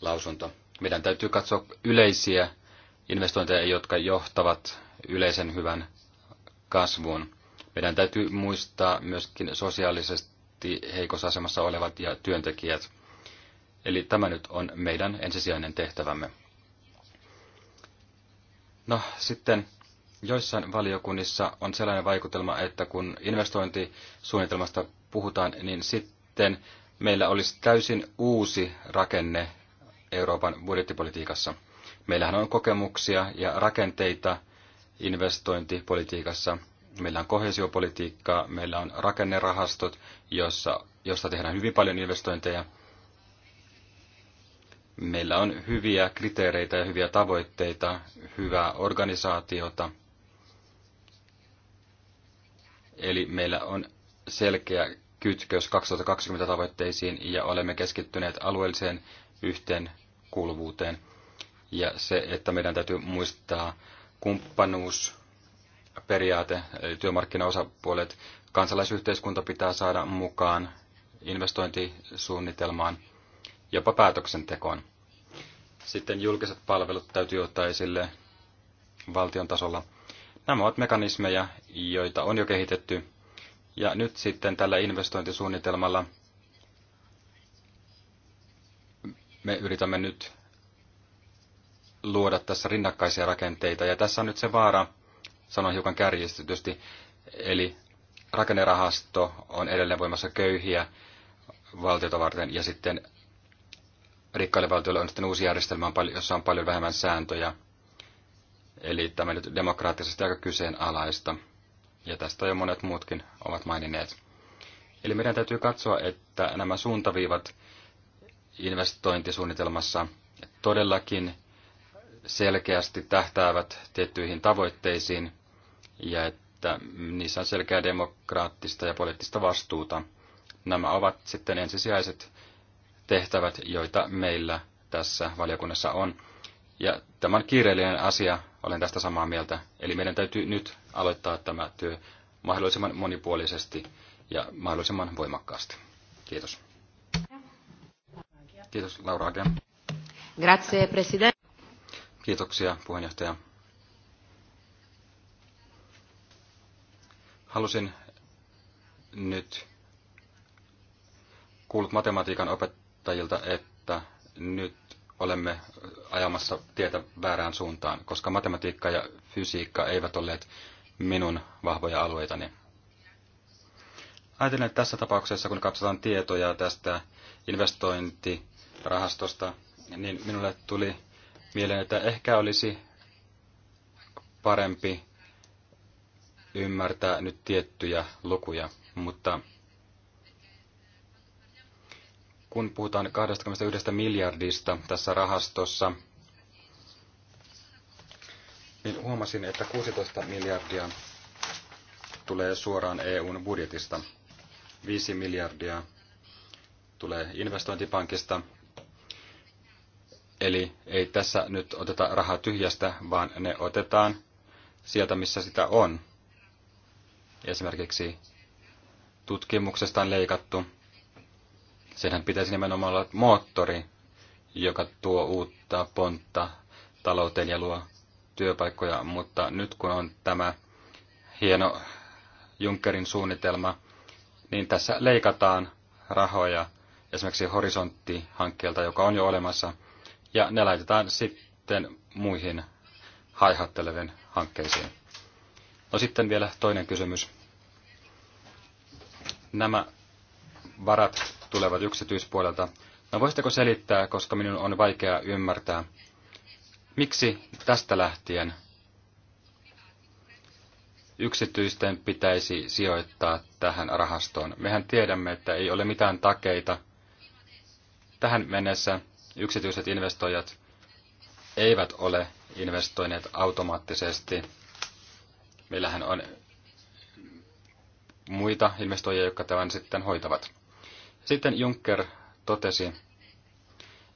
Speaker 3: lausunto. Meidän täytyy katsoa yleisiä investointeja, jotka johtavat yleisen hyvän kasvuun. Meidän täytyy muistaa myöskin sosiaalisesti heikossa asemassa olevat ja työntekijät. Eli tämä nyt on meidän ensisijainen tehtävämme. No sitten joissain valiokunnissa on sellainen vaikutelma, että kun investointisuunnitelmasta puhutaan, niin sitten meillä olisi täysin uusi rakenne Euroopan budjettipolitiikassa. Meillähän on kokemuksia ja rakenteita, investointipolitiikassa, meillä on kohesiopolitiikkaa, meillä on rakennerahastot, jossa, josta tehdään hyvin paljon investointeja. Meillä on hyviä kriteereitä ja hyviä tavoitteita, hyvää organisaatiota. Eli meillä on selkeä kytkös 2020 tavoitteisiin ja olemme keskittyneet alueelliseen yhteenkuuluvuuteen. Ja se, että meidän täytyy muistaa kumppanuusperiaate, eli työmarkkinaosapuolet, kansalaisyhteiskunta pitää saada mukaan investointisuunnitelmaan, jopa päätöksentekoon. Sitten julkiset palvelut täytyy ottaa esille valtion tasolla. Nämä ovat mekanismeja, joita on jo kehitetty, ja nyt sitten tällä investointisuunnitelmalla me yritämme nyt luoda tässä rinnakkaisia rakenteita. Ja tässä on nyt se vaara, sanon hiukan kärjistetysti, eli rakennerahasto on edelleen voimassa köyhiä valtiota varten ja sitten rikkaille valtioille on sitten uusi järjestelmä, jossa on paljon vähemmän sääntöjä. Eli tämä nyt demokraattisesti aika kyseenalaista. Ja tästä jo monet muutkin ovat maininneet. Eli meidän täytyy katsoa, että nämä suuntaviivat investointisuunnitelmassa todellakin selkeästi tähtäävät tiettyihin tavoitteisiin ja että niissä on selkeää demokraattista ja poliittista vastuuta. Nämä ovat sitten ensisijaiset tehtävät, joita meillä tässä valiokunnassa on. Ja tämä on kiireellinen asia, olen tästä samaa mieltä. Eli meidän täytyy nyt aloittaa tämä työ mahdollisimman monipuolisesti ja mahdollisimman voimakkaasti. Kiitos. Kiitos, Laura Agen.
Speaker 4: Grazie, Presidente.
Speaker 3: Kiitoksia, puheenjohtaja. Halusin nyt kuullut matematiikan opettajilta, että nyt olemme ajamassa tietä väärään suuntaan, koska matematiikka ja fysiikka eivät olleet minun vahvoja alueitani. Ajattelen, että tässä tapauksessa, kun katsotaan tietoja tästä investointirahastosta, niin minulle tuli mieleen, että ehkä olisi parempi ymmärtää nyt tiettyjä lukuja, mutta kun puhutaan 21 miljardista tässä rahastossa, niin huomasin, että 16 miljardia tulee suoraan EUn budjetista. 5 miljardia tulee investointipankista Eli ei tässä nyt oteta rahaa tyhjästä, vaan ne otetaan sieltä, missä sitä on. Esimerkiksi tutkimuksesta on leikattu. Senhän pitäisi nimenomaan olla moottori, joka tuo uutta pontta talouteen ja luo työpaikkoja, mutta nyt kun on tämä hieno Junckerin suunnitelma, niin tässä leikataan rahoja esimerkiksi horisonttihankkeelta, joka on jo olemassa – ja ne laitetaan sitten muihin haihatteleviin hankkeisiin. No sitten vielä toinen kysymys. Nämä varat tulevat yksityispuolelta. No voisitteko selittää, koska minun on vaikea ymmärtää, miksi tästä lähtien yksityisten pitäisi sijoittaa tähän rahastoon? Mehän tiedämme, että ei ole mitään takeita. Tähän mennessä yksityiset investoijat eivät ole investoineet automaattisesti. Meillähän on muita investoijia, jotka tämän sitten hoitavat. Sitten Juncker totesi,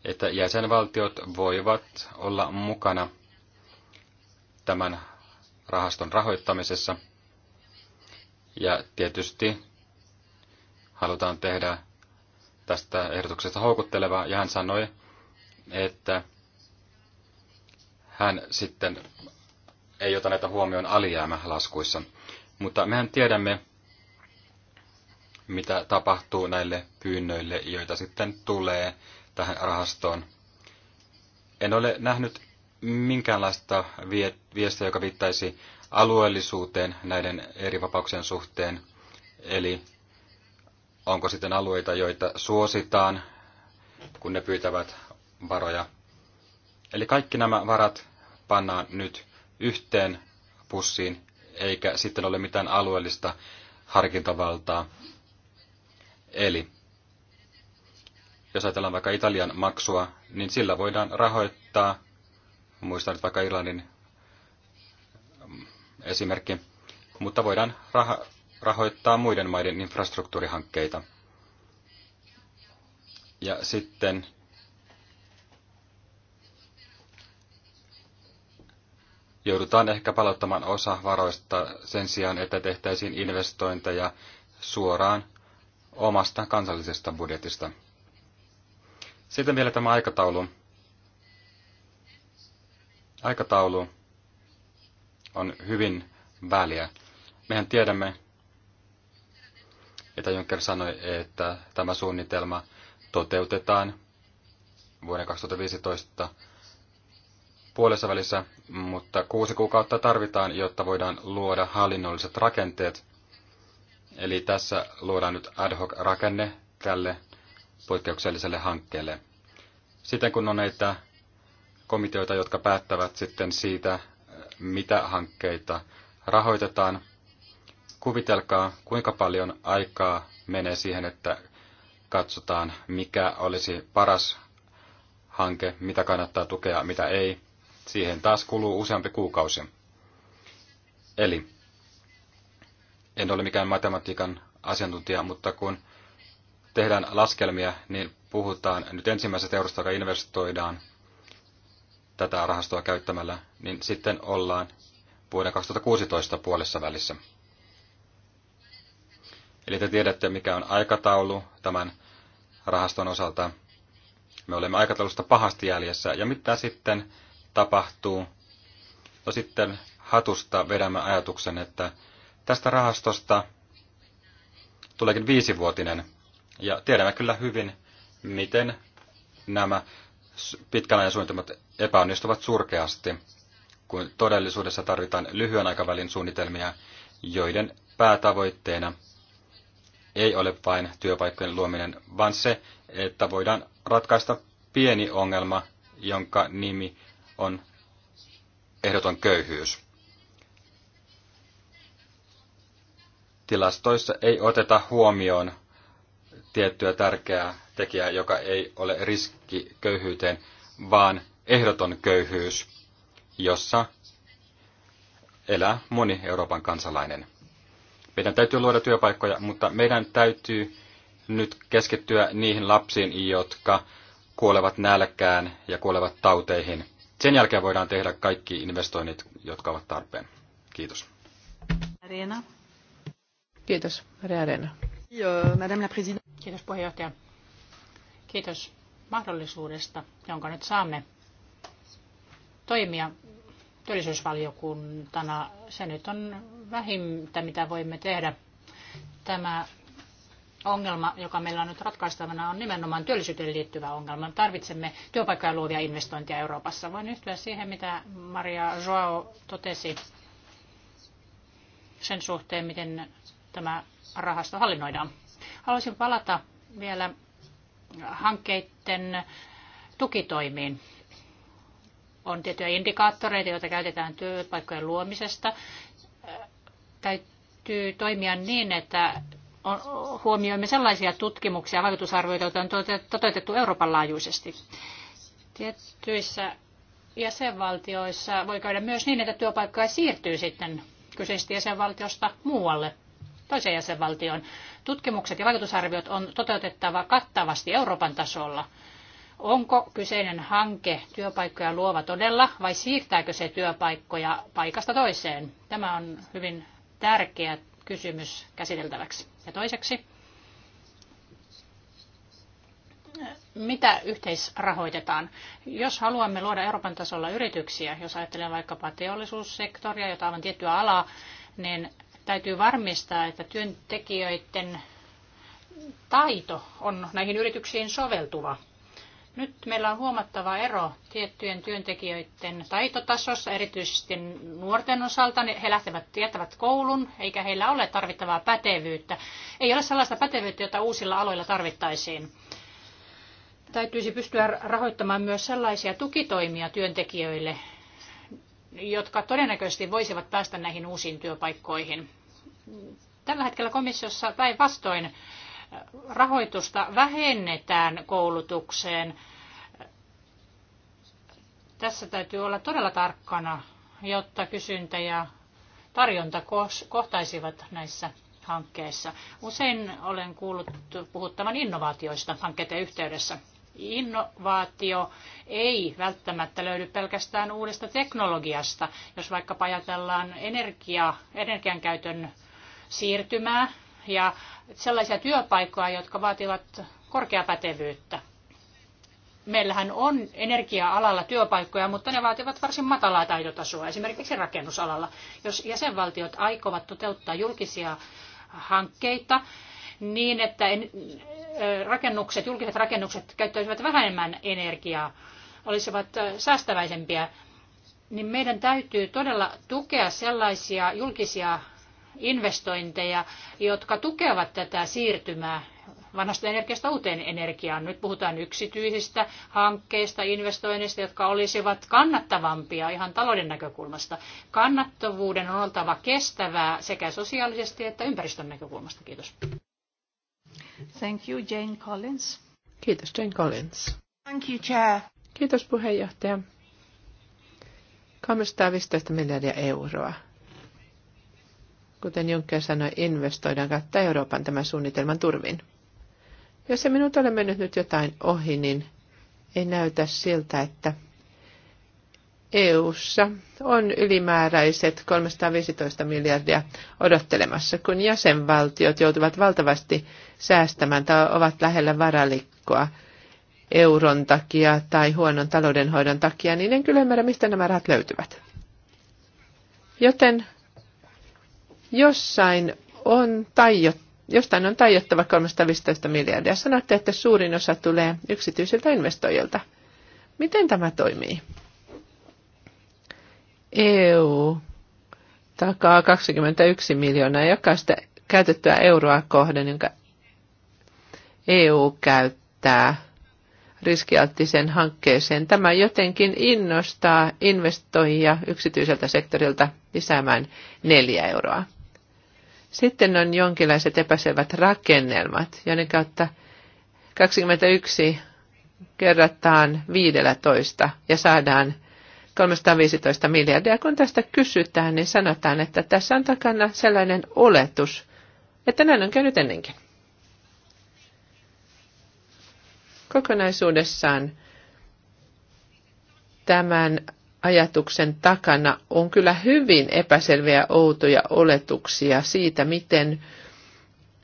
Speaker 3: että jäsenvaltiot voivat olla mukana tämän rahaston rahoittamisessa. Ja tietysti halutaan tehdä tästä ehdotuksesta houkuttelevaa. Ja hän sanoi, että hän sitten ei ota näitä huomioon alijäämälaskuissa. Mutta mehän tiedämme, mitä tapahtuu näille pyynnöille, joita sitten tulee tähän rahastoon. En ole nähnyt minkäänlaista viestiä, joka viittaisi alueellisuuteen näiden eri vapauksien suhteen. Eli onko sitten alueita, joita suositaan, kun ne pyytävät varoja. Eli kaikki nämä varat pannaan nyt yhteen pussiin, eikä sitten ole mitään alueellista harkintavaltaa. Eli jos ajatellaan vaikka Italian maksua, niin sillä voidaan rahoittaa, muistan nyt vaikka Irlannin mm, esimerkki, mutta voidaan raha- rahoittaa muiden maiden infrastruktuurihankkeita. Ja sitten joudutaan ehkä palauttamaan osa varoista sen sijaan, että tehtäisiin investointeja suoraan omasta kansallisesta budjetista. Sitten vielä tämä aikataulu. Aikataulu on hyvin väliä. Mehän tiedämme, että Juncker sanoi, että tämä suunnitelma toteutetaan vuoden 2015 puolessa välissä, mutta kuusi kuukautta tarvitaan, jotta voidaan luoda hallinnolliset rakenteet. Eli tässä luodaan nyt ad hoc rakenne tälle poikkeukselliselle hankkeelle. Sitten kun on näitä komiteoita, jotka päättävät sitten siitä, mitä hankkeita rahoitetaan, kuvitelkaa, kuinka paljon aikaa menee siihen, että katsotaan, mikä olisi paras hanke, mitä kannattaa tukea, mitä ei. Siihen taas kuluu useampi kuukausi. Eli en ole mikään matematiikan asiantuntija, mutta kun tehdään laskelmia, niin puhutaan nyt ensimmäisestä eurosta, joka investoidaan tätä rahastoa käyttämällä, niin sitten ollaan vuoden 2016 puolessa välissä. Eli te tiedätte, mikä on aikataulu tämän rahaston osalta. Me olemme aikataulusta pahasti jäljessä. Ja mitä sitten tapahtuu. No sitten hatusta vedämme ajatuksen, että tästä rahastosta tuleekin viisivuotinen. Ja tiedämme kyllä hyvin, miten nämä pitkän ajan suunnitelmat epäonnistuvat surkeasti, kun todellisuudessa tarvitaan lyhyen aikavälin suunnitelmia, joiden päätavoitteena ei ole vain työpaikkojen luominen, vaan se, että voidaan ratkaista pieni ongelma, jonka nimi on ehdoton köyhyys. Tilastoissa ei oteta huomioon tiettyä tärkeää tekijää, joka ei ole riski köyhyyteen, vaan ehdoton köyhyys, jossa elää moni Euroopan kansalainen. Meidän täytyy luoda työpaikkoja, mutta meidän täytyy nyt keskittyä niihin lapsiin, jotka kuolevat nälkään ja kuolevat tauteihin. Sen jälkeen voidaan tehdä kaikki investoinnit, jotka ovat tarpeen. Kiitos.
Speaker 2: Arena. Kiitos, Maria Areena. Madame la Kiitos puheenjohtaja.
Speaker 4: Kiitos mahdollisuudesta, jonka nyt saamme toimia työllisyysvaliokuntana. Se nyt on vähintä, mitä voimme tehdä. Tämä ongelma, joka meillä on nyt ratkaistavana, on nimenomaan työllisyyteen liittyvä ongelma. Tarvitsemme työpaikkoja luovia investointeja Euroopassa. Voin yhtyä siihen, mitä Maria Joao totesi sen suhteen, miten tämä rahasto hallinnoidaan. Haluaisin palata vielä hankkeiden tukitoimiin. On tiettyjä indikaattoreita, joita käytetään työpaikkojen luomisesta. Täytyy toimia niin, että huomioimme sellaisia tutkimuksia ja vaikutusarvioita, joita on toteutettu Euroopan laajuisesti. Tiettyissä jäsenvaltioissa voi käydä myös niin, että työpaikka siirtyy sitten kyseisestä jäsenvaltiosta muualle, toiseen jäsenvaltioon. Tutkimukset ja vaikutusarviot on toteutettava kattavasti Euroopan tasolla. Onko kyseinen hanke työpaikkoja luova todella vai siirtääkö se työpaikkoja paikasta toiseen? Tämä on hyvin tärkeä kysymys käsiteltäväksi. Ja toiseksi, mitä yhteisrahoitetaan? Jos haluamme luoda Euroopan tasolla yrityksiä, jos ajattelen vaikkapa teollisuussektoria, jota on tiettyä alaa, niin täytyy varmistaa, että työntekijöiden taito on näihin yrityksiin soveltuva. Nyt meillä on huomattava ero tiettyjen työntekijöiden taitotasossa, erityisesti nuorten osalta. He lähtevät, tietävät koulun, eikä heillä ole tarvittavaa pätevyyttä. Ei ole sellaista pätevyyttä, jota uusilla aloilla tarvittaisiin. Täytyisi pystyä rahoittamaan myös sellaisia tukitoimia työntekijöille, jotka todennäköisesti voisivat päästä näihin uusiin työpaikkoihin. Tällä hetkellä komissiossa päinvastoin rahoitusta vähennetään koulutukseen. Tässä täytyy olla todella tarkkana, jotta kysyntä ja tarjonta kohtaisivat näissä hankkeissa. Usein olen kuullut puhuttavan innovaatioista hankkeiden yhteydessä. Innovaatio ei välttämättä löydy pelkästään uudesta teknologiasta. Jos vaikkapa ajatellaan energia, energiankäytön siirtymää ja sellaisia työpaikkoja, jotka vaativat korkeaa pätevyyttä. Meillähän on energia-alalla työpaikkoja, mutta ne vaativat varsin matalaa taitotasoa, esimerkiksi rakennusalalla. Jos jäsenvaltiot aikovat toteuttaa julkisia hankkeita niin, että rakennukset, julkiset rakennukset käyttäisivät vähemmän energiaa, olisivat säästäväisempiä, niin meidän täytyy todella tukea sellaisia julkisia investointeja, jotka tukevat tätä siirtymää vanhasta energiasta uuteen energiaan. Nyt puhutaan yksityisistä hankkeista, investoinneista, jotka olisivat kannattavampia ihan talouden näkökulmasta. Kannattavuuden on oltava kestävää sekä sosiaalisesti että ympäristön näkökulmasta. Kiitos.
Speaker 1: Thank you, Jane Collins.
Speaker 2: Kiitos, Jane Collins. Thank you, Chair. Kiitos, puheenjohtaja. 315 miljardia euroa kuten Juncker sanoi, investoidaan kautta Euroopan tämän suunnitelman turvin. Jos se minulta ole mennyt nyt jotain ohi, niin ei näytä siltä, että EU:ssa on ylimääräiset 315 miljardia odottelemassa, kun jäsenvaltiot joutuvat valtavasti säästämään tai ovat lähellä varalikkoa euron takia tai huonon taloudenhoidon takia, niin en kyllä ymmärrä, mistä nämä rahat löytyvät. Joten Jossain on tajottu jostain on taiottava 315 miljardia. Sanotte, että suurin osa tulee yksityisiltä investoijilta. Miten tämä toimii? EU takaa 21 miljoonaa jokaista käytettyä euroa kohden, jonka EU käyttää riskialttisen hankkeeseen. Tämä jotenkin innostaa investoijia yksityiseltä sektorilta lisäämään neljä euroa. Sitten on jonkinlaiset epäselvät rakennelmat, joiden kautta 21 kerrataan 15 ja saadaan 315 miljardia. Kun tästä kysytään, niin sanotaan, että tässä on takana sellainen oletus, että näin on käynyt ennenkin. Kokonaisuudessaan tämän ajatuksen takana on kyllä hyvin epäselviä outoja oletuksia siitä, miten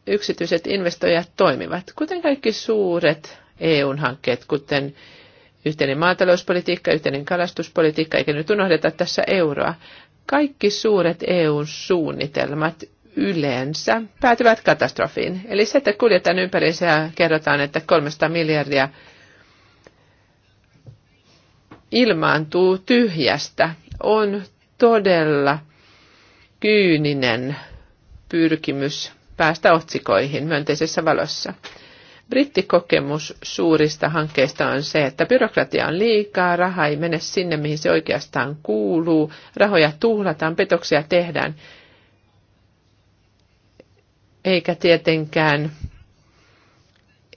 Speaker 2: yksityiset investoijat toimivat, kuten kaikki suuret EU-hankkeet, kuten yhteinen maatalouspolitiikka, yhteinen kalastuspolitiikka, eikä nyt unohdeta tässä euroa. Kaikki suuret EU-suunnitelmat yleensä päätyvät katastrofiin. Eli se, että kuljetaan ympäri ja kerrotaan, että 300 miljardia ilmaantuu tyhjästä, on todella kyyninen pyrkimys päästä otsikoihin myönteisessä valossa. Brittikokemus suurista hankkeista on se, että byrokratia on liikaa, raha ei mene sinne, mihin se oikeastaan kuuluu, rahoja tuhlataan, petoksia tehdään, eikä tietenkään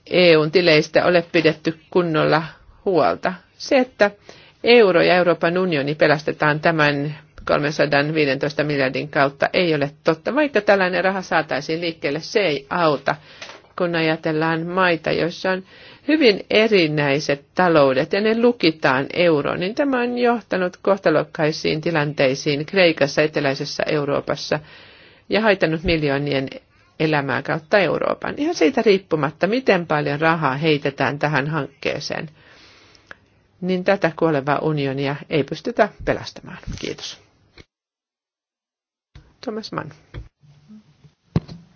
Speaker 2: EUn tileistä ole pidetty kunnolla huolta. Se, että euro ja Euroopan unioni pelastetaan tämän 315 miljardin kautta ei ole totta. Vaikka tällainen raha saataisiin liikkeelle, se ei auta, kun ajatellaan maita, joissa on hyvin erinäiset taloudet ja ne lukitaan euroon, niin tämä on johtanut kohtalokkaisiin tilanteisiin Kreikassa, eteläisessä Euroopassa ja haitannut miljoonien elämää kautta Euroopan. Ihan siitä riippumatta, miten paljon rahaa heitetään tähän hankkeeseen – niin tätä kuolevaa unionia ei pystytä pelastamaan. Kiitos. Thomas Mann.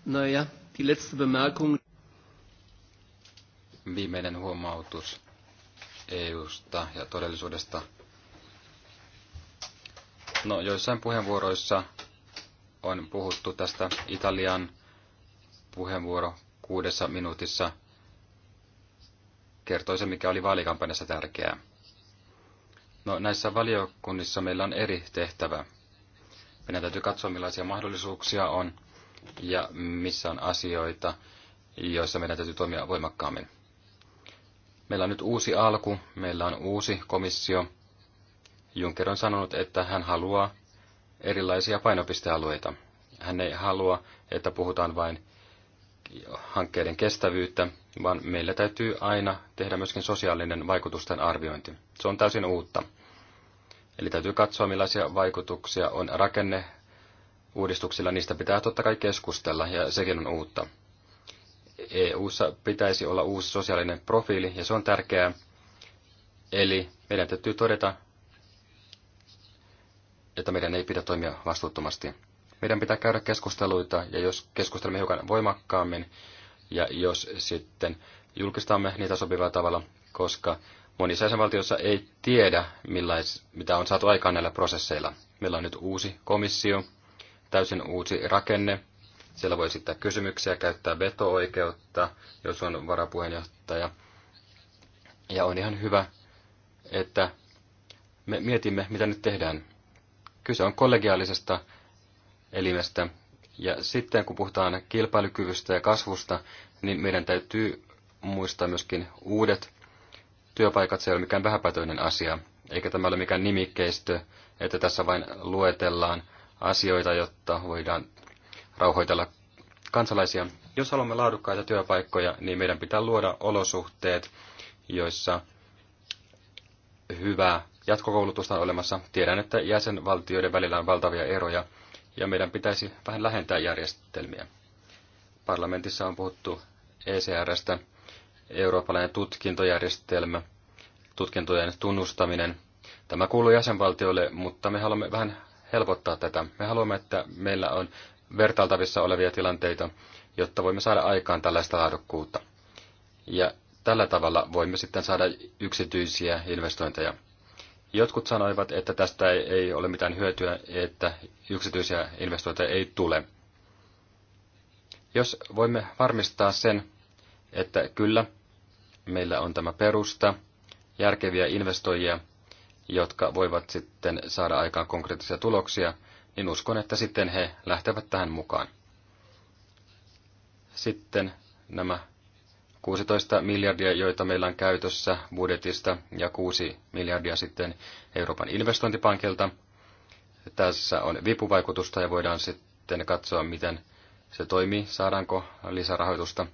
Speaker 3: No ja, die letzte Bemerkung. Viimeinen huomautus EUsta ja todellisuudesta. No, joissain puheenvuoroissa on puhuttu tästä Italian puheenvuoro kuudessa minuutissa kertoi se, mikä oli vaalikampanjassa tärkeää. No, näissä valiokunnissa meillä on eri tehtävä. Meidän täytyy katsoa, millaisia mahdollisuuksia on ja missä on asioita, joissa meidän täytyy toimia voimakkaammin. Meillä on nyt uusi alku, meillä on uusi komissio. Juncker on sanonut, että hän haluaa erilaisia painopistealueita. Hän ei halua, että puhutaan vain hankkeiden kestävyyttä, vaan meillä täytyy aina tehdä myöskin sosiaalinen vaikutusten arviointi. Se on täysin uutta. Eli täytyy katsoa, millaisia vaikutuksia on rakenne uudistuksilla. Niistä pitää totta kai keskustella, ja sekin on uutta. EU:ssa pitäisi olla uusi sosiaalinen profiili, ja se on tärkeää. Eli meidän täytyy todeta, että meidän ei pidä toimia vastuuttomasti. Meidän pitää käydä keskusteluita, ja jos keskustelemme hiukan voimakkaammin, ja jos sitten julkistamme niitä sopivalla tavalla, koska monissa jäsenvaltioissa ei tiedä, millais, mitä on saatu aikaan näillä prosesseilla. Meillä on nyt uusi komissio, täysin uusi rakenne. Siellä voi esittää kysymyksiä, käyttää veto-oikeutta, jos on varapuheenjohtaja. Ja on ihan hyvä, että me mietimme, mitä nyt tehdään. Kyse on kollegiaalisesta elimestä. Ja sitten kun puhutaan kilpailukyvystä ja kasvusta, niin meidän täytyy muistaa myöskin uudet työpaikat. Se ei ole mikään vähäpätöinen asia, eikä tämä ole mikään nimikkeistö, että tässä vain luetellaan asioita, jotta voidaan rauhoitella kansalaisia. Jos haluamme laadukkaita työpaikkoja, niin meidän pitää luoda olosuhteet, joissa hyvää jatkokoulutusta on olemassa. Tiedän, että jäsenvaltioiden välillä on valtavia eroja, ja meidän pitäisi vähän lähentää järjestelmiä. Parlamentissa on puhuttu ECRstä, eurooppalainen tutkintojärjestelmä, tutkintojen tunnustaminen. Tämä kuuluu jäsenvaltioille, mutta me haluamme vähän helpottaa tätä. Me haluamme, että meillä on vertailtavissa olevia tilanteita, jotta voimme saada aikaan tällaista laadukkuutta. Ja tällä tavalla voimme sitten saada yksityisiä investointeja. Jotkut sanoivat, että tästä ei ole mitään hyötyä, että yksityisiä investointeja ei tule. Jos voimme varmistaa sen, että kyllä, meillä on tämä perusta, järkeviä investoijia, jotka voivat sitten saada aikaan konkreettisia tuloksia, niin uskon, että sitten he lähtevät tähän mukaan. Sitten nämä 16 miljardia, joita meillä on käytössä budjetista, ja 6 miljardia sitten Euroopan investointipankilta. Tässä on vipuvaikutusta ja voidaan sitten katsoa, miten se toimii, saadaanko lisärahoitusta.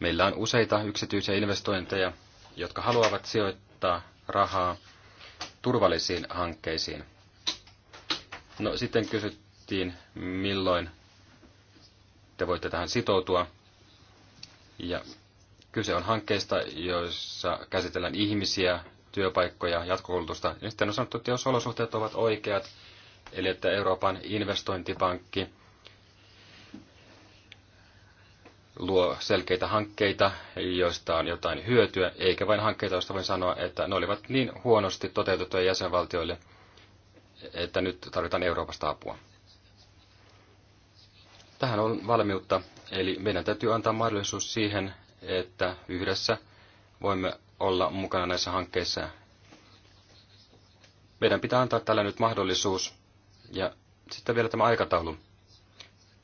Speaker 3: Meillä on useita yksityisiä investointeja, jotka haluavat sijoittaa rahaa turvallisiin hankkeisiin. No sitten kysyttiin, milloin te voitte tähän sitoutua. Ja Kyse on hankkeista, joissa käsitellään ihmisiä, työpaikkoja, jatkokoulutusta. Ja sitten on sanottu, että jos olosuhteet ovat oikeat, eli että Euroopan investointipankki luo selkeitä hankkeita, joista on jotain hyötyä, eikä vain hankkeita, joista voin sanoa, että ne olivat niin huonosti toteutettuja jäsenvaltioille, että nyt tarvitaan Euroopasta apua. Tähän on valmiutta, eli meidän täytyy antaa mahdollisuus siihen, että yhdessä voimme olla mukana näissä hankkeissa. Meidän pitää antaa tällä nyt mahdollisuus. Ja sitten vielä tämä aikataulu.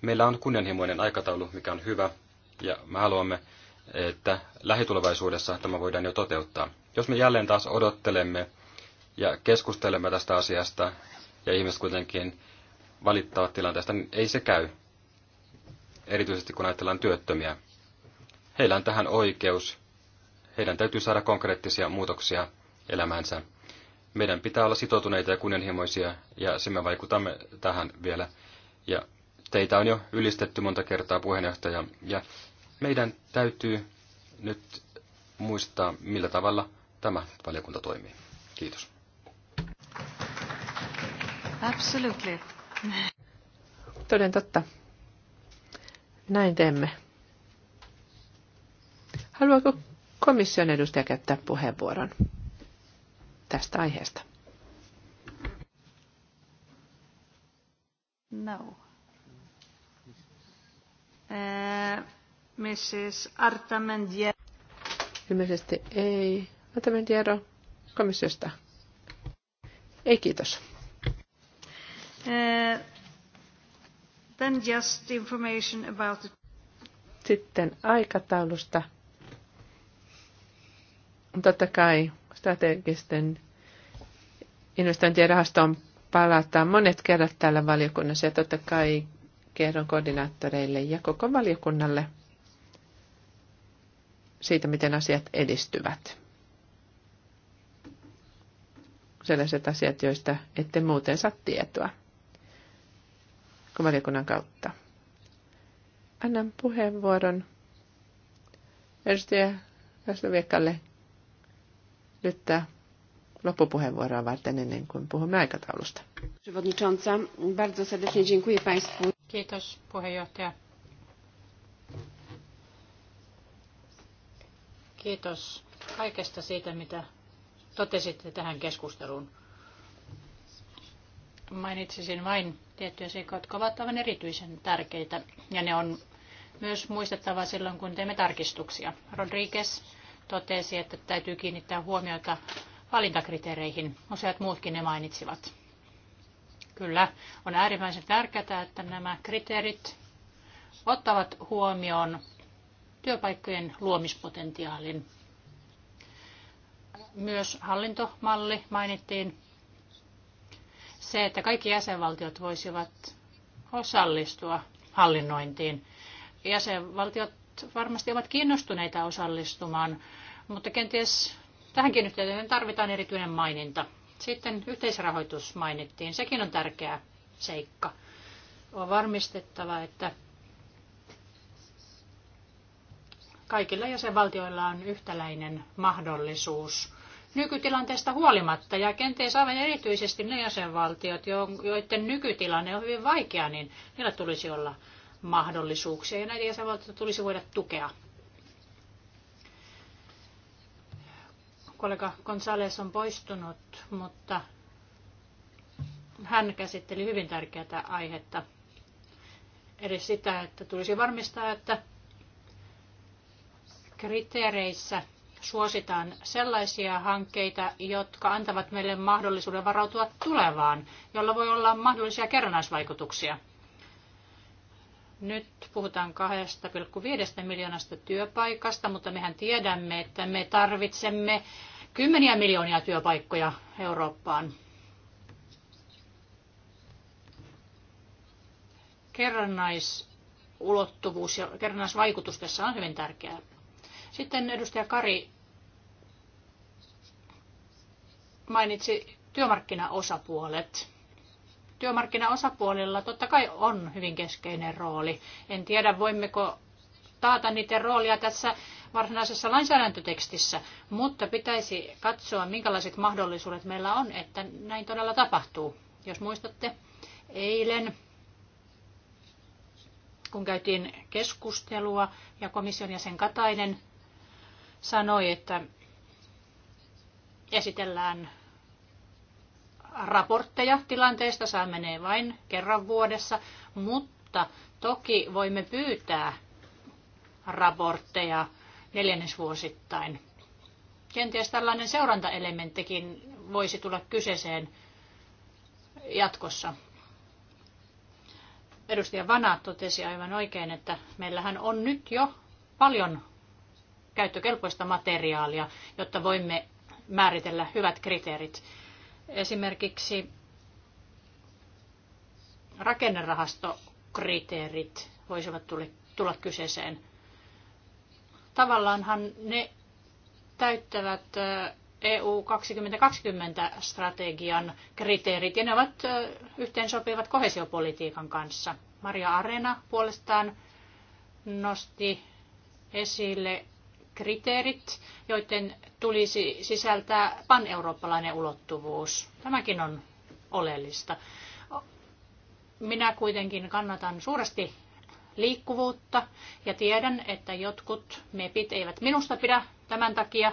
Speaker 3: Meillä on kunnianhimoinen aikataulu, mikä on hyvä, ja me haluamme, että lähitulevaisuudessa tämä voidaan jo toteuttaa. Jos me jälleen taas odottelemme ja keskustelemme tästä asiasta, ja ihmiset kuitenkin valittaa tilanteesta, niin ei se käy. Erityisesti kun ajatellaan työttömiä. Heillä on tähän oikeus. Heidän täytyy saada konkreettisia muutoksia elämäänsä. Meidän pitää olla sitoutuneita ja kunnianhimoisia, ja se me vaikutamme tähän vielä. Ja teitä on jo ylistetty monta kertaa puheenjohtaja, ja meidän täytyy nyt muistaa, millä tavalla tämä valiokunta toimii. Kiitos.
Speaker 2: Absolutely. Toden totta. Näin teemme. Haluaako komission edustaja käyttää puheenvuoron tästä aiheesta?
Speaker 1: No. Uh, eh, Mrs. Artamendiero.
Speaker 2: Ilmeisesti ei. Artamendiero komissiosta. Ei kiitos.
Speaker 1: Uh, then just information about
Speaker 2: the... Sitten aikataulusta Totta kai strategisten investointien rahastoon palataan monet kerrat täällä valiokunnassa ja totta kai kerron koordinaattoreille ja koko valiokunnalle siitä, miten asiat edistyvät. Sellaiset asiat, joista ette muuten saa tietoa kuin valiokunnan kautta. Annan puheenvuoron edustaja Kasloviekalle nyt äh, loppupuheenvuoroa varten ennen kuin puhumme aikataulusta.
Speaker 1: Kiitos puheenjohtaja.
Speaker 4: Kiitos kaikesta siitä, mitä totesitte tähän keskusteluun. Mainitsisin vain tiettyjä seikkoja, jotka ovat aivan erityisen tärkeitä, ja ne on myös muistettava silloin, kun teemme tarkistuksia. Rodriguez totesi, että täytyy kiinnittää huomiota valintakriteereihin. Useat muutkin ne mainitsivat. Kyllä, on äärimmäisen tärkeää, että nämä kriteerit ottavat huomioon työpaikkojen luomispotentiaalin. Myös hallintomalli mainittiin. Se, että kaikki jäsenvaltiot voisivat osallistua hallinnointiin. Jäsenvaltiot varmasti ovat kiinnostuneita osallistumaan, mutta kenties tähänkin yhteyteen tarvitaan erityinen maininta. Sitten yhteisrahoitus mainittiin, sekin on tärkeä seikka. On varmistettava, että kaikilla jäsenvaltioilla on yhtäläinen mahdollisuus nykytilanteesta huolimatta ja kenties aivan erityisesti ne jäsenvaltiot, joiden nykytilanne on hyvin vaikea, niin niillä tulisi olla mahdollisuuksia ja näitä jäsenvaltioita tulisi voida tukea. Kollega Gonzales on poistunut, mutta hän käsitteli hyvin tärkeää aihetta. Eli sitä, että tulisi varmistaa, että kriteereissä suositaan sellaisia hankkeita, jotka antavat meille mahdollisuuden varautua tulevaan, jolla voi olla mahdollisia kerrannaisvaikutuksia. Nyt puhutaan 2,5 miljoonasta työpaikasta, mutta mehän tiedämme, että me tarvitsemme kymmeniä miljoonia työpaikkoja Eurooppaan. Kerrannaisulottuvuus ja kerrannaisvaikutus tässä on hyvin tärkeää. Sitten edustaja Kari mainitsi työmarkkinaosapuolet työmarkkinaosapuolilla totta kai on hyvin keskeinen rooli. En tiedä, voimmeko taata niiden roolia tässä varsinaisessa lainsäädäntötekstissä, mutta pitäisi katsoa, minkälaiset mahdollisuudet meillä on, että näin todella tapahtuu. Jos muistatte, eilen kun käytiin keskustelua ja komission jäsen Katainen sanoi, että esitellään raportteja tilanteesta, saa menee vain kerran vuodessa, mutta toki voimme pyytää raportteja neljännesvuosittain. Kenties tällainen seurantaelementtikin voisi tulla kyseeseen jatkossa. Edustaja Vana totesi aivan oikein, että meillähän on nyt jo paljon käyttökelpoista materiaalia, jotta voimme määritellä hyvät kriteerit. Esimerkiksi rakennerahastokriteerit voisivat tulla kyseeseen. Tavallaanhan ne täyttävät EU 2020-strategian kriteerit, ja ne ovat yhteensopivat kohesiopolitiikan kanssa. Maria Arena puolestaan nosti esille kriteerit, joiden tulisi sisältää paneurooppalainen ulottuvuus. Tämäkin on oleellista. Minä kuitenkin kannatan suuresti liikkuvuutta ja tiedän, että jotkut mepit eivät minusta pidä tämän takia,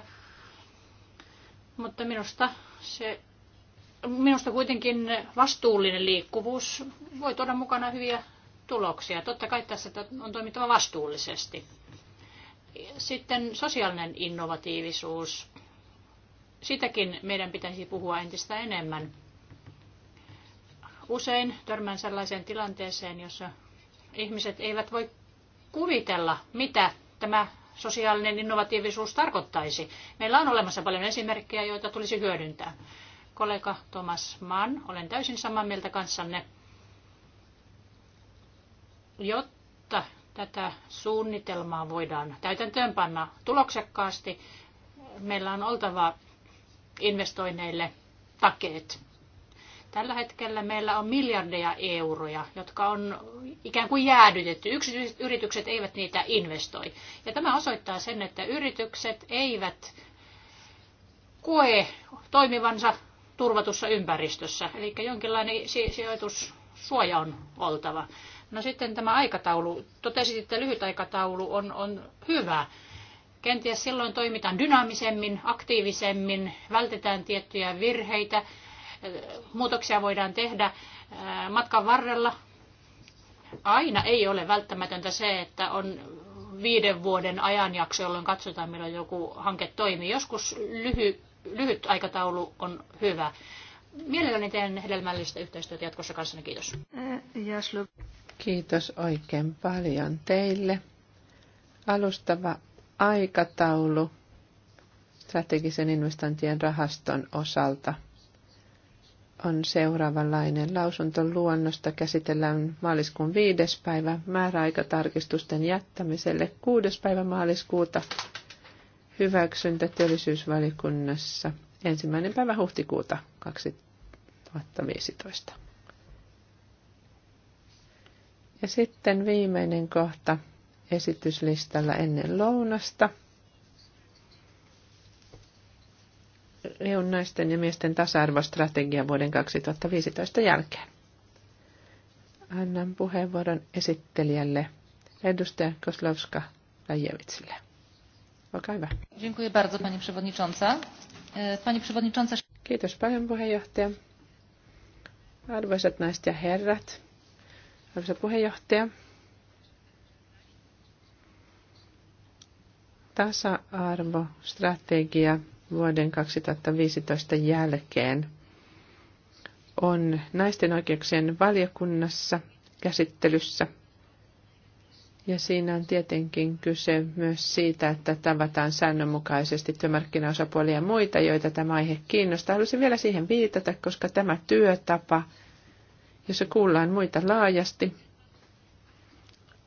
Speaker 4: mutta minusta se Minusta kuitenkin vastuullinen liikkuvuus voi tuoda mukana hyviä tuloksia. Totta kai tässä on toimittava vastuullisesti. Sitten sosiaalinen innovatiivisuus. Sitäkin meidän pitäisi puhua entistä enemmän. Usein törmään sellaiseen tilanteeseen, jossa ihmiset eivät voi kuvitella, mitä tämä sosiaalinen innovatiivisuus tarkoittaisi. Meillä on olemassa paljon esimerkkejä, joita tulisi hyödyntää. Kollega Thomas Mann, olen täysin samaa mieltä kanssanne. Jotta Tätä suunnitelmaa voidaan täytäntöönpanna tuloksekkaasti. Meillä on oltava investoinneille takeet. Tällä hetkellä meillä on miljardeja euroja, jotka on ikään kuin jäädytetty. Yksityiset yritykset eivät niitä investoi. Ja tämä osoittaa sen, että yritykset eivät koe toimivansa turvatussa ympäristössä. Eli jonkinlainen sijoitussuoja on oltava. No sitten tämä aikataulu. Totesit, että lyhyt aikataulu on, on hyvä. Kenties silloin toimitaan dynaamisemmin, aktiivisemmin, vältetään tiettyjä virheitä, äh, muutoksia voidaan tehdä äh, matkan varrella. Aina ei ole välttämätöntä se, että on viiden vuoden ajanjakso, jolloin katsotaan, milloin joku hanke toimii. Joskus lyhy, lyhyt aikataulu on hyvä. Mielelläni teen hedelmällistä yhteistyötä jatkossa kanssani. Kiitos.
Speaker 2: Äh, Kiitos oikein paljon teille. Alustava aikataulu strategisen investointien rahaston osalta on seuraavanlainen. Lausuntoluonnosta käsitellään maaliskuun viides päivä määräaikatarkistusten jättämiselle 6. päivä maaliskuuta hyväksyntä työllisyysvalikunnassa ensimmäinen päivä huhtikuuta 2015. Ja sitten viimeinen kohta esityslistalla ennen lounasta. EUn naisten ja miesten tasa-arvostrategia vuoden 2015 jälkeen. Annan puheenvuoron esittelijälle edustaja Koslowska Rajevitsille. Olkaa hyvä.
Speaker 4: Dziękuję bardzo, pani
Speaker 2: przewodnicząca. E, pani przewodnicząca... Kiitos paljon, puheenjohtaja. Arvoisat naiset ja herrat, arvoisa puheenjohtaja. Tasa-arvostrategia vuoden 2015 jälkeen on naisten oikeuksien valiokunnassa käsittelyssä. Ja siinä on tietenkin kyse myös siitä, että tavataan säännönmukaisesti työmarkkinaosapuolia ja muita, joita tämä aihe kiinnostaa. Haluaisin vielä siihen viitata, koska tämä työtapa – jossa kuullaan muita laajasti,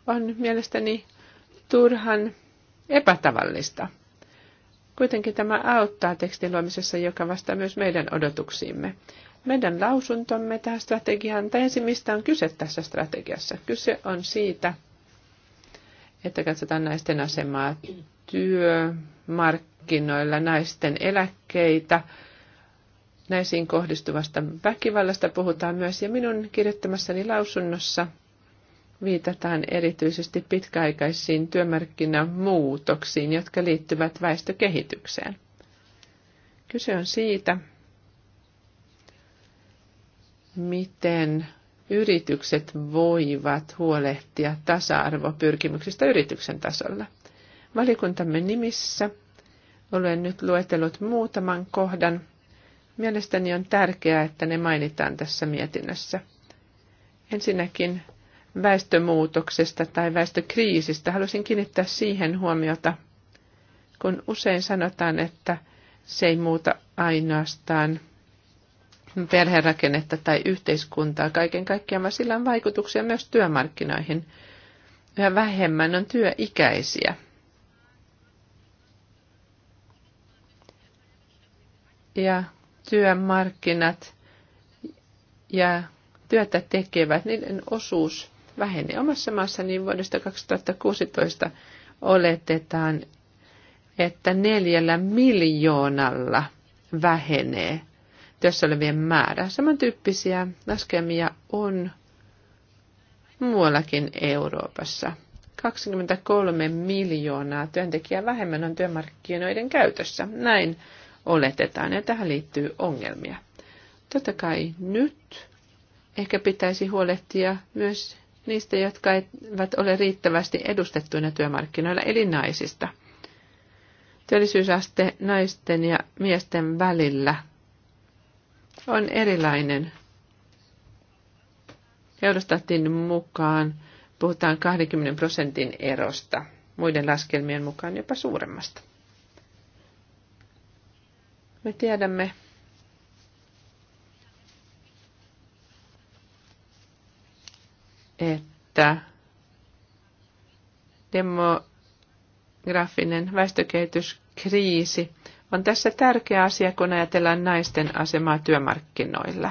Speaker 2: on mielestäni turhan epätavallista. Kuitenkin tämä auttaa tekstin luomisessa, joka vastaa myös meidän odotuksiimme. Meidän lausuntomme tähän strategiaan, tai ensin mistä on kyse tässä strategiassa. Kyse on siitä, että katsotaan naisten asemaa työmarkkinoilla, naisten eläkkeitä, naisiin kohdistuvasta väkivallasta puhutaan myös, ja minun kirjoittamassani lausunnossa viitataan erityisesti pitkäaikaisiin työmarkkinamuutoksiin, jotka liittyvät väestökehitykseen. Kyse on siitä, miten yritykset voivat huolehtia tasa-arvopyrkimyksistä yrityksen tasolla. Valikuntamme nimissä olen nyt luetellut muutaman kohdan, Mielestäni on tärkeää, että ne mainitaan tässä mietinnössä. Ensinnäkin väestömuutoksesta tai väestökriisistä haluaisin kiinnittää siihen huomiota, kun usein sanotaan, että se ei muuta ainoastaan perherakennetta tai yhteiskuntaa kaiken kaikkiaan, vaan sillä on vaikutuksia myös työmarkkinoihin. Yhä vähemmän on työikäisiä. Ja työmarkkinat ja työtä tekevät, niiden osuus vähenee. Omassa Niin vuodesta 2016 oletetaan, että neljällä miljoonalla vähenee työssä olevien määrä. Samantyyppisiä laskemia on muuallakin Euroopassa. 23 miljoonaa työntekijää vähemmän on työmarkkinoiden käytössä. Näin oletetaan, ja tähän liittyy ongelmia. Totta kai nyt ehkä pitäisi huolehtia myös niistä, jotka eivät ole riittävästi edustettuina työmarkkinoilla, eli naisista. Työllisyysaste naisten ja miesten välillä on erilainen. Eurostatin mukaan puhutaan 20 prosentin erosta, muiden laskelmien mukaan jopa suuremmasta. Me tiedämme, että demografinen väestökehityskriisi on tässä tärkeä asia, kun ajatellaan naisten asemaa työmarkkinoilla.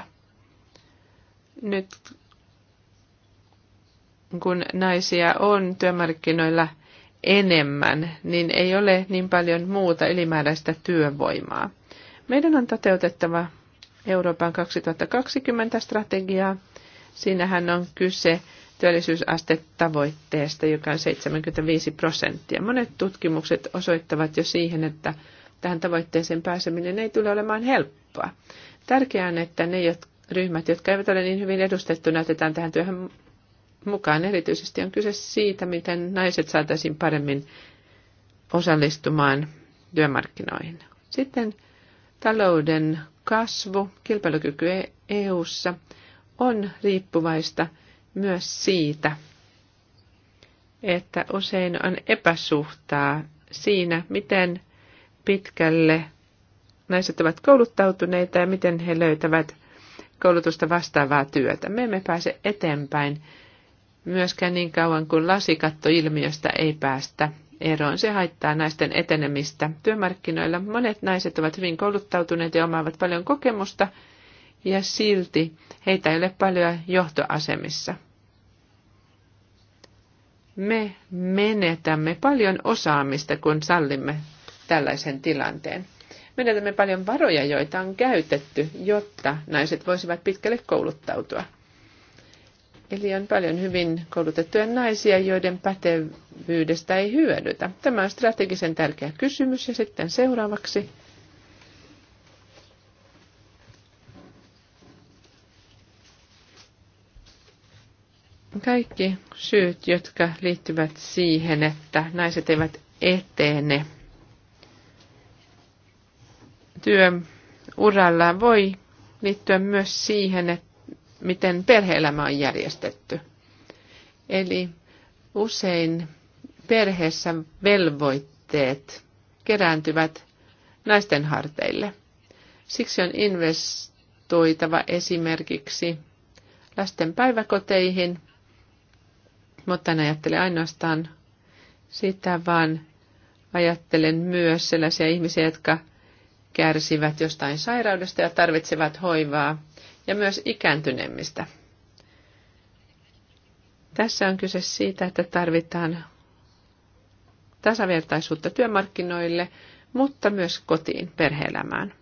Speaker 2: Nyt kun naisia on työmarkkinoilla enemmän, niin ei ole niin paljon muuta ylimääräistä työvoimaa. Meidän on toteutettava Euroopan 2020-strategiaa. Siinähän on kyse työllisyysastetavoitteesta, joka on 75 prosenttia. Monet tutkimukset osoittavat jo siihen, että tähän tavoitteeseen pääseminen ei tule olemaan helppoa. Tärkeää on, että ne ryhmät, jotka eivät ole niin hyvin edustettuna, otetaan tähän työhön mukaan. Erityisesti on kyse siitä, miten naiset saataisiin paremmin osallistumaan työmarkkinoihin. Sitten Talouden kasvu, kilpailukyky EU-ssa e on riippuvaista myös siitä, että usein on epäsuhtaa siinä, miten pitkälle naiset ovat kouluttautuneita ja miten he löytävät koulutusta vastaavaa työtä. Me emme pääse eteenpäin myöskään niin kauan kuin lasikattoilmiöstä ei päästä eroon. Se haittaa naisten etenemistä työmarkkinoilla. Monet naiset ovat hyvin kouluttautuneet ja omaavat paljon kokemusta, ja silti heitä ei ole paljon johtoasemissa. Me menetämme paljon osaamista, kun sallimme tällaisen tilanteen. Menetämme paljon varoja, joita on käytetty, jotta naiset voisivat pitkälle kouluttautua. Eli on paljon hyvin koulutettuja naisia, joiden pätevyydestä ei hyödytä. Tämä on strategisen tärkeä kysymys. Ja sitten seuraavaksi. Kaikki syyt, jotka liittyvät siihen, että naiset eivät etene työuralla, voi liittyä myös siihen, että miten perheelämä on järjestetty. Eli usein perheessä velvoitteet kerääntyvät naisten harteille. Siksi on investoitava esimerkiksi lasten päiväkoteihin, mutta en ajattele ainoastaan sitä, vaan ajattelen myös sellaisia ihmisiä, jotka kärsivät jostain sairaudesta ja tarvitsevat hoivaa ja myös ikääntyneemmistä. Tässä on kyse siitä, että tarvitaan tasavertaisuutta työmarkkinoille, mutta myös kotiin, perheelämään.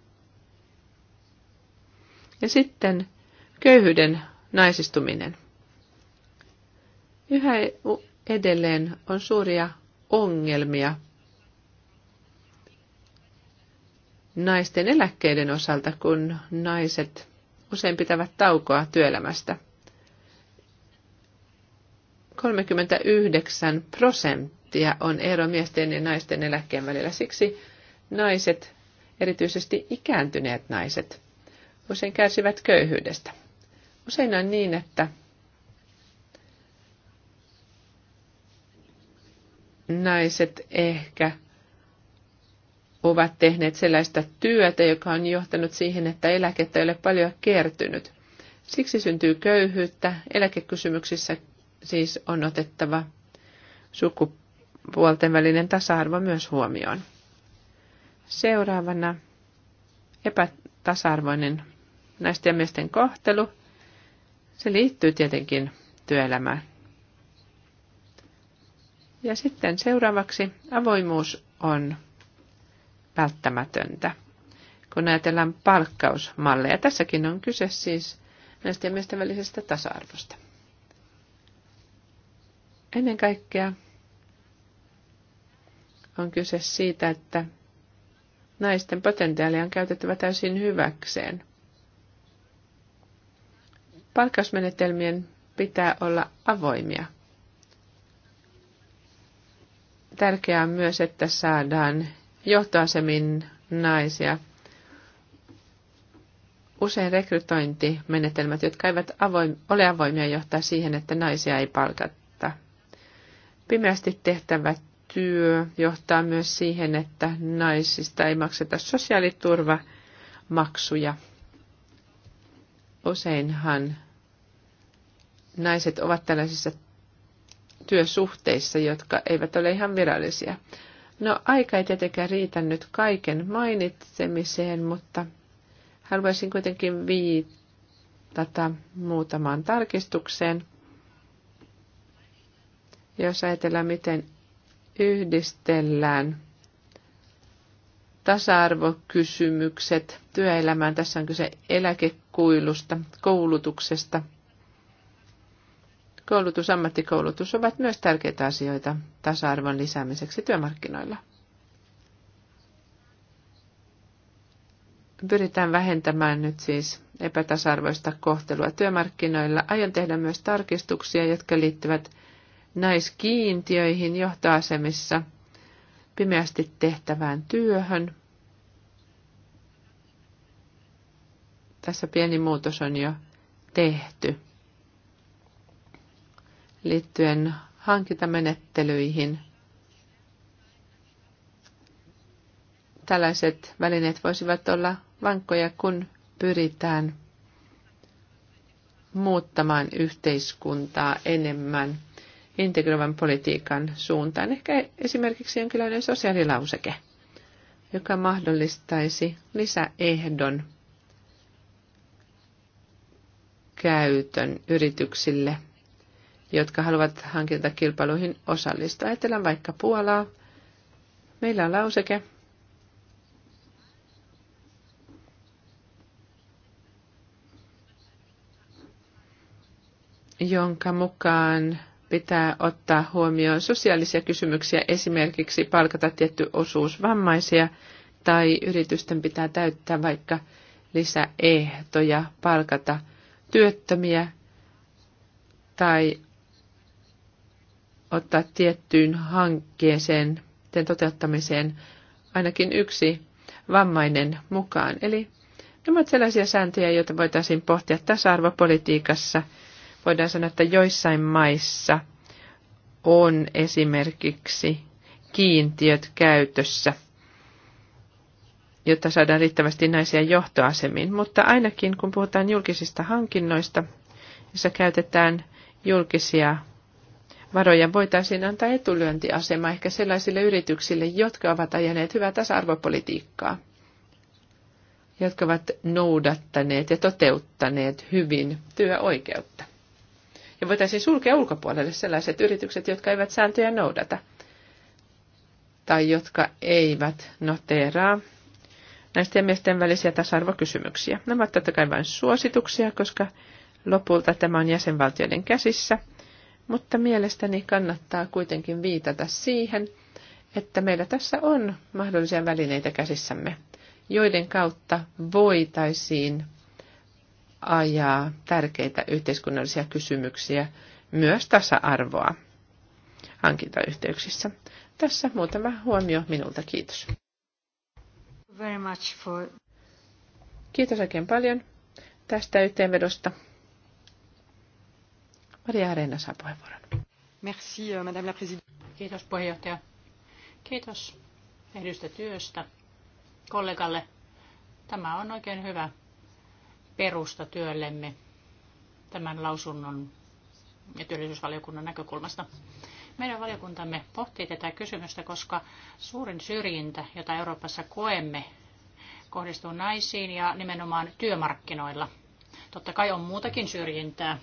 Speaker 2: Ja sitten köyhyyden naisistuminen. Yhä edelleen on suuria ongelmia naisten eläkkeiden osalta, kun naiset usein pitävät taukoa työelämästä. 39 prosenttia on ero miesten ja naisten eläkkeen välillä. Siksi naiset, erityisesti ikääntyneet naiset, usein kärsivät köyhyydestä. Usein on niin, että naiset ehkä – ovat tehneet sellaista työtä, joka on johtanut siihen, että eläkettä ei ole paljon kertynyt. Siksi syntyy köyhyyttä. Eläkekysymyksissä siis on otettava sukupuolten välinen tasa-arvo myös huomioon. Seuraavana epätasa-arvoinen naisten ja miesten kohtelu. Se liittyy tietenkin työelämään. Ja sitten seuraavaksi avoimuus on välttämätöntä, kun ajatellaan palkkausmalleja. Tässäkin on kyse siis näistä miesten välisestä tasa-arvosta. Ennen kaikkea on kyse siitä, että naisten potentiaalia on käytettävä täysin hyväkseen. Palkkausmenetelmien pitää olla avoimia. Tärkeää on myös, että saadaan johtoasemin naisia. Usein rekrytointimenetelmät, jotka eivät avoim, ole avoimia, johtaa siihen, että naisia ei palkatta. Pimeästi tehtävä työ johtaa myös siihen, että naisista ei makseta sosiaaliturvamaksuja. Useinhan naiset ovat tällaisissa työsuhteissa, jotka eivät ole ihan virallisia. No aika ei tietenkään riitä nyt kaiken mainitsemiseen, mutta haluaisin kuitenkin viitata muutamaan tarkistukseen. Jos ajatellaan, miten yhdistellään tasa-arvokysymykset työelämään. Tässä on kyse eläkekuilusta, koulutuksesta – koulutus, ammattikoulutus ovat myös tärkeitä asioita tasa-arvon lisäämiseksi työmarkkinoilla. Pyritään vähentämään nyt siis epätasa-arvoista kohtelua työmarkkinoilla. Aion tehdä myös tarkistuksia, jotka liittyvät naiskiintiöihin johtoasemissa, pimeästi tehtävään työhön. Tässä pieni muutos on jo tehty liittyen hankintamenettelyihin. Tällaiset välineet voisivat olla vankkoja, kun pyritään muuttamaan yhteiskuntaa enemmän integroivan politiikan suuntaan. Ehkä esimerkiksi jonkinlainen sosiaalilauseke, joka mahdollistaisi lisäehdon käytön yrityksille – jotka haluavat kilpailuihin osallistua. Ajatellaan vaikka Puolaa. Meillä on lauseke, jonka mukaan pitää ottaa huomioon sosiaalisia kysymyksiä, esimerkiksi palkata tietty osuus vammaisia tai yritysten pitää täyttää vaikka lisäehtoja, palkata työttömiä tai ottaa tiettyyn hankkeeseen, sen toteuttamiseen ainakin yksi vammainen mukaan. Eli nämä ovat sellaisia sääntöjä, joita voitaisiin pohtia tasa-arvopolitiikassa. Voidaan sanoa, että joissain maissa on esimerkiksi kiintiöt käytössä, jotta saadaan riittävästi naisia johtoasemiin. Mutta ainakin kun puhutaan julkisista hankinnoista, jossa käytetään julkisia varoja voitaisiin antaa etulyöntiasema ehkä sellaisille yrityksille, jotka ovat ajaneet hyvää tasa-arvopolitiikkaa, jotka ovat noudattaneet ja toteuttaneet hyvin työoikeutta. Ja voitaisiin sulkea ulkopuolelle sellaiset yritykset, jotka eivät sääntöjä noudata tai jotka eivät noteraa näistä miesten välisiä tasa-arvokysymyksiä. Nämä ovat totta kai vain suosituksia, koska lopulta tämä on jäsenvaltioiden käsissä – mutta mielestäni kannattaa kuitenkin viitata siihen, että meillä tässä on mahdollisia välineitä käsissämme, joiden kautta voitaisiin ajaa tärkeitä yhteiskunnallisia kysymyksiä, myös tasa-arvoa hankintayhteyksissä. Tässä muutama huomio minulta. Kiitos. Very much for... Kiitos oikein paljon tästä yhteenvedosta. Maria Arena saa puheenvuoron.
Speaker 1: Merci, euh, Madame la Présidente.
Speaker 4: Kiitos puheenjohtaja. Kiitos tehdystä työstä kollegalle. Tämä on oikein hyvä perusta työllemme tämän lausunnon ja työllisyysvaliokunnan näkökulmasta. Meidän valiokuntamme pohtii tätä kysymystä, koska suurin syrjintä, jota Euroopassa koemme, kohdistuu naisiin ja nimenomaan työmarkkinoilla. Totta kai on muutakin syrjintää,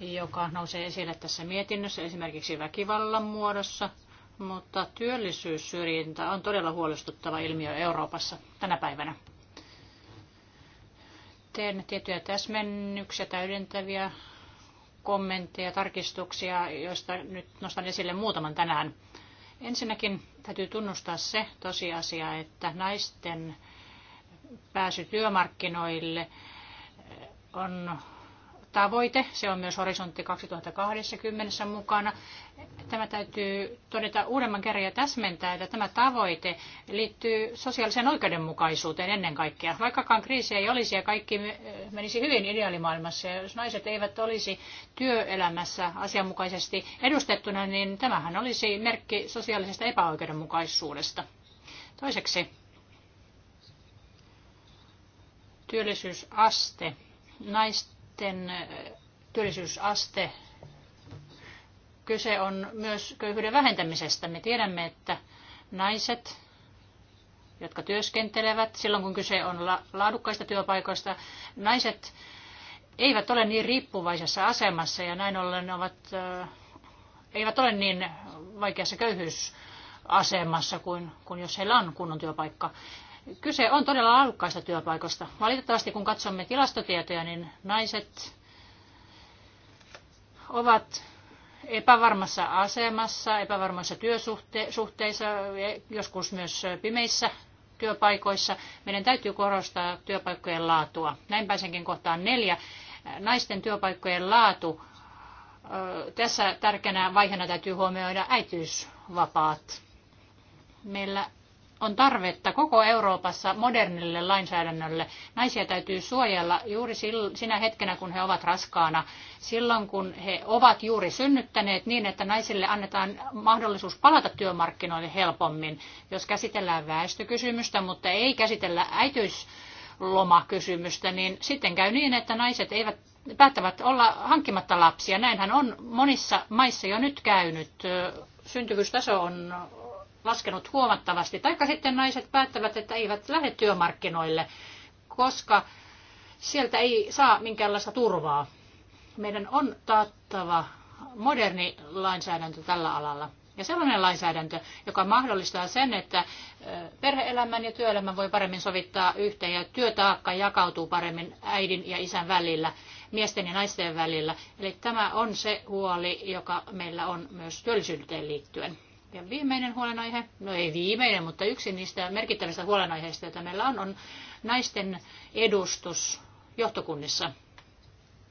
Speaker 4: joka nousee esille tässä mietinnössä esimerkiksi väkivallan muodossa, mutta työllisyyssyrjintä on todella huolestuttava ilmiö Euroopassa tänä päivänä. Teen tiettyjä täsmennyksiä, täydentäviä kommentteja, tarkistuksia, joista nyt nostan esille muutaman tänään. Ensinnäkin täytyy tunnustaa se tosiasia, että naisten pääsy työmarkkinoille on tavoite. Se on myös horisontti 2020 mukana. Tämä täytyy todeta uudemman kerran ja täsmentää, että tämä tavoite liittyy sosiaaliseen oikeudenmukaisuuteen ennen kaikkea. Vaikkakaan kriisiä ei olisi ja kaikki menisi hyvin ideaalimaailmassa ja jos naiset eivät olisi työelämässä asianmukaisesti edustettuna, niin tämähän olisi merkki sosiaalisesta epäoikeudenmukaisuudesta. Toiseksi työllisyysaste. Naisten sitten työllisyysaste. Kyse on myös köyhyyden vähentämisestä. Me tiedämme, että naiset, jotka työskentelevät, silloin kun kyse on laadukkaista työpaikoista, naiset eivät ole niin riippuvaisessa asemassa ja näin ollen ovat, eivät ole niin vaikeassa köyhyysasemassa kuin, kuin jos heillä on kunnon työpaikka. Kyse on todella laadukkaista työpaikoista. Valitettavasti kun katsomme tilastotietoja, niin naiset ovat epävarmassa asemassa, epävarmoissa työsuhteissa, joskus myös pimeissä työpaikoissa. Meidän täytyy korostaa työpaikkojen laatua. Näin pääsenkin kohtaan neljä. Naisten työpaikkojen laatu. Tässä tärkeänä vaiheena täytyy huomioida äitiysvapaat. Meillä on tarvetta koko Euroopassa modernille lainsäädännölle. Naisia täytyy suojella juuri sinä hetkenä, kun he ovat raskaana, silloin kun he ovat juuri synnyttäneet niin, että naisille annetaan mahdollisuus palata työmarkkinoille helpommin, jos käsitellään väestökysymystä, mutta ei käsitellä äitiyslomakysymystä, niin sitten käy niin, että naiset eivät päättävät olla hankkimatta lapsia. Näinhän on monissa maissa jo nyt käynyt syntyvyystaso on laskenut huomattavasti. Taikka sitten naiset päättävät, että eivät lähde työmarkkinoille, koska sieltä ei saa minkäänlaista turvaa. Meidän on taattava moderni lainsäädäntö tällä alalla. Ja sellainen lainsäädäntö, joka mahdollistaa sen, että perheelämän ja työelämän voi paremmin sovittaa yhteen ja työtaakka jakautuu paremmin äidin ja isän välillä, miesten ja naisten välillä. Eli tämä on se huoli, joka meillä on myös työllisyyteen liittyen. Ja viimeinen huolenaihe, no ei viimeinen, mutta yksi niistä merkittävistä huolenaiheista, joita meillä on, on naisten edustus johtokunnissa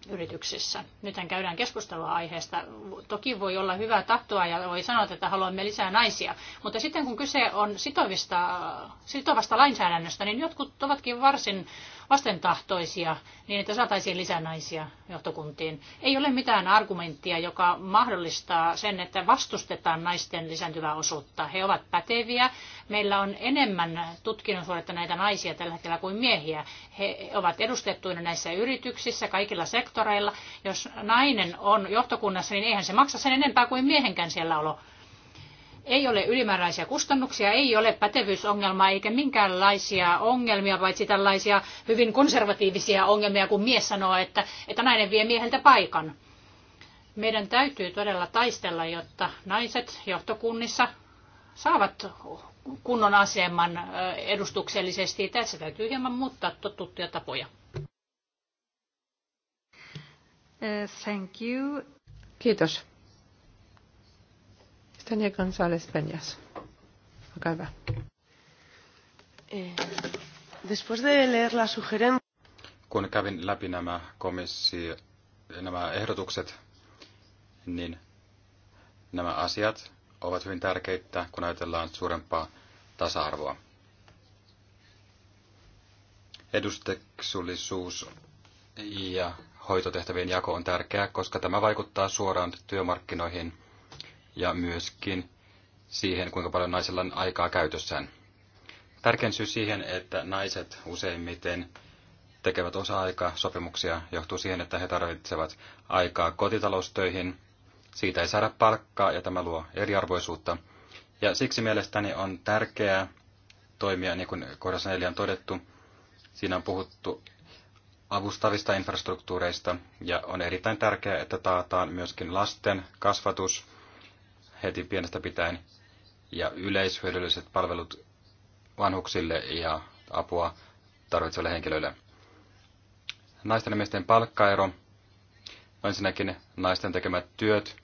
Speaker 4: yrityksissä. Nythän käydään keskustelua aiheesta. Toki voi olla hyvää tahtoa ja voi sanoa, että haluamme lisää naisia. Mutta sitten kun kyse on sitovista, sitovasta lainsäädännöstä, niin jotkut ovatkin varsin vastentahtoisia niin, että saataisiin lisää naisia johtokuntiin. Ei ole mitään argumenttia, joka mahdollistaa sen, että vastustetaan naisten lisääntyvää osuutta. He ovat päteviä. Meillä on enemmän tutkinnon suorittaneita naisia tällä hetkellä kuin miehiä. He ovat edustettuina näissä yrityksissä kaikilla sektoreilla. Jos nainen on johtokunnassa, niin eihän se maksa sen enempää kuin miehenkään siellä olo ei ole ylimääräisiä kustannuksia, ei ole pätevyysongelmaa eikä minkäänlaisia ongelmia, paitsi tällaisia hyvin konservatiivisia ongelmia, kun mies sanoo, että, että nainen vie mieheltä paikan. Meidän täytyy todella taistella, jotta naiset johtokunnissa saavat kunnon aseman edustuksellisesti. Tässä täytyy hieman muuttaa totuttuja tapoja.
Speaker 1: Thank
Speaker 2: you. Kiitos. Tania González Peñas. Eh, después de leer la
Speaker 3: Kun kävin läpi nämä komissio, nämä ehdotukset, niin nämä asiat ovat hyvin tärkeitä, kun ajatellaan suurempaa tasa-arvoa. Edusteksullisuus ja hoitotehtävien jako on tärkeää, koska tämä vaikuttaa suoraan työmarkkinoihin – ja myöskin siihen, kuinka paljon naisilla on aikaa käytössään. Tärkein syy siihen, että naiset useimmiten tekevät osa-aikasopimuksia, johtuu siihen, että he tarvitsevat aikaa kotitaloustöihin. Siitä ei saada palkkaa ja tämä luo eriarvoisuutta. Ja siksi mielestäni on tärkeää toimia, niin kuin kohdassa 4 on todettu, siinä on puhuttu avustavista infrastruktuureista ja on erittäin tärkeää, että taataan myöskin lasten kasvatus, heti pienestä pitäen ja yleishyödylliset palvelut vanhuksille ja apua tarvitseville henkilöille. Naisten ja miesten palkkaero. Ensinnäkin naisten tekemät työt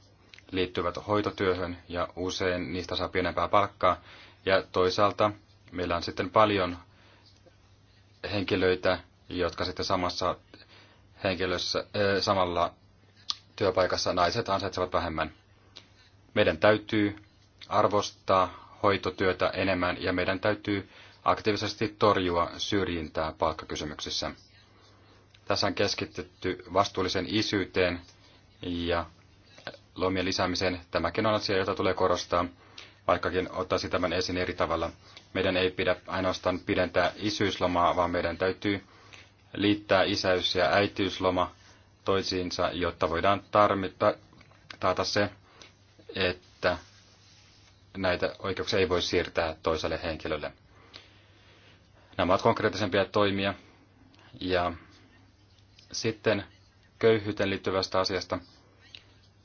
Speaker 3: liittyvät hoitotyöhön ja usein niistä saa pienempää palkkaa. Ja toisaalta meillä on sitten paljon henkilöitä, jotka sitten samassa henkilössä, äh, samalla työpaikassa naiset ansaitsevat vähemmän. Meidän täytyy arvostaa hoitotyötä enemmän ja meidän täytyy aktiivisesti torjua syrjintää palkkakysymyksissä. Tässä on keskitytty vastuullisen isyyteen ja lomien lisäämiseen. Tämäkin on asia, jota tulee korostaa, vaikkakin ottaisi tämän esiin eri tavalla. Meidän ei pidä ainoastaan pidentää isyyslomaa, vaan meidän täytyy liittää isäys- ja äitiysloma toisiinsa, jotta voidaan tarmita, taata se, että näitä oikeuksia ei voi siirtää toiselle henkilölle. Nämä ovat konkreettisempia toimia. Ja sitten köyhyyteen liittyvästä asiasta.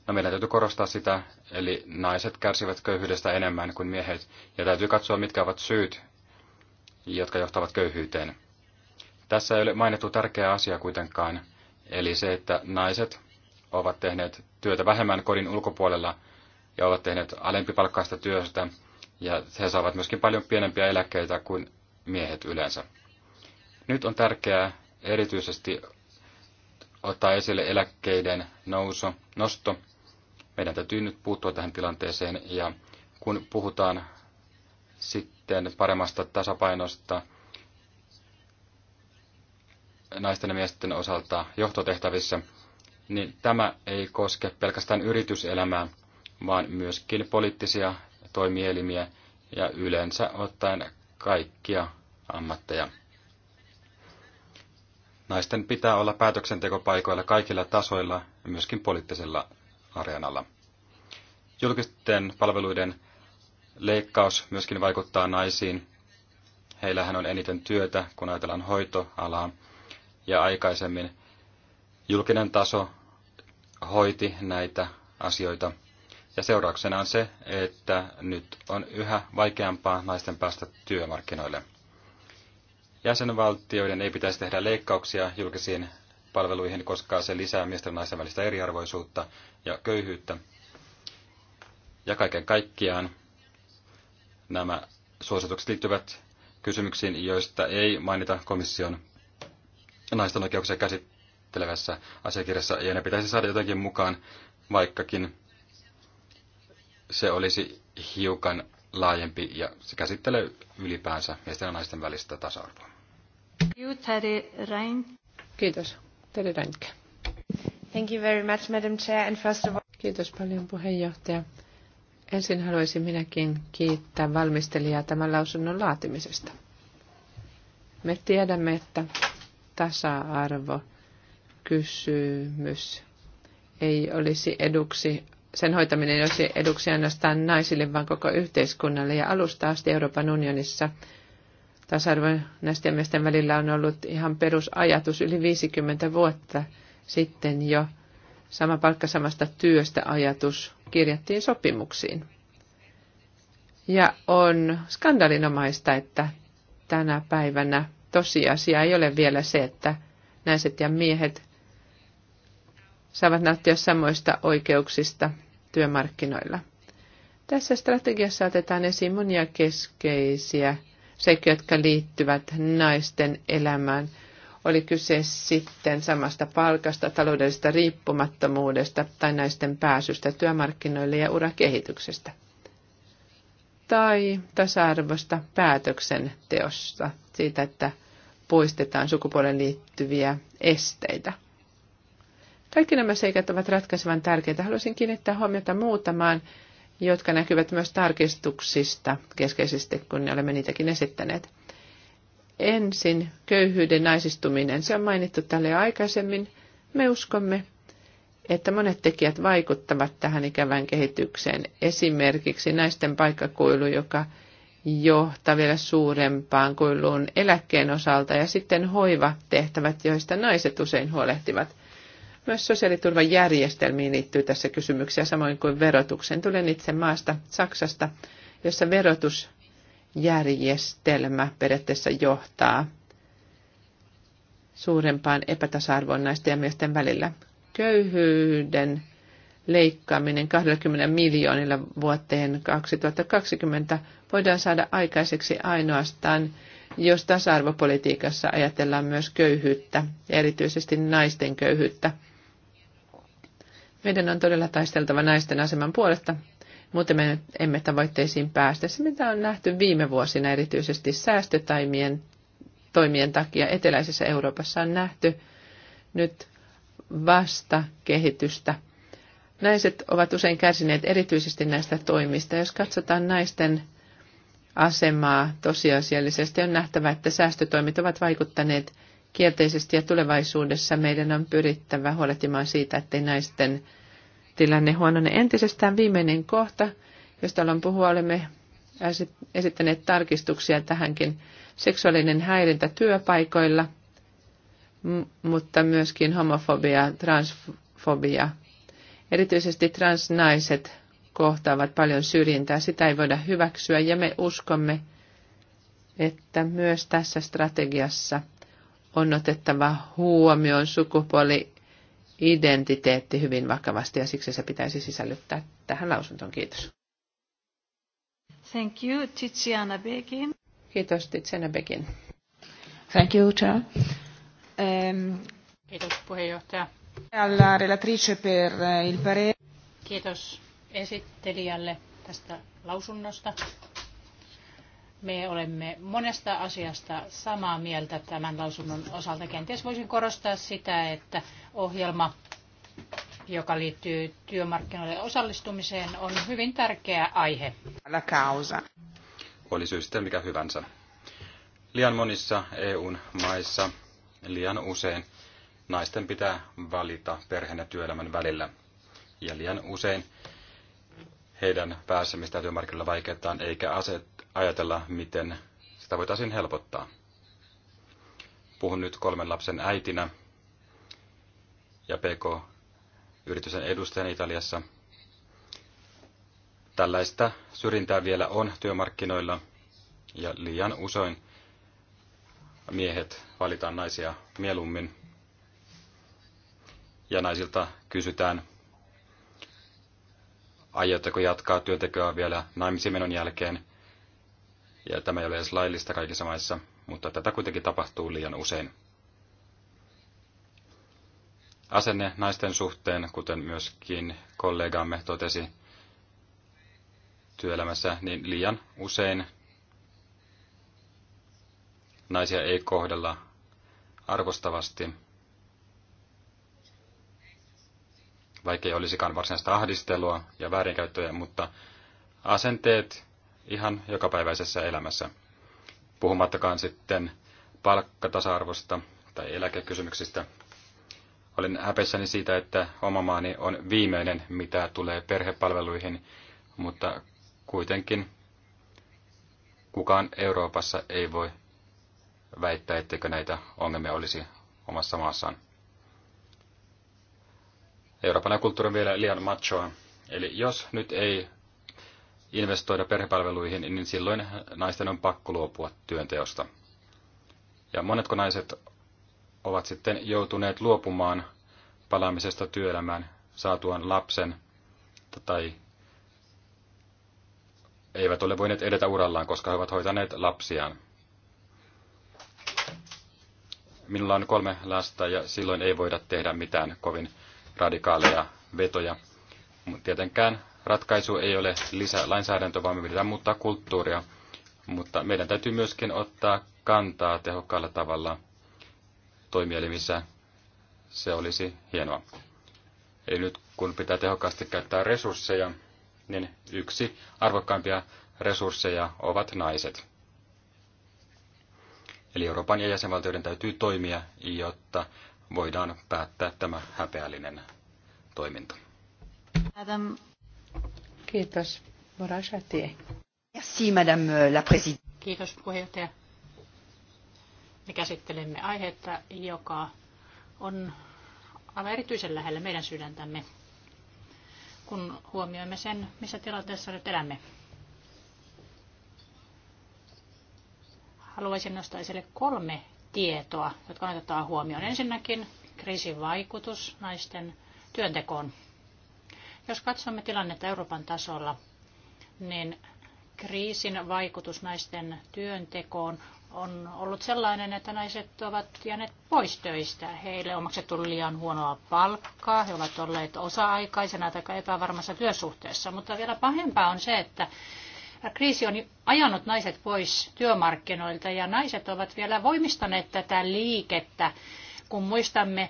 Speaker 3: No meidän täytyy korostaa sitä, eli naiset kärsivät köyhyydestä enemmän kuin miehet, ja täytyy katsoa, mitkä ovat syyt, jotka johtavat köyhyyteen. Tässä ei ole mainittu tärkeä asia kuitenkaan, eli se, että naiset ovat tehneet työtä vähemmän kodin ulkopuolella ja ovat tehneet alempipalkkaista työstä ja he saavat myöskin paljon pienempiä eläkkeitä kuin miehet yleensä. Nyt on tärkeää erityisesti ottaa esille eläkkeiden nousu, nosto. Meidän täytyy nyt puuttua tähän tilanteeseen ja kun puhutaan sitten paremmasta tasapainosta naisten ja miesten osalta johtotehtävissä, niin tämä ei koske pelkästään yrityselämää, vaan myöskin poliittisia toimielimiä ja yleensä ottaen kaikkia ammatteja. Naisten pitää olla päätöksentekopaikoilla kaikilla tasoilla ja myöskin poliittisella areenalla. Julkisten palveluiden leikkaus myöskin vaikuttaa naisiin. Heillähän on eniten työtä, kun ajatellaan hoitoalaa. Ja aikaisemmin julkinen taso hoiti näitä asioita ja seurauksena on se, että nyt on yhä vaikeampaa naisten päästä työmarkkinoille. Jäsenvaltioiden ei pitäisi tehdä leikkauksia julkisiin palveluihin, koska se lisää miesten ja naisten välistä eriarvoisuutta ja köyhyyttä. Ja kaiken kaikkiaan nämä suositukset liittyvät kysymyksiin, joista ei mainita komission naisten oikeuksia käsittelevässä asiakirjassa, ja ne pitäisi saada jotenkin mukaan, vaikkakin se olisi hiukan laajempi ja se käsittelee ylipäänsä miesten ja naisten välistä tasa-arvoa.
Speaker 2: Kiitos. teri Ränke. Thank you very much, Madam Chair, and first of all... Kiitos paljon puheenjohtaja. Ensin haluaisin minäkin kiittää valmistelijaa tämän lausunnon laatimisesta. Me tiedämme, että tasa-arvo kysymys ei olisi eduksi sen hoitaminen ei olisi eduksi ainoastaan naisille, vaan koko yhteiskunnalle. Ja alusta asti Euroopan unionissa tasa arvo naisten ja miesten välillä on ollut ihan perusajatus yli 50 vuotta sitten jo. Sama palkka samasta työstä ajatus kirjattiin sopimuksiin. Ja on skandalinomaista, että tänä päivänä tosiasia ei ole vielä se, että naiset ja miehet saavat nauttia samoista oikeuksista työmarkkinoilla. Tässä strategiassa otetaan esiin monia keskeisiä sekä, jotka liittyvät naisten elämään. Oli kyse sitten samasta palkasta, taloudellisesta riippumattomuudesta tai naisten pääsystä työmarkkinoille ja urakehityksestä. Tai tasa-arvosta päätöksenteosta, siitä, että poistetaan sukupuolen liittyviä esteitä. Kaikki nämä seikat ovat ratkaisevan tärkeitä. Haluaisin kiinnittää huomiota muutamaan, jotka näkyvät myös tarkistuksista keskeisesti, kun olemme niitäkin esittäneet. Ensin köyhyyden naisistuminen. Se on mainittu tälle aikaisemmin. Me uskomme, että monet tekijät vaikuttavat tähän ikävään kehitykseen. Esimerkiksi naisten paikkakuilu, joka johtaa vielä suurempaan kuiluun eläkkeen osalta ja sitten hoivatehtävät, joista naiset usein huolehtivat. Myös sosiaaliturvan järjestelmiin liittyy tässä kysymyksiä, samoin kuin verotuksen. Tulen itse maasta Saksasta, jossa verotusjärjestelmä periaatteessa johtaa suurempaan epätasa-arvoon naisten ja miesten välillä. Köyhyyden leikkaaminen 20 miljoonilla vuoteen 2020 voidaan saada aikaiseksi ainoastaan, jos tasa-arvopolitiikassa ajatellaan myös köyhyyttä erityisesti naisten köyhyyttä. Meidän on todella taisteltava naisten aseman puolesta, mutta me emme tavoitteisiin päästä. Se, mitä on nähty viime vuosina erityisesti säästötaimien toimien takia eteläisessä Euroopassa on nähty nyt vasta kehitystä. Naiset ovat usein kärsineet erityisesti näistä toimista. Jos katsotaan naisten asemaa tosiasiallisesti, on nähtävä, että säästötoimet ovat vaikuttaneet kielteisesti ja tulevaisuudessa meidän on pyrittävä huolehtimaan siitä, että naisten tilanne huonone entisestään. Viimeinen kohta, josta ollaan puhua, olemme esittäneet tarkistuksia tähänkin. Seksuaalinen häirintä työpaikoilla, mutta myöskin homofobia, transfobia. Erityisesti transnaiset kohtaavat paljon syrjintää. Sitä ei voida hyväksyä ja me uskomme, että myös tässä strategiassa – on otettava huomioon sukupuoli-identiteetti hyvin vakavasti ja siksi se pitäisi sisällyttää tähän lausuntoon. Kiitos.
Speaker 1: Thank you, Tiziana Begin.
Speaker 2: Kiitos, Tiziana Begin. Thank you, Chair. Um,
Speaker 1: Kiitos, puheenjohtaja. Alla relatrice per eh, il pare.
Speaker 4: Kiitos esittelijälle tästä lausunnosta. Me olemme monesta asiasta samaa mieltä tämän lausunnon osalta. Kenties voisin korostaa sitä, että ohjelma, joka liittyy työmarkkinoille osallistumiseen, on hyvin tärkeä
Speaker 2: aihe.
Speaker 3: Oli syy sitten mikä hyvänsä. Liian monissa EUn maissa, liian usein, naisten pitää valita perheen ja työelämän välillä. Ja liian usein heidän pääsemistä työmarkkinoilla vaikeutetaan eikä aset, ajatella, miten sitä voitaisiin helpottaa. Puhun nyt kolmen lapsen äitinä ja pk yrityksen edustajan Italiassa. Tällaista syrjintää vielä on työmarkkinoilla ja liian usein miehet valitaan naisia mieluummin. Ja naisilta kysytään, aiotteko jatkaa työntekoa vielä naimisimenon jälkeen, ja tämä ei ole edes laillista kaikissa maissa, mutta tätä kuitenkin tapahtuu liian usein. Asenne naisten suhteen, kuten myöskin kollegamme totesi työelämässä, niin liian usein naisia ei kohdella arvostavasti, vaikkei olisikaan varsinaista ahdistelua ja väärinkäyttöjä, mutta asenteet ihan jokapäiväisessä elämässä. Puhumattakaan sitten palkkatasa-arvosta tai eläkekysymyksistä. Olin häpeissäni siitä, että oma maani on viimeinen, mitä tulee perhepalveluihin, mutta kuitenkin kukaan Euroopassa ei voi väittää, etteikö näitä ongelmia olisi omassa maassaan. Euroopan kulttuuri on vielä liian machoa. Eli jos nyt ei investoida perhepalveluihin, niin silloin naisten on pakko luopua työnteosta. Ja monetko naiset ovat sitten joutuneet luopumaan palaamisesta työelämään saatuaan lapsen tai eivät ole voineet edetä urallaan, koska he ovat hoitaneet lapsiaan. Minulla on kolme lasta ja silloin ei voida tehdä mitään kovin radikaaleja vetoja. Mutta tietenkään ratkaisu ei ole lisälainsäädäntö, vaan me pitää muuttaa kulttuuria. Mutta meidän täytyy myöskin ottaa kantaa tehokkaalla tavalla toimielimissä. Se olisi hienoa. Eli nyt kun pitää tehokkaasti käyttää resursseja, niin yksi arvokkaimpia resursseja ovat naiset. Eli Euroopan ja jäsenvaltioiden täytyy toimia, jotta voidaan päättää tämä häpeällinen toiminta.
Speaker 1: Adam Kiitos. Mora Merci, madame la présidente.
Speaker 4: Kiitos puheenjohtaja. Me käsittelemme aihetta, joka on aivan erityisen lähellä meidän sydäntämme, kun huomioimme sen, missä tilanteessa nyt elämme. Haluaisin nostaa esille kolme tietoa, jotka otetaan huomioon. Ensinnäkin kriisin vaikutus naisten työntekoon jos katsomme tilannetta Euroopan tasolla, niin kriisin vaikutus naisten työntekoon on ollut sellainen, että naiset ovat jääneet pois töistä. Heille on maksettu liian huonoa palkkaa, he ovat olleet osa-aikaisena tai epävarmassa työsuhteessa. Mutta vielä pahempaa on se, että kriisi on ajanut naiset pois työmarkkinoilta ja naiset ovat vielä voimistaneet tätä liikettä, kun muistamme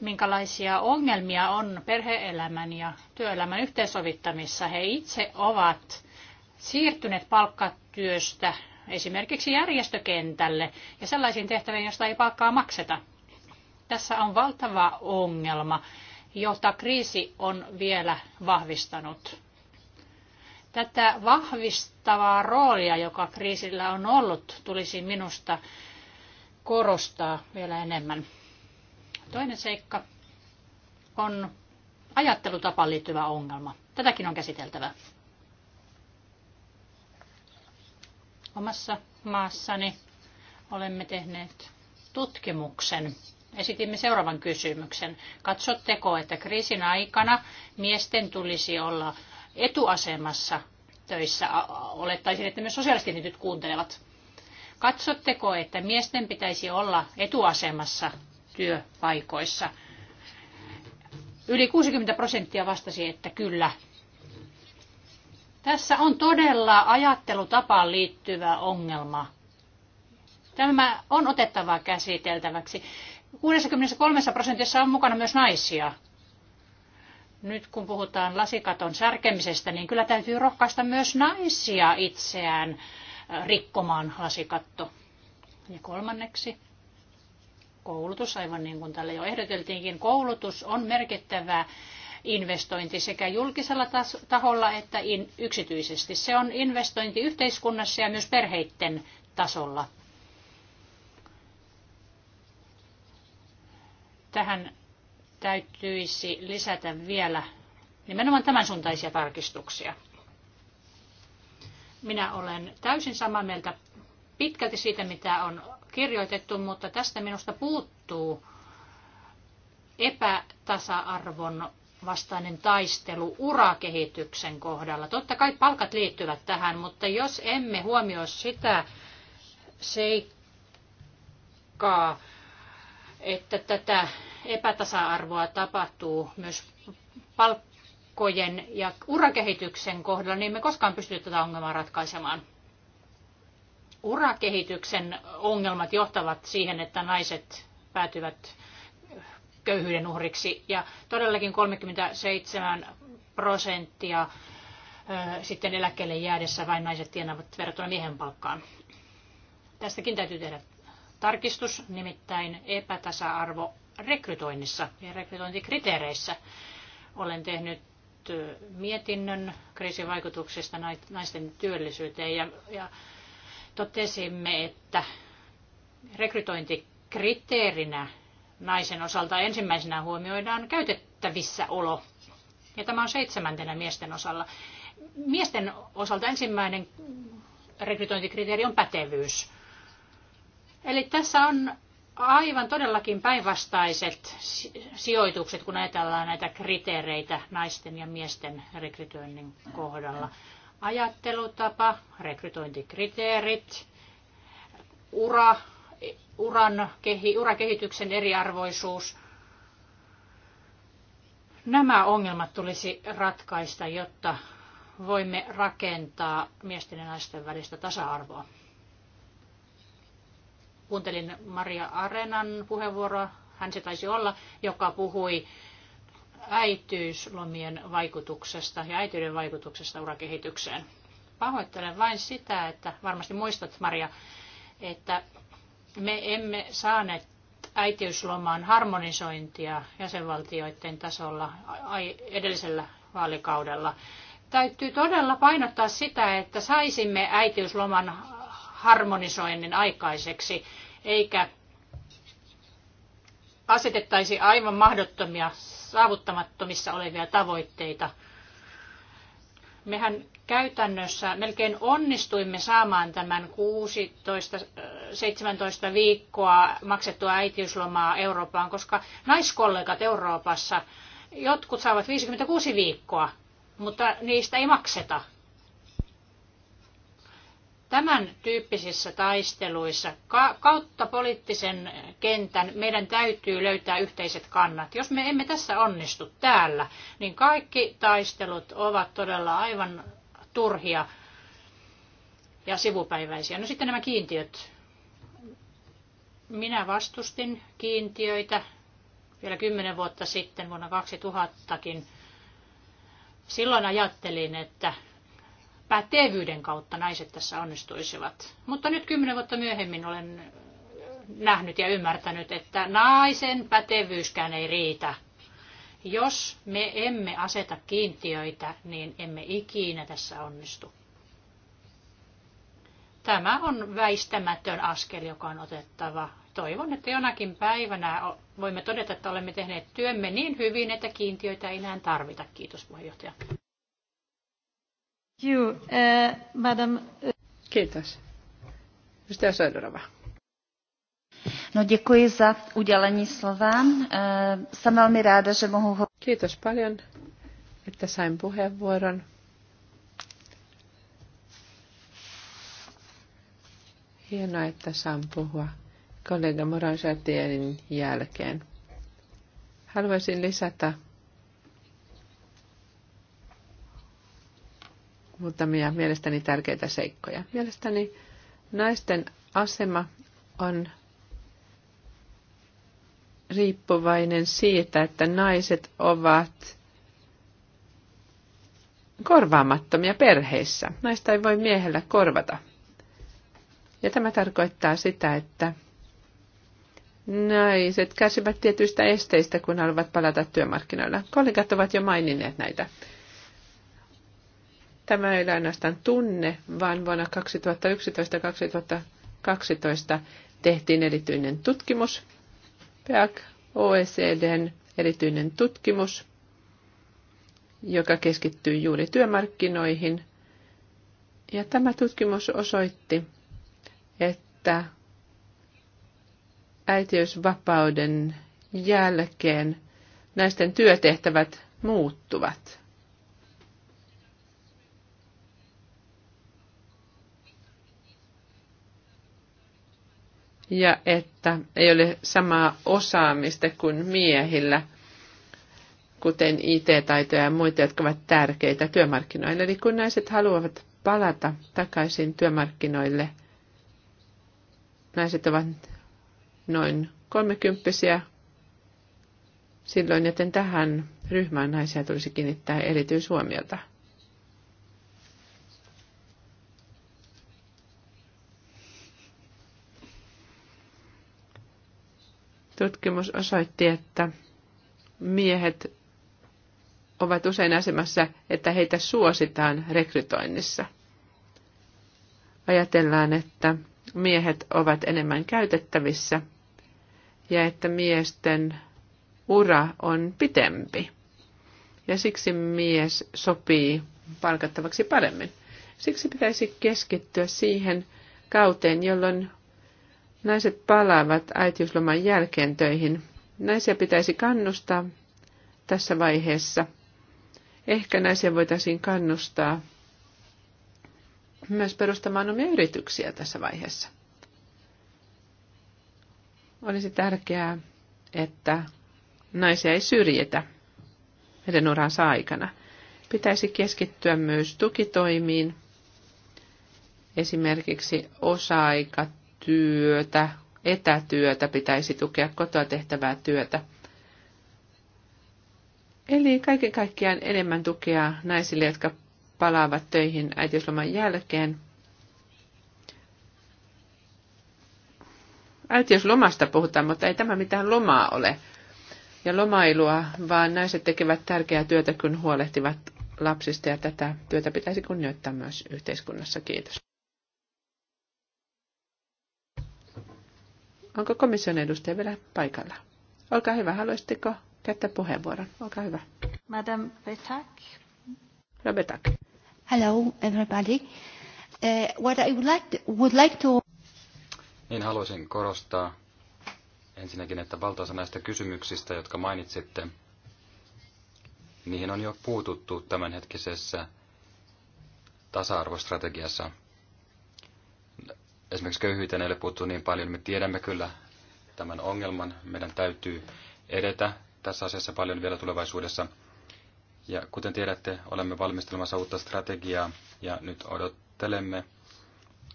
Speaker 4: minkälaisia ongelmia on perheelämän ja työelämän yhteensovittamissa. He itse ovat siirtyneet palkkatyöstä esimerkiksi järjestökentälle ja sellaisiin tehtäviin, joista ei palkkaa makseta. Tässä on valtava ongelma, jota kriisi on vielä vahvistanut. Tätä vahvistavaa roolia, joka kriisillä on ollut, tulisi minusta korostaa vielä enemmän. Toinen seikka on ajattelutapaan liittyvä ongelma. Tätäkin on käsiteltävä. Omassa maassani olemme tehneet tutkimuksen. Esitimme seuraavan kysymyksen. Katsotteko, että kriisin aikana miesten tulisi olla etuasemassa töissä? Olettaisin, että myös sosiaalisesti nyt kuuntelevat. Katsotteko, että miesten pitäisi olla etuasemassa työpaikoissa. Yli 60 prosenttia vastasi, että kyllä. Tässä on todella ajattelutapaan liittyvä ongelma. Tämä on otettava käsiteltäväksi. 63 prosentissa on mukana myös naisia. Nyt kun puhutaan lasikaton särkemisestä, niin kyllä täytyy rohkaista myös naisia itseään rikkomaan lasikatto. Ja kolmanneksi koulutus, aivan niin kuin tälle jo ehdoteltiinkin, koulutus on merkittävä investointi sekä julkisella taholla että in, yksityisesti. Se on investointi yhteiskunnassa ja myös perheiden tasolla. Tähän täytyisi lisätä vielä nimenomaan tämän suuntaisia tarkistuksia. Minä olen täysin samaa mieltä pitkälti siitä, mitä on kirjoitettu, mutta tästä minusta puuttuu epätasa-arvon vastainen taistelu urakehityksen kohdalla. Totta kai palkat liittyvät tähän, mutta jos emme huomioi sitä seikkaa, että tätä epätasa-arvoa tapahtuu myös palkkojen ja urakehityksen kohdalla, niin me koskaan pysty tätä ongelmaa ratkaisemaan urakehityksen ongelmat johtavat siihen, että naiset päätyvät köyhyyden uhriksi. Ja todellakin 37 prosenttia sitten eläkkeelle jäädessä vain naiset tienaavat verrattuna miehen palkkaan. Tästäkin täytyy tehdä tarkistus, nimittäin epätasa-arvo rekrytoinnissa ja rekrytointikriteereissä. Olen tehnyt mietinnön kriisivaikutuksista naisten työllisyyteen ja, ja totesimme, että rekrytointikriteerinä naisen osalta ensimmäisenä huomioidaan käytettävissä olo. Ja tämä on seitsemäntenä miesten osalla. Miesten osalta ensimmäinen rekrytointikriteeri on pätevyys. Eli tässä on aivan todellakin päinvastaiset sijoitukset, kun ajatellaan näitä kriteereitä naisten ja miesten rekrytoinnin kohdalla ajattelutapa, rekrytointikriteerit, ura, uran, kehi, urakehityksen eriarvoisuus. Nämä ongelmat tulisi ratkaista, jotta voimme rakentaa miesten ja naisten välistä tasa-arvoa. Kuuntelin Maria Arenan puheenvuoroa, hän se taisi olla, joka puhui äityyslomien vaikutuksesta ja äityyden vaikutuksesta urakehitykseen. Pahoittelen vain sitä, että varmasti muistat Maria, että me emme saaneet äitiyslomaan harmonisointia jäsenvaltioiden tasolla edellisellä vaalikaudella. Täytyy todella painottaa sitä, että saisimme äitiysloman harmonisoinnin aikaiseksi, eikä asetettaisi aivan mahdottomia, saavuttamattomissa olevia tavoitteita. Mehän käytännössä melkein onnistuimme saamaan tämän 16-17 viikkoa maksettua äitiyslomaa Eurooppaan, koska naiskollegat Euroopassa, jotkut saavat 56 viikkoa, mutta niistä ei makseta Tämän tyyppisissä taisteluissa kautta poliittisen kentän meidän täytyy löytää yhteiset kannat. Jos me emme tässä onnistu täällä, niin kaikki taistelut ovat todella aivan turhia ja sivupäiväisiä. No sitten nämä kiintiöt. Minä vastustin kiintiöitä vielä kymmenen vuotta sitten, vuonna 2000kin. Silloin ajattelin, että pätevyyden kautta naiset tässä onnistuisivat. Mutta nyt kymmenen vuotta myöhemmin olen äh, nähnyt ja ymmärtänyt, että naisen pätevyyskään ei riitä. Jos me emme aseta kiintiöitä, niin emme ikinä tässä onnistu. Tämä on väistämätön askel, joka on otettava. Toivon, että jonakin päivänä voimme todeta, että olemme tehneet työmme niin hyvin, että kiintiöitä ei enää tarvita. Kiitos puheenjohtaja.
Speaker 1: You, uh, madam. Eh, Kiitos. Edustaja Söderova.
Speaker 2: No děkuji za udělení slova. Eh, jsem velmi ráda, že mohu... Kiitos paljon, että sain puheenvuoron. Hienoa, että saan puhua kollega Moran jälkeen. Haluaisin lisätä muutamia mielestäni tärkeitä seikkoja. Mielestäni naisten asema on riippuvainen siitä, että naiset ovat korvaamattomia perheissä. Naista ei voi miehellä korvata. Ja tämä tarkoittaa sitä, että naiset kärsivät tietyistä esteistä, kun haluavat palata työmarkkinoilla. Kollegat ovat jo maininneet näitä Tämä ei ole ainoastaan tunne, vaan vuonna 2011-2012 tehtiin erityinen tutkimus, PEAC, e OECDn erityinen tutkimus, joka keskittyy juuri työmarkkinoihin. Ja tämä tutkimus osoitti, että äitiysvapauden jälkeen naisten työtehtävät muuttuvat. ja että ei ole samaa osaamista kuin miehillä, kuten IT-taitoja ja muita, jotka ovat tärkeitä työmarkkinoille. Eli kun naiset haluavat palata takaisin työmarkkinoille, naiset ovat noin kolmekymppisiä silloin, joten tähän ryhmään naisia tulisi kiinnittää erityishuomiota. Tutkimus osoitti, että miehet ovat usein asemassa, että heitä suositaan rekrytoinnissa. Ajatellaan, että miehet ovat enemmän käytettävissä ja että miesten ura on pitempi. Ja siksi mies sopii palkattavaksi paremmin. Siksi pitäisi keskittyä siihen kauteen, jolloin naiset palaavat äitiysloman jälkeen töihin. Naisia pitäisi kannustaa tässä vaiheessa. Ehkä naisia voitaisiin kannustaa myös perustamaan omia yrityksiä tässä vaiheessa. Olisi tärkeää, että naisia ei syrjetä heidän uransa aikana. Pitäisi keskittyä myös tukitoimiin, esimerkiksi osa-aikat työtä, etätyötä pitäisi tukea, kotoa tehtävää työtä. Eli kaiken kaikkiaan enemmän tukea naisille, jotka palaavat töihin äitiysloman jälkeen. Äitiyslomasta puhutaan, mutta ei tämä mitään lomaa ole ja lomailua, vaan naiset tekevät tärkeää työtä, kun huolehtivat lapsista ja tätä työtä pitäisi kunnioittaa myös yhteiskunnassa. Kiitos. Onko komission edustaja vielä paikalla? Olkaa hyvä, haluaisitteko käyttää puheenvuoron? Olkaa hyvä.
Speaker 1: Madame Betak.
Speaker 3: Betak.
Speaker 2: Hello everybody.
Speaker 1: Uh, what I would like, to, would like to...
Speaker 3: Niin haluaisin korostaa ensinnäkin, että valtaosa näistä kysymyksistä, jotka mainitsitte, niihin on jo puututtu tämänhetkisessä tasa-arvostrategiassa esimerkiksi köyhyyteen ei ole puuttu niin paljon. Me tiedämme kyllä tämän ongelman. Meidän täytyy edetä tässä asiassa paljon vielä tulevaisuudessa. Ja kuten tiedätte, olemme valmistelemassa uutta strategiaa ja nyt odottelemme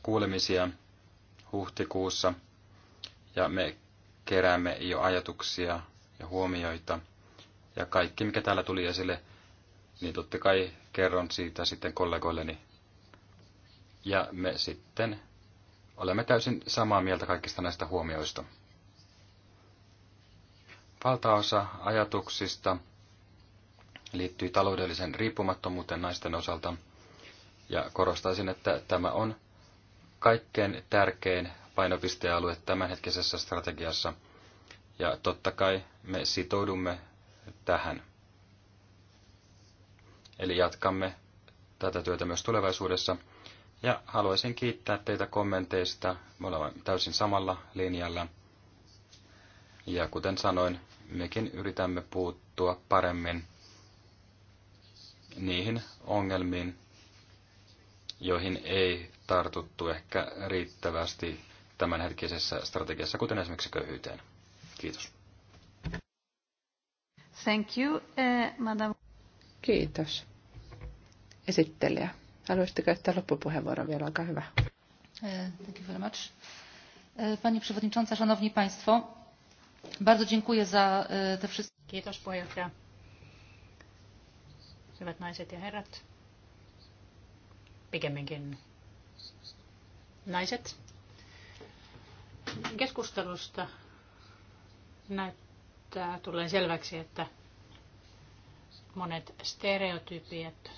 Speaker 3: kuulemisia huhtikuussa ja me keräämme jo ajatuksia ja huomioita. Ja kaikki, mikä täällä tuli esille, niin totta kai kerron siitä sitten kollegoilleni. Ja me sitten Olemme täysin samaa mieltä kaikista näistä huomioista. Valtaosa ajatuksista liittyy taloudellisen riippumattomuuteen naisten osalta, ja korostaisin, että tämä on kaikkein tärkein painopistealue tämänhetkisessä strategiassa, ja totta kai me sitoudumme tähän. Eli jatkamme tätä työtä myös tulevaisuudessa, ja haluaisin kiittää teitä kommenteista. Me olemme täysin samalla linjalla. Ja kuten sanoin, mekin yritämme puuttua paremmin niihin ongelmiin, joihin ei tartuttu ehkä riittävästi tämänhetkisessä strategiassa, kuten esimerkiksi köyhyyteen. Kiitos.
Speaker 1: Thank you, uh, madam.
Speaker 2: Kiitos. Esittelijä. Haluaisitte käyttää loppupuheenvuoron vielä, olkaa hyvä.
Speaker 1: E, thank you very much. E, Pani Przewodnicząca, Szanowni
Speaker 4: Państwo, bardzo dziękuję za e, te wszystkie... Kiitos puheenjohtaja. Hyvät naiset ja herrat. Pikemminkin naiset. Keskustelusta näyttää tulee selväksi, että monet stereotypiat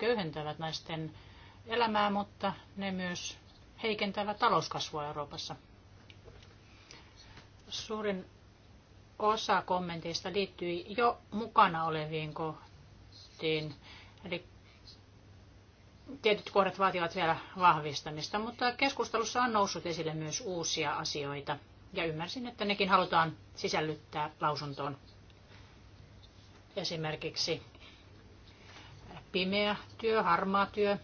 Speaker 4: köyhentävät naisten elämää, mutta ne myös heikentävät talouskasvua Euroopassa. Suurin osa kommenteista liittyy jo mukana oleviin kohtiin. Eli tietyt kohdat vaativat vielä vahvistamista, mutta keskustelussa on noussut esille myös uusia asioita. Ja ymmärsin, että nekin halutaan sisällyttää lausuntoon. Esimerkiksi pimeä työ, harmaa työ,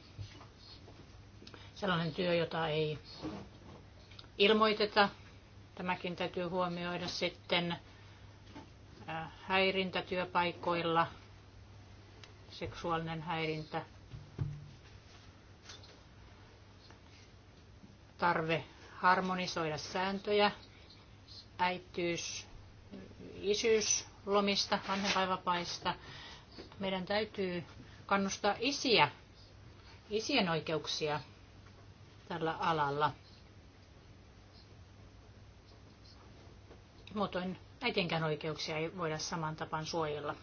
Speaker 4: sellainen työ, jota ei ilmoiteta. Tämäkin täytyy huomioida sitten äh, häirintä työpaikoilla, seksuaalinen häirintä, tarve harmonisoida sääntöjä, äitiys, isyys, lomista, vanhempainvapaista. Meidän täytyy kannustaa isiä, isien oikeuksia tällä alalla. Muutoin äitienkään oikeuksia ei voida saman tapaan suojella.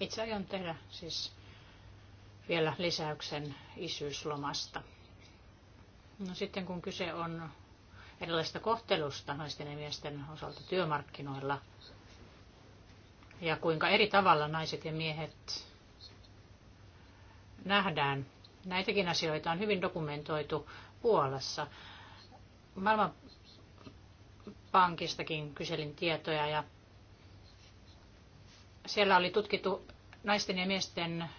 Speaker 4: Itse aion tehdä siis vielä lisäyksen isyyslomasta. No sitten kun kyse on erilaista kohtelusta naisten ja miesten osalta työmarkkinoilla, ja kuinka eri tavalla naiset ja miehet nähdään. Näitäkin asioita on hyvin dokumentoitu Puolassa. pankistakin kyselin tietoja ja siellä oli tutkittu naisten ja miesten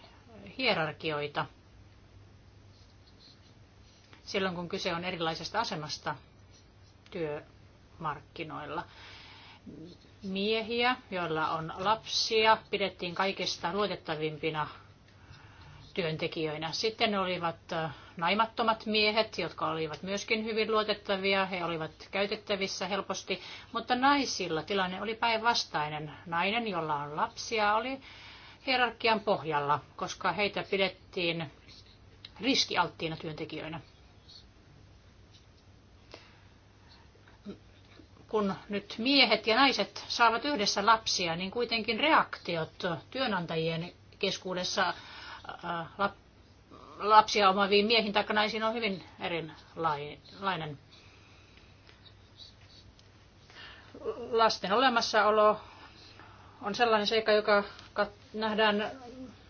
Speaker 4: hierarkioita silloin, kun kyse on erilaisesta asemasta työmarkkinoilla miehiä, joilla on lapsia, pidettiin kaikista luotettavimpina työntekijöinä. Sitten olivat naimattomat miehet, jotka olivat myöskin hyvin luotettavia. He olivat käytettävissä helposti, mutta naisilla tilanne oli päinvastainen. Nainen, jolla on lapsia, oli hierarkian pohjalla, koska heitä pidettiin riskialttiina työntekijöinä. kun nyt miehet ja naiset saavat yhdessä lapsia, niin kuitenkin reaktiot työnantajien keskuudessa äh, lapsia omaviin miehiin tai naisiin on hyvin erilainen. Lasten olemassaolo on sellainen seikka, joka nähdään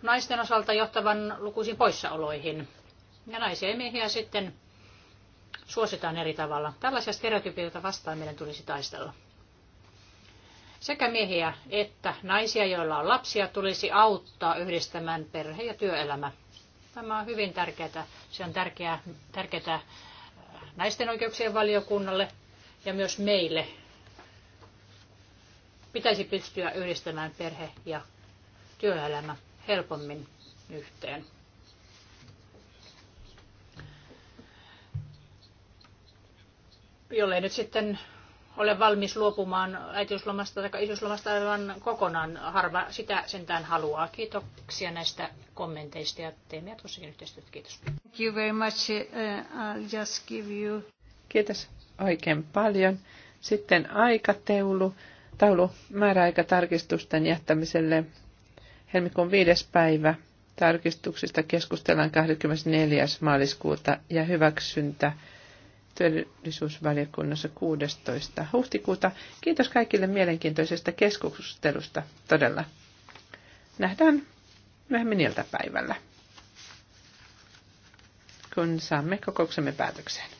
Speaker 4: naisten osalta johtavan lukuisiin poissaoloihin. Ja naisia ja miehiä sitten suositaan eri tavalla. Tällaisia stereotypioita vastaan meidän tulisi taistella. Sekä miehiä että naisia, joilla on lapsia, tulisi auttaa yhdistämään perhe- ja työelämä. Tämä on hyvin tärkeää. Se on tärkeää, tärkeää äh, naisten oikeuksien valiokunnalle ja myös meille. Pitäisi pystyä yhdistämään perhe ja työelämä helpommin yhteen. jollei nyt sitten ole valmis luopumaan äitiyslomasta tai isyyslomasta aivan kokonaan. Harva sitä sentään haluaa. Kiitoksia näistä kommenteista ja
Speaker 1: teemme jatkossakin yhteistyötä. Kiitos. Thank you very much. Uh, I'll just give
Speaker 2: you... Kiitos oikein paljon. Sitten aikateulu. Taulu määräaikatarkistusten jättämiselle helmikuun viides päivä. Tarkistuksista keskustellaan 24. maaliskuuta ja hyväksyntä työllisyysvaliokunnassa 16. huhtikuuta. Kiitos kaikille mielenkiintoisesta keskustelusta todella. Nähdään myöhemmin iltapäivällä, kun saamme kokouksemme päätökseen.